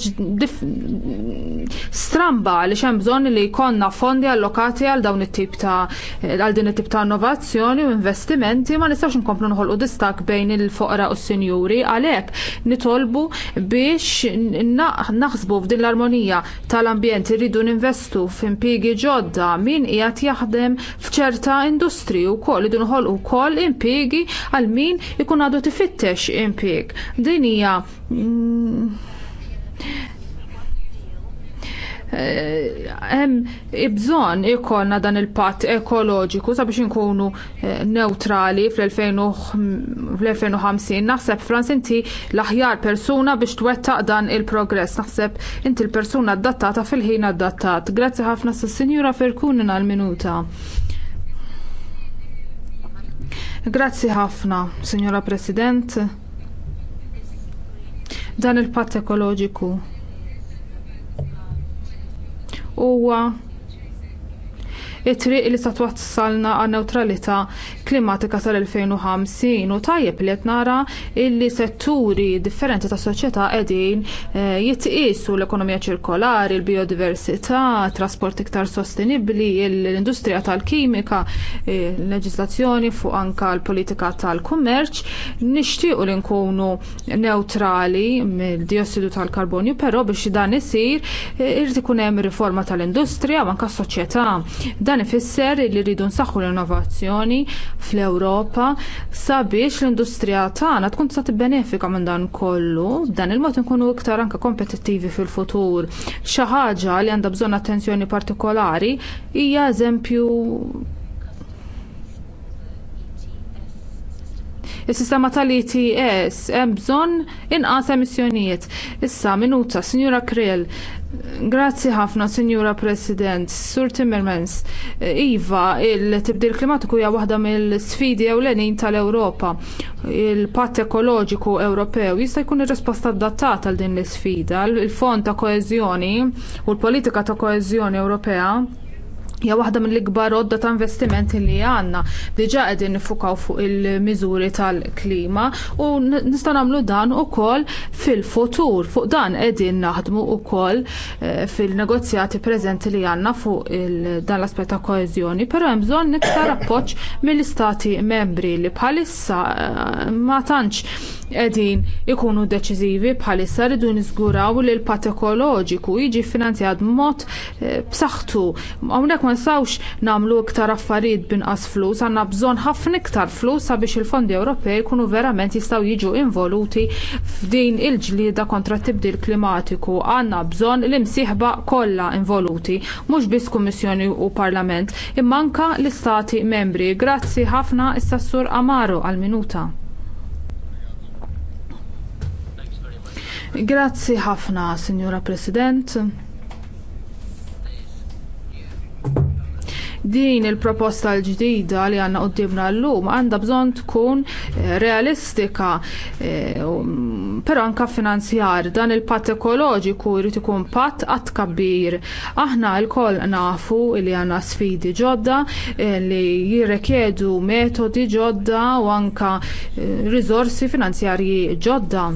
A: stramba li hemm bżonn li jkollna fondi allokati għal dawn it-tip ta' eh, għal din it-tip ta' innovazzjoni u investimenti ma nistax inkomplu noħolqu distak bejn il-foqra u s-sinjuri għalhekk nitolbu biex naħsbu f'din l-armonija tal-ambjent irridu ninvestu f'impjiegi ġodda min qiegħed jaħdem f'ċerta industri wkoll idu nħolqu wkoll impjiegi għal min ikun għadu tifittex impjieg. Din hija mm, eh, hemm bżonn ikollna dan il-patt ekoloġiku sabiex inkunu eh, neutrali fl-2050 naħseb Franz inti l-aħjar persuna biex twettaq dan il-progress naħseb inti l-persuna adattata fil-ħin adattat. Grazzi ħafna sas-Sinjura Firkunin għal-minuta. Grazzi ħafna, Signora President. Dan il-patt ekoloġiku huwa it-triq li sa twassalna għan neutralità klimatika sal-2050 u tajjeb li qed nara illi setturi differenti tas soċjetà qegħdin eh, jitqisu l-ekonomija ċirkolari, il-biodiversità, trasport iktar sostenibbli, l-industrija tal-kimika, eh, l-leġislazzjoni fuq anka l-politika tal-kummerċ nixtiequ li nkunu neutrali mill-diossidu tal-karbonju, però biex dan isir eh, irid ikun hemm riforma tal-industrija u anke s-soċjetà Dan ifisser li rridu nsaħħu l-innovazzjoni fl-Ewropa sabiex l-industrija tagħna tkun tista' tibbenefika minn dan kollu, dan il-mod inkunu iktar anke kompetittivi fil-futur. Xi ħaġa li għandha bżonn attenzjoni partikolari hija eżempju Is-sistema tal-ETS hemm bżonn inqas emissjonijiet. Issa minuta, Sinjura Krill, Grazzi ħafna, Sinjura President. Sur Timmermans, Iva, il-tibdil klimatiku hija waħda mill-sfidi ewlenin tal-Ewropa. Il-patt ekoloġiku Ewropew jista' jkun ir-risposta adattata għal din l-isfida. Il-fond ta' koeżjoni u l-politika ta' koeżjoni Ewropea hija waħda mill-ikbar għodda ta' investimenti li għandna. Diġà qegħdin nifukaw fuq il-miżuri tal-klima u nistgħu nagħmlu dan ukoll fil-futur. Fuq dan qegħdin naħdmu kol eh, fil-negozjati preżenti li għandna fuq dan l aspet ta' koeżjoni, però hemm bżonn iktar appoġġ mill-istati membri li bħalissa eh, ma tantx qegħdin ikunu deċiżivi bħalissa rridu niżguraw li l-patt ekoloġiku jiġi finanzjat b'mod eh, b'saħħtu. Hawnhekk ma nistgħux nagħmlu iktar affarijiet b'inqas flus, għandna bżonn ħafna iktar flus sabiex il-fondi Ewropej jkunu verament jistgħu jiġu involuti f'din il-ġlieda kontra t-tibdil klimatiku. Għandna bżonn l-imsieħba kollha involuti, mhux biss Kummissjoni u Parlament, imma anke l-Istati membri. Grazzi ħafna issa sur Amaro għall minuta Grazzi ħafna, Signora President. din il-proposta l-ġdida li għandna l llum għandha bżonn tkun eh, realistika pero eh, però anke finanzjar dan il-patt ekoloġiku jrid ikun patt għat kabbir. Aħna lkoll nafu li għandna sfidi ġodda eh, li jirrekjedu metodi ġodda u anke risorsi finanzjarji ġodda.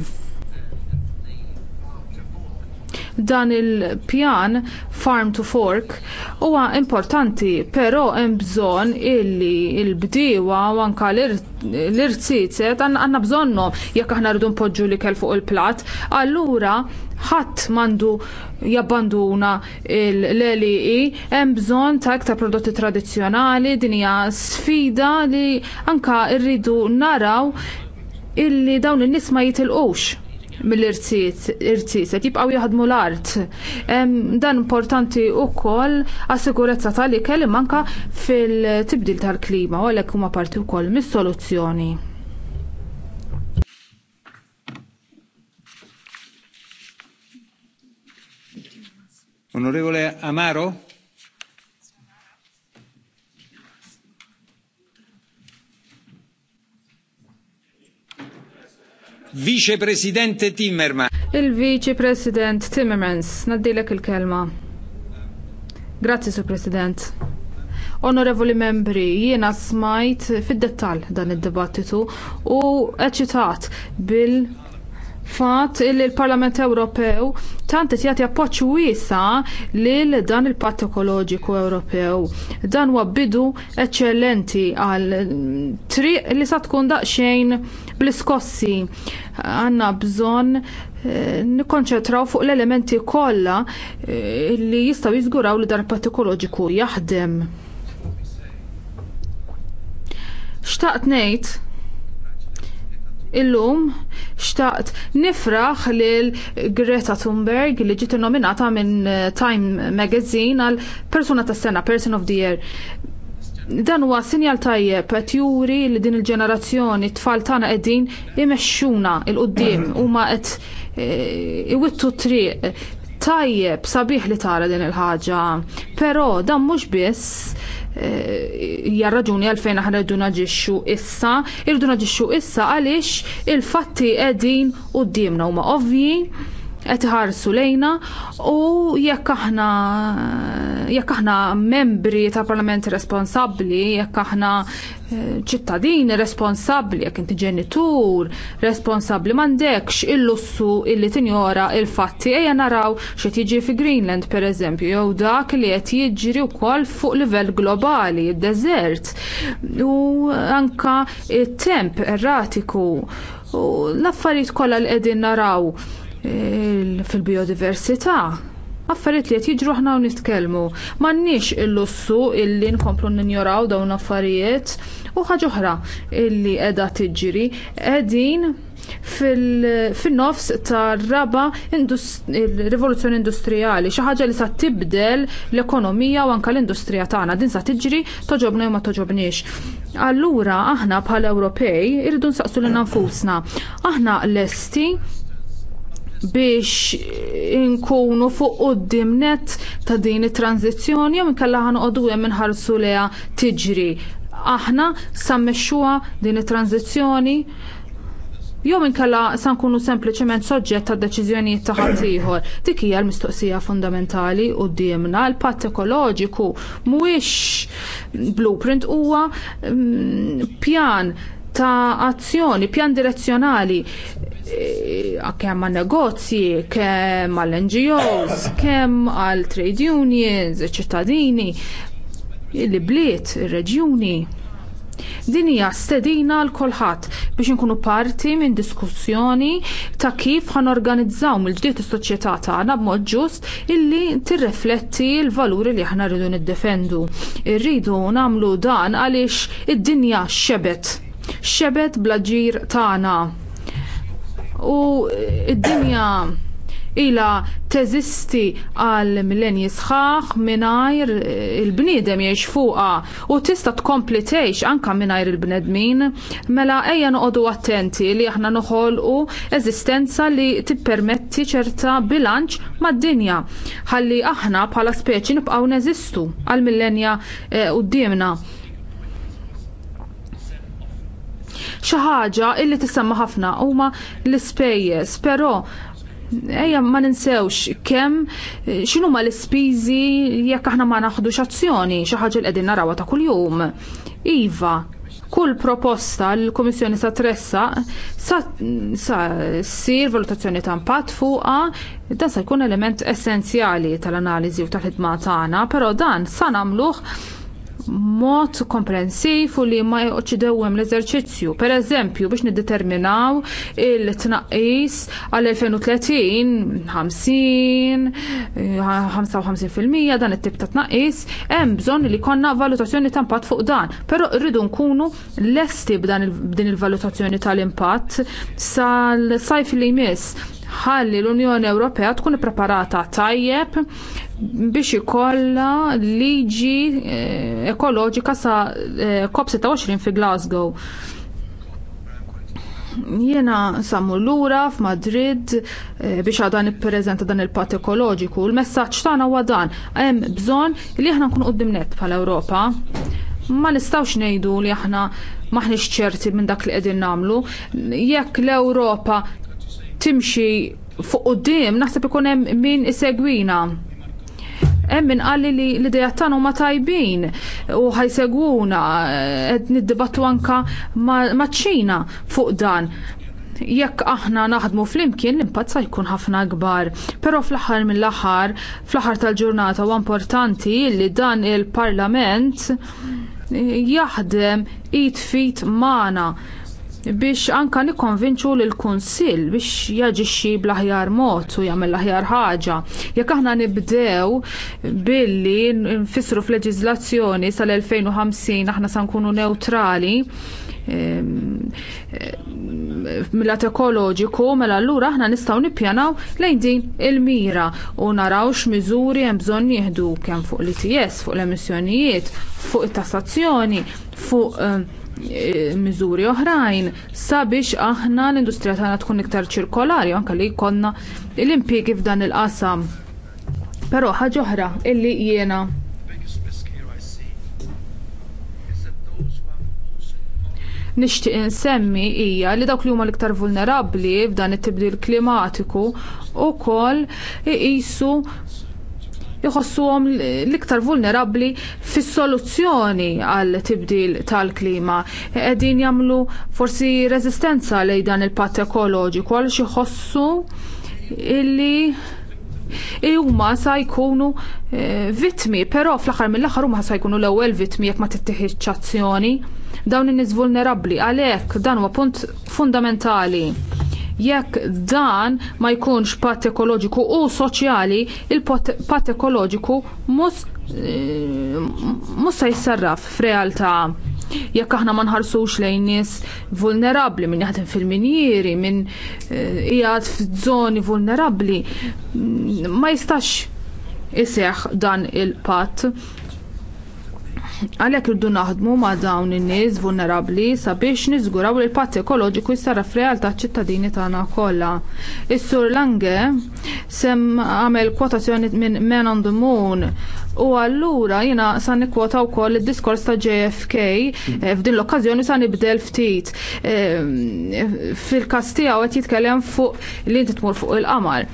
A: Dan il-pjan Farm to Fork huwa importanti, però hemm bżonn illi l-bdiewa u anke l-irtsitset għandna bżonnhom jekk aħna rridu npoġġu l-ikel fuq il-platt, allura ħadd m'għandu jabbanduna l-LEI e. hemm bżonn ta' iktar prodotti tradizzjonali din hija sfida li anke rridu naraw illi dawn in-nies ma jitilqux mill-irsiet, qed jibqgħu jaħdmu l-art. Dan importanti wkoll għas-sigurezza tal-ikel manka fil-tibdil tal-klima u għalhekk huma parti wkoll mis-soluzzjoni.
B: Onorevole Amaro? Vice president Timmermans.
A: il vice president Timmermans, naddilek il-kelma. Grazie, Sur President. Onorevoli membri, jiena smajt fid-dettal dan id-dibattitu u eċitat bil- fatt li l-Parlament Ewropew tant qed jagħti appoġġ wiesa lil dan il-Patt Ekoloġiku Ewropew. Dan huwa bidu eċċellenti għal triq li sa tkun daqsxejn bl-iskossi. Għandna bżonn eh, nikkonċentraw fuq l-elementi kollha eh, li jistgħu jiżguraw li dan il-Patt Ekoloġiku jaħdem. Xtaqt ngħid illum xtaqt nifraħ lil Greta Thunberg li ġiet nominata minn eh, Time Magazine għal Persuna tas-sena, Person of the Year. Dan huwa sinjal tajjeb qed juri li din il-ġenerazzjoni t-tfal tagħna qegħdin imexxuna il qudiem huma qed eh, iwittu triq tajjeb sabiħ li tara din il-ħaġa, però dan mhux biss eh, hija raġuni għalfejn aħna rridu naġixxu issa, irridu naġixxu issa għaliex il-fatti qegħdin quddiemna huma ovvji qed iħarsu lejna u jekk aħna jekk aħna membri ta' parlament responsabbli, jekk aħna eh, ċittadini responsabbli, jekk inti ġenitur responsabbli m'għandekx il-lussu illi tinjora il-fatti ejja naraw xi tiġi fi Greenland pereżempju jew dak li qed jiġri wkoll fuq livell globali, id-deżert u anka it-temp erratiku u l-affarijiet kollha li qegħdin naraw fil-biodiversità. Affarijiet li qed jiġru aħna u nitkellmu. M'għandniex il-lussu illi nkomplu ninjoraw dawn affarijiet u ħaġa oħra illi qiegħda tiġri qegħdin fin-nofs tar-raba rivoluzzjoni industrijali, xi ħaġa li sa tibdel l-ekonomija u anke l-industrija tagħna. Din sa tiġri toġobna jew ma toġobniex. Allura aħna bħala Ewropej irridu nsaqsu lil nfusna. Aħna lesti biex inkunu fuq quddiem net ta' din it-tranzizzjoni jew inkella ħanqodu hemm inħarsu leha tiġri. Aħna sammexxuha din it-tranzizzjoni jew inkella sa nkunu sempliċement soġġett ta' deċiżjonijiet ta' ħadd ieħor. Dik hija l-mistoqsija fundamentali quddiemna, l-patt ekoloġiku mhuwiex blueprint huwa mm, pjan ta' azzjoni, pjan direzzjonali E, kemm ma' negozji, kemm għal NGOs, kemm għal trade unions, ċittadini, il-bliet, ir-reġjuni. Din hija stedina l kulħadd biex inkunu parti minn diskussjoni ta' kif ħanorganizzaw mill ġdiet is-soċjetà tagħna b'mod ġust illi tirrifletti l-valuri li aħna rridu niddefendu. Irridu nagħmlu dan għaliex id-dinja xebet. Xebet bla ġir tagħna u id-dinja ila teżisti għal millenji sħaħ mingħajr il-bniedem jgħix fuqha u tista' tkompli tgħix anke mingħajr il-bnedmin mela ejja noqogħdu attenti li aħna noħolqu eżistenza li tippermetti ċerta bilanċ mad-dinja ħalli aħna bħala speċi nibqgħu neżistu għal millenja eh, quddiemna xi ħaġa illi tisemma ħafna huma l-ispejjeż, però Ejja ma ninsewx kemm x'inhu ma l-ispiżi jekk aħna ma naħdux azzjoni xi ħaġa li qegħdin narawha ta' kuljum. Iva, kull proposta l-Komissjoni sa tressa sa, sa sir valutazzjoni ta' impatt fuqha dan se jkun element essenzjali tal-analiżi u tal-ħidma tagħna, però dan sa nagħmluh mod komprensiv u li ma joqċidew hemm l-eżerċizzju. Pereżempju biex niddeterminaw il-tnaqqis għal 2030, 50, 55% dan it-tip ta' tnaqqis, hemm bżonn li jkollna valutazzjoni ta' impatt fuq dan. Però rridu nkunu lesti b'din il-valutazzjoni tal-impatt sal-sajf li jmiss ħalli l-Unjoni Ewropea tkun ippreparata tajjeb biex ikollha liġi eh, ekoloġika sa eh, COP26 fi Glasgow. Jiena sammu lura f'Madrid eh, biex għadha nippreżenta dan il-patt ekoloġiku. Il-messaġġ tagħna huwa dan hemm bżonn li aħna nkunu qudiem net bħal-Ewropa. Ma nistgħux ngħidu li aħna maħniex ċerti minn dak li qegħdin nagħmlu. Jekk l-Ewropa timxi fuq quddiem naħseb ikun hemm min isegwina hemm min qalli li l-idea tagħna huma tajbin u ħajsegwuna eh, qed niddibattu anka maċ-Ċina fuq dan jekk aħna naħdmu flimkien l-impatt se jkun ħafna kbar. Però fl-aħħar mill-aħħar, fl-aħħar tal-ġurnata huwa importanti li dan il-Parlament jaħdem id fit magħna biex anka nikkonvinċu lill kunsill biex jaġixxi bl-aħjar mod u jagħmel l-aħjar ħaġa. Jekk aħna nibdew billi nfissru f'leġiżlazzjoni sal-2050 aħna sa nkunu neutrali ehm, ehm, mill-lat ekoloġiku, mela allura aħna nistgħu nippjanaw lejn din il-mira u naraw miżuri hemm bżonn nieħdu kemm fuq l-ITS, fuq l-emissjonijiet, fuq it-tassazzjoni, fuq ehm, Eh, miżuri oħrajn sabiex aħna l-industrija tagħna tkun iktar ċirkolari anke li jkollna l-impjiegi f'dan il-qasam. Però ħaġa oħra illi jiena nixtieq insemmi hija li dawk li huma l-iktar vulnerabbli f'dan it-tibdil klimatiku wkoll iqisu iħossuhom l-iktar vulnerabbli fis-soluzzjoni għal tibdil tal-klima. Qegħdin jagħmlu forsi reżistenza lejn dan il-patt ekoloġiku għal xi illi huma sa jkunu eh, vittmi, però fl-aħħar mill-aħħar huma sa jkunu l-ewwel vittmi jekk ma tittieħidx azzjoni. Dawn in-nies vulnerabbli għalhekk dan huwa punt fundamentali Jekk dan ma jkunx patt ekoloġiku u soċjali, il-patt ekoloġiku mhux eh, se jissarraf f'realtà. Jekk aħna ma nħarsux lejn nies vulnerabbli min jaħdem fil-minjieri, min eh, qiegħed f'żoni vulnerabbli, ma jistax iseħħ dan il-patt Għalhekk irdu naħdmu ma' dawn in-nies vulnerabbli sabiex niżguraw li l ekoloġiku jsaraf realtà ċittadini tagħna kollha. Is-Sur Lange sem għamel kwotazzjoni minn Men on the Moon u allura jiena sa nikkwota wkoll id-diskors ta' JFK eh, f'din l-okkażjoni sa nibdel ftit. Eh, Fil-każ tiegħu qed jitkellem fuq li inti tmur fuq il-qamar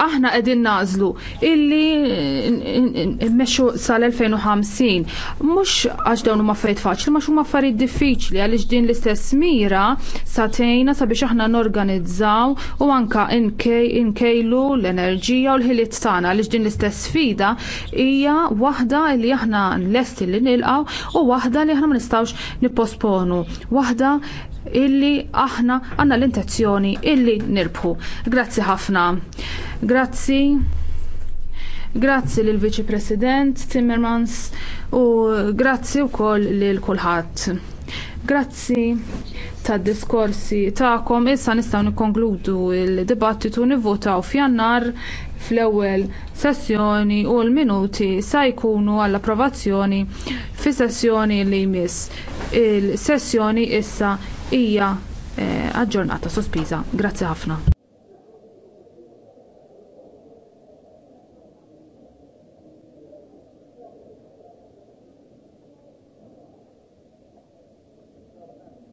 A: aħna qegħdin nażlu illi mmexxu sal-2050 mhux għax dawn huma affarijiet faċli ma huma affarijiet diffiċli għaliex din l-istess mira satejna sabiex aħna norganizzaw u anka inkejlu l-enerġija u l-ħiliet tagħna għaliex din l-istess sfida hija waħda li aħna lesti li nilqgħu u waħda li aħna ma nistgħux nipposponu. Waħda illi aħna għandna l-intenzjoni illi nirbħu. Grazzi ħafna. Grazzi. Grazzi lill viċi President Timmermans u grazzi wkoll lil kulħadd. Grazzi tad diskorsi tagħkom. Issa nistgħu nikkonkludu d dibattitu nivvotaw f'jannar fl-ewwel sessjoni u l-minuti se jkunu għall approvazzjoni fi sessjoni li jmiss. Il-sessjoni issa hija eh, aġġornata sospiża. Grazzi ħafna.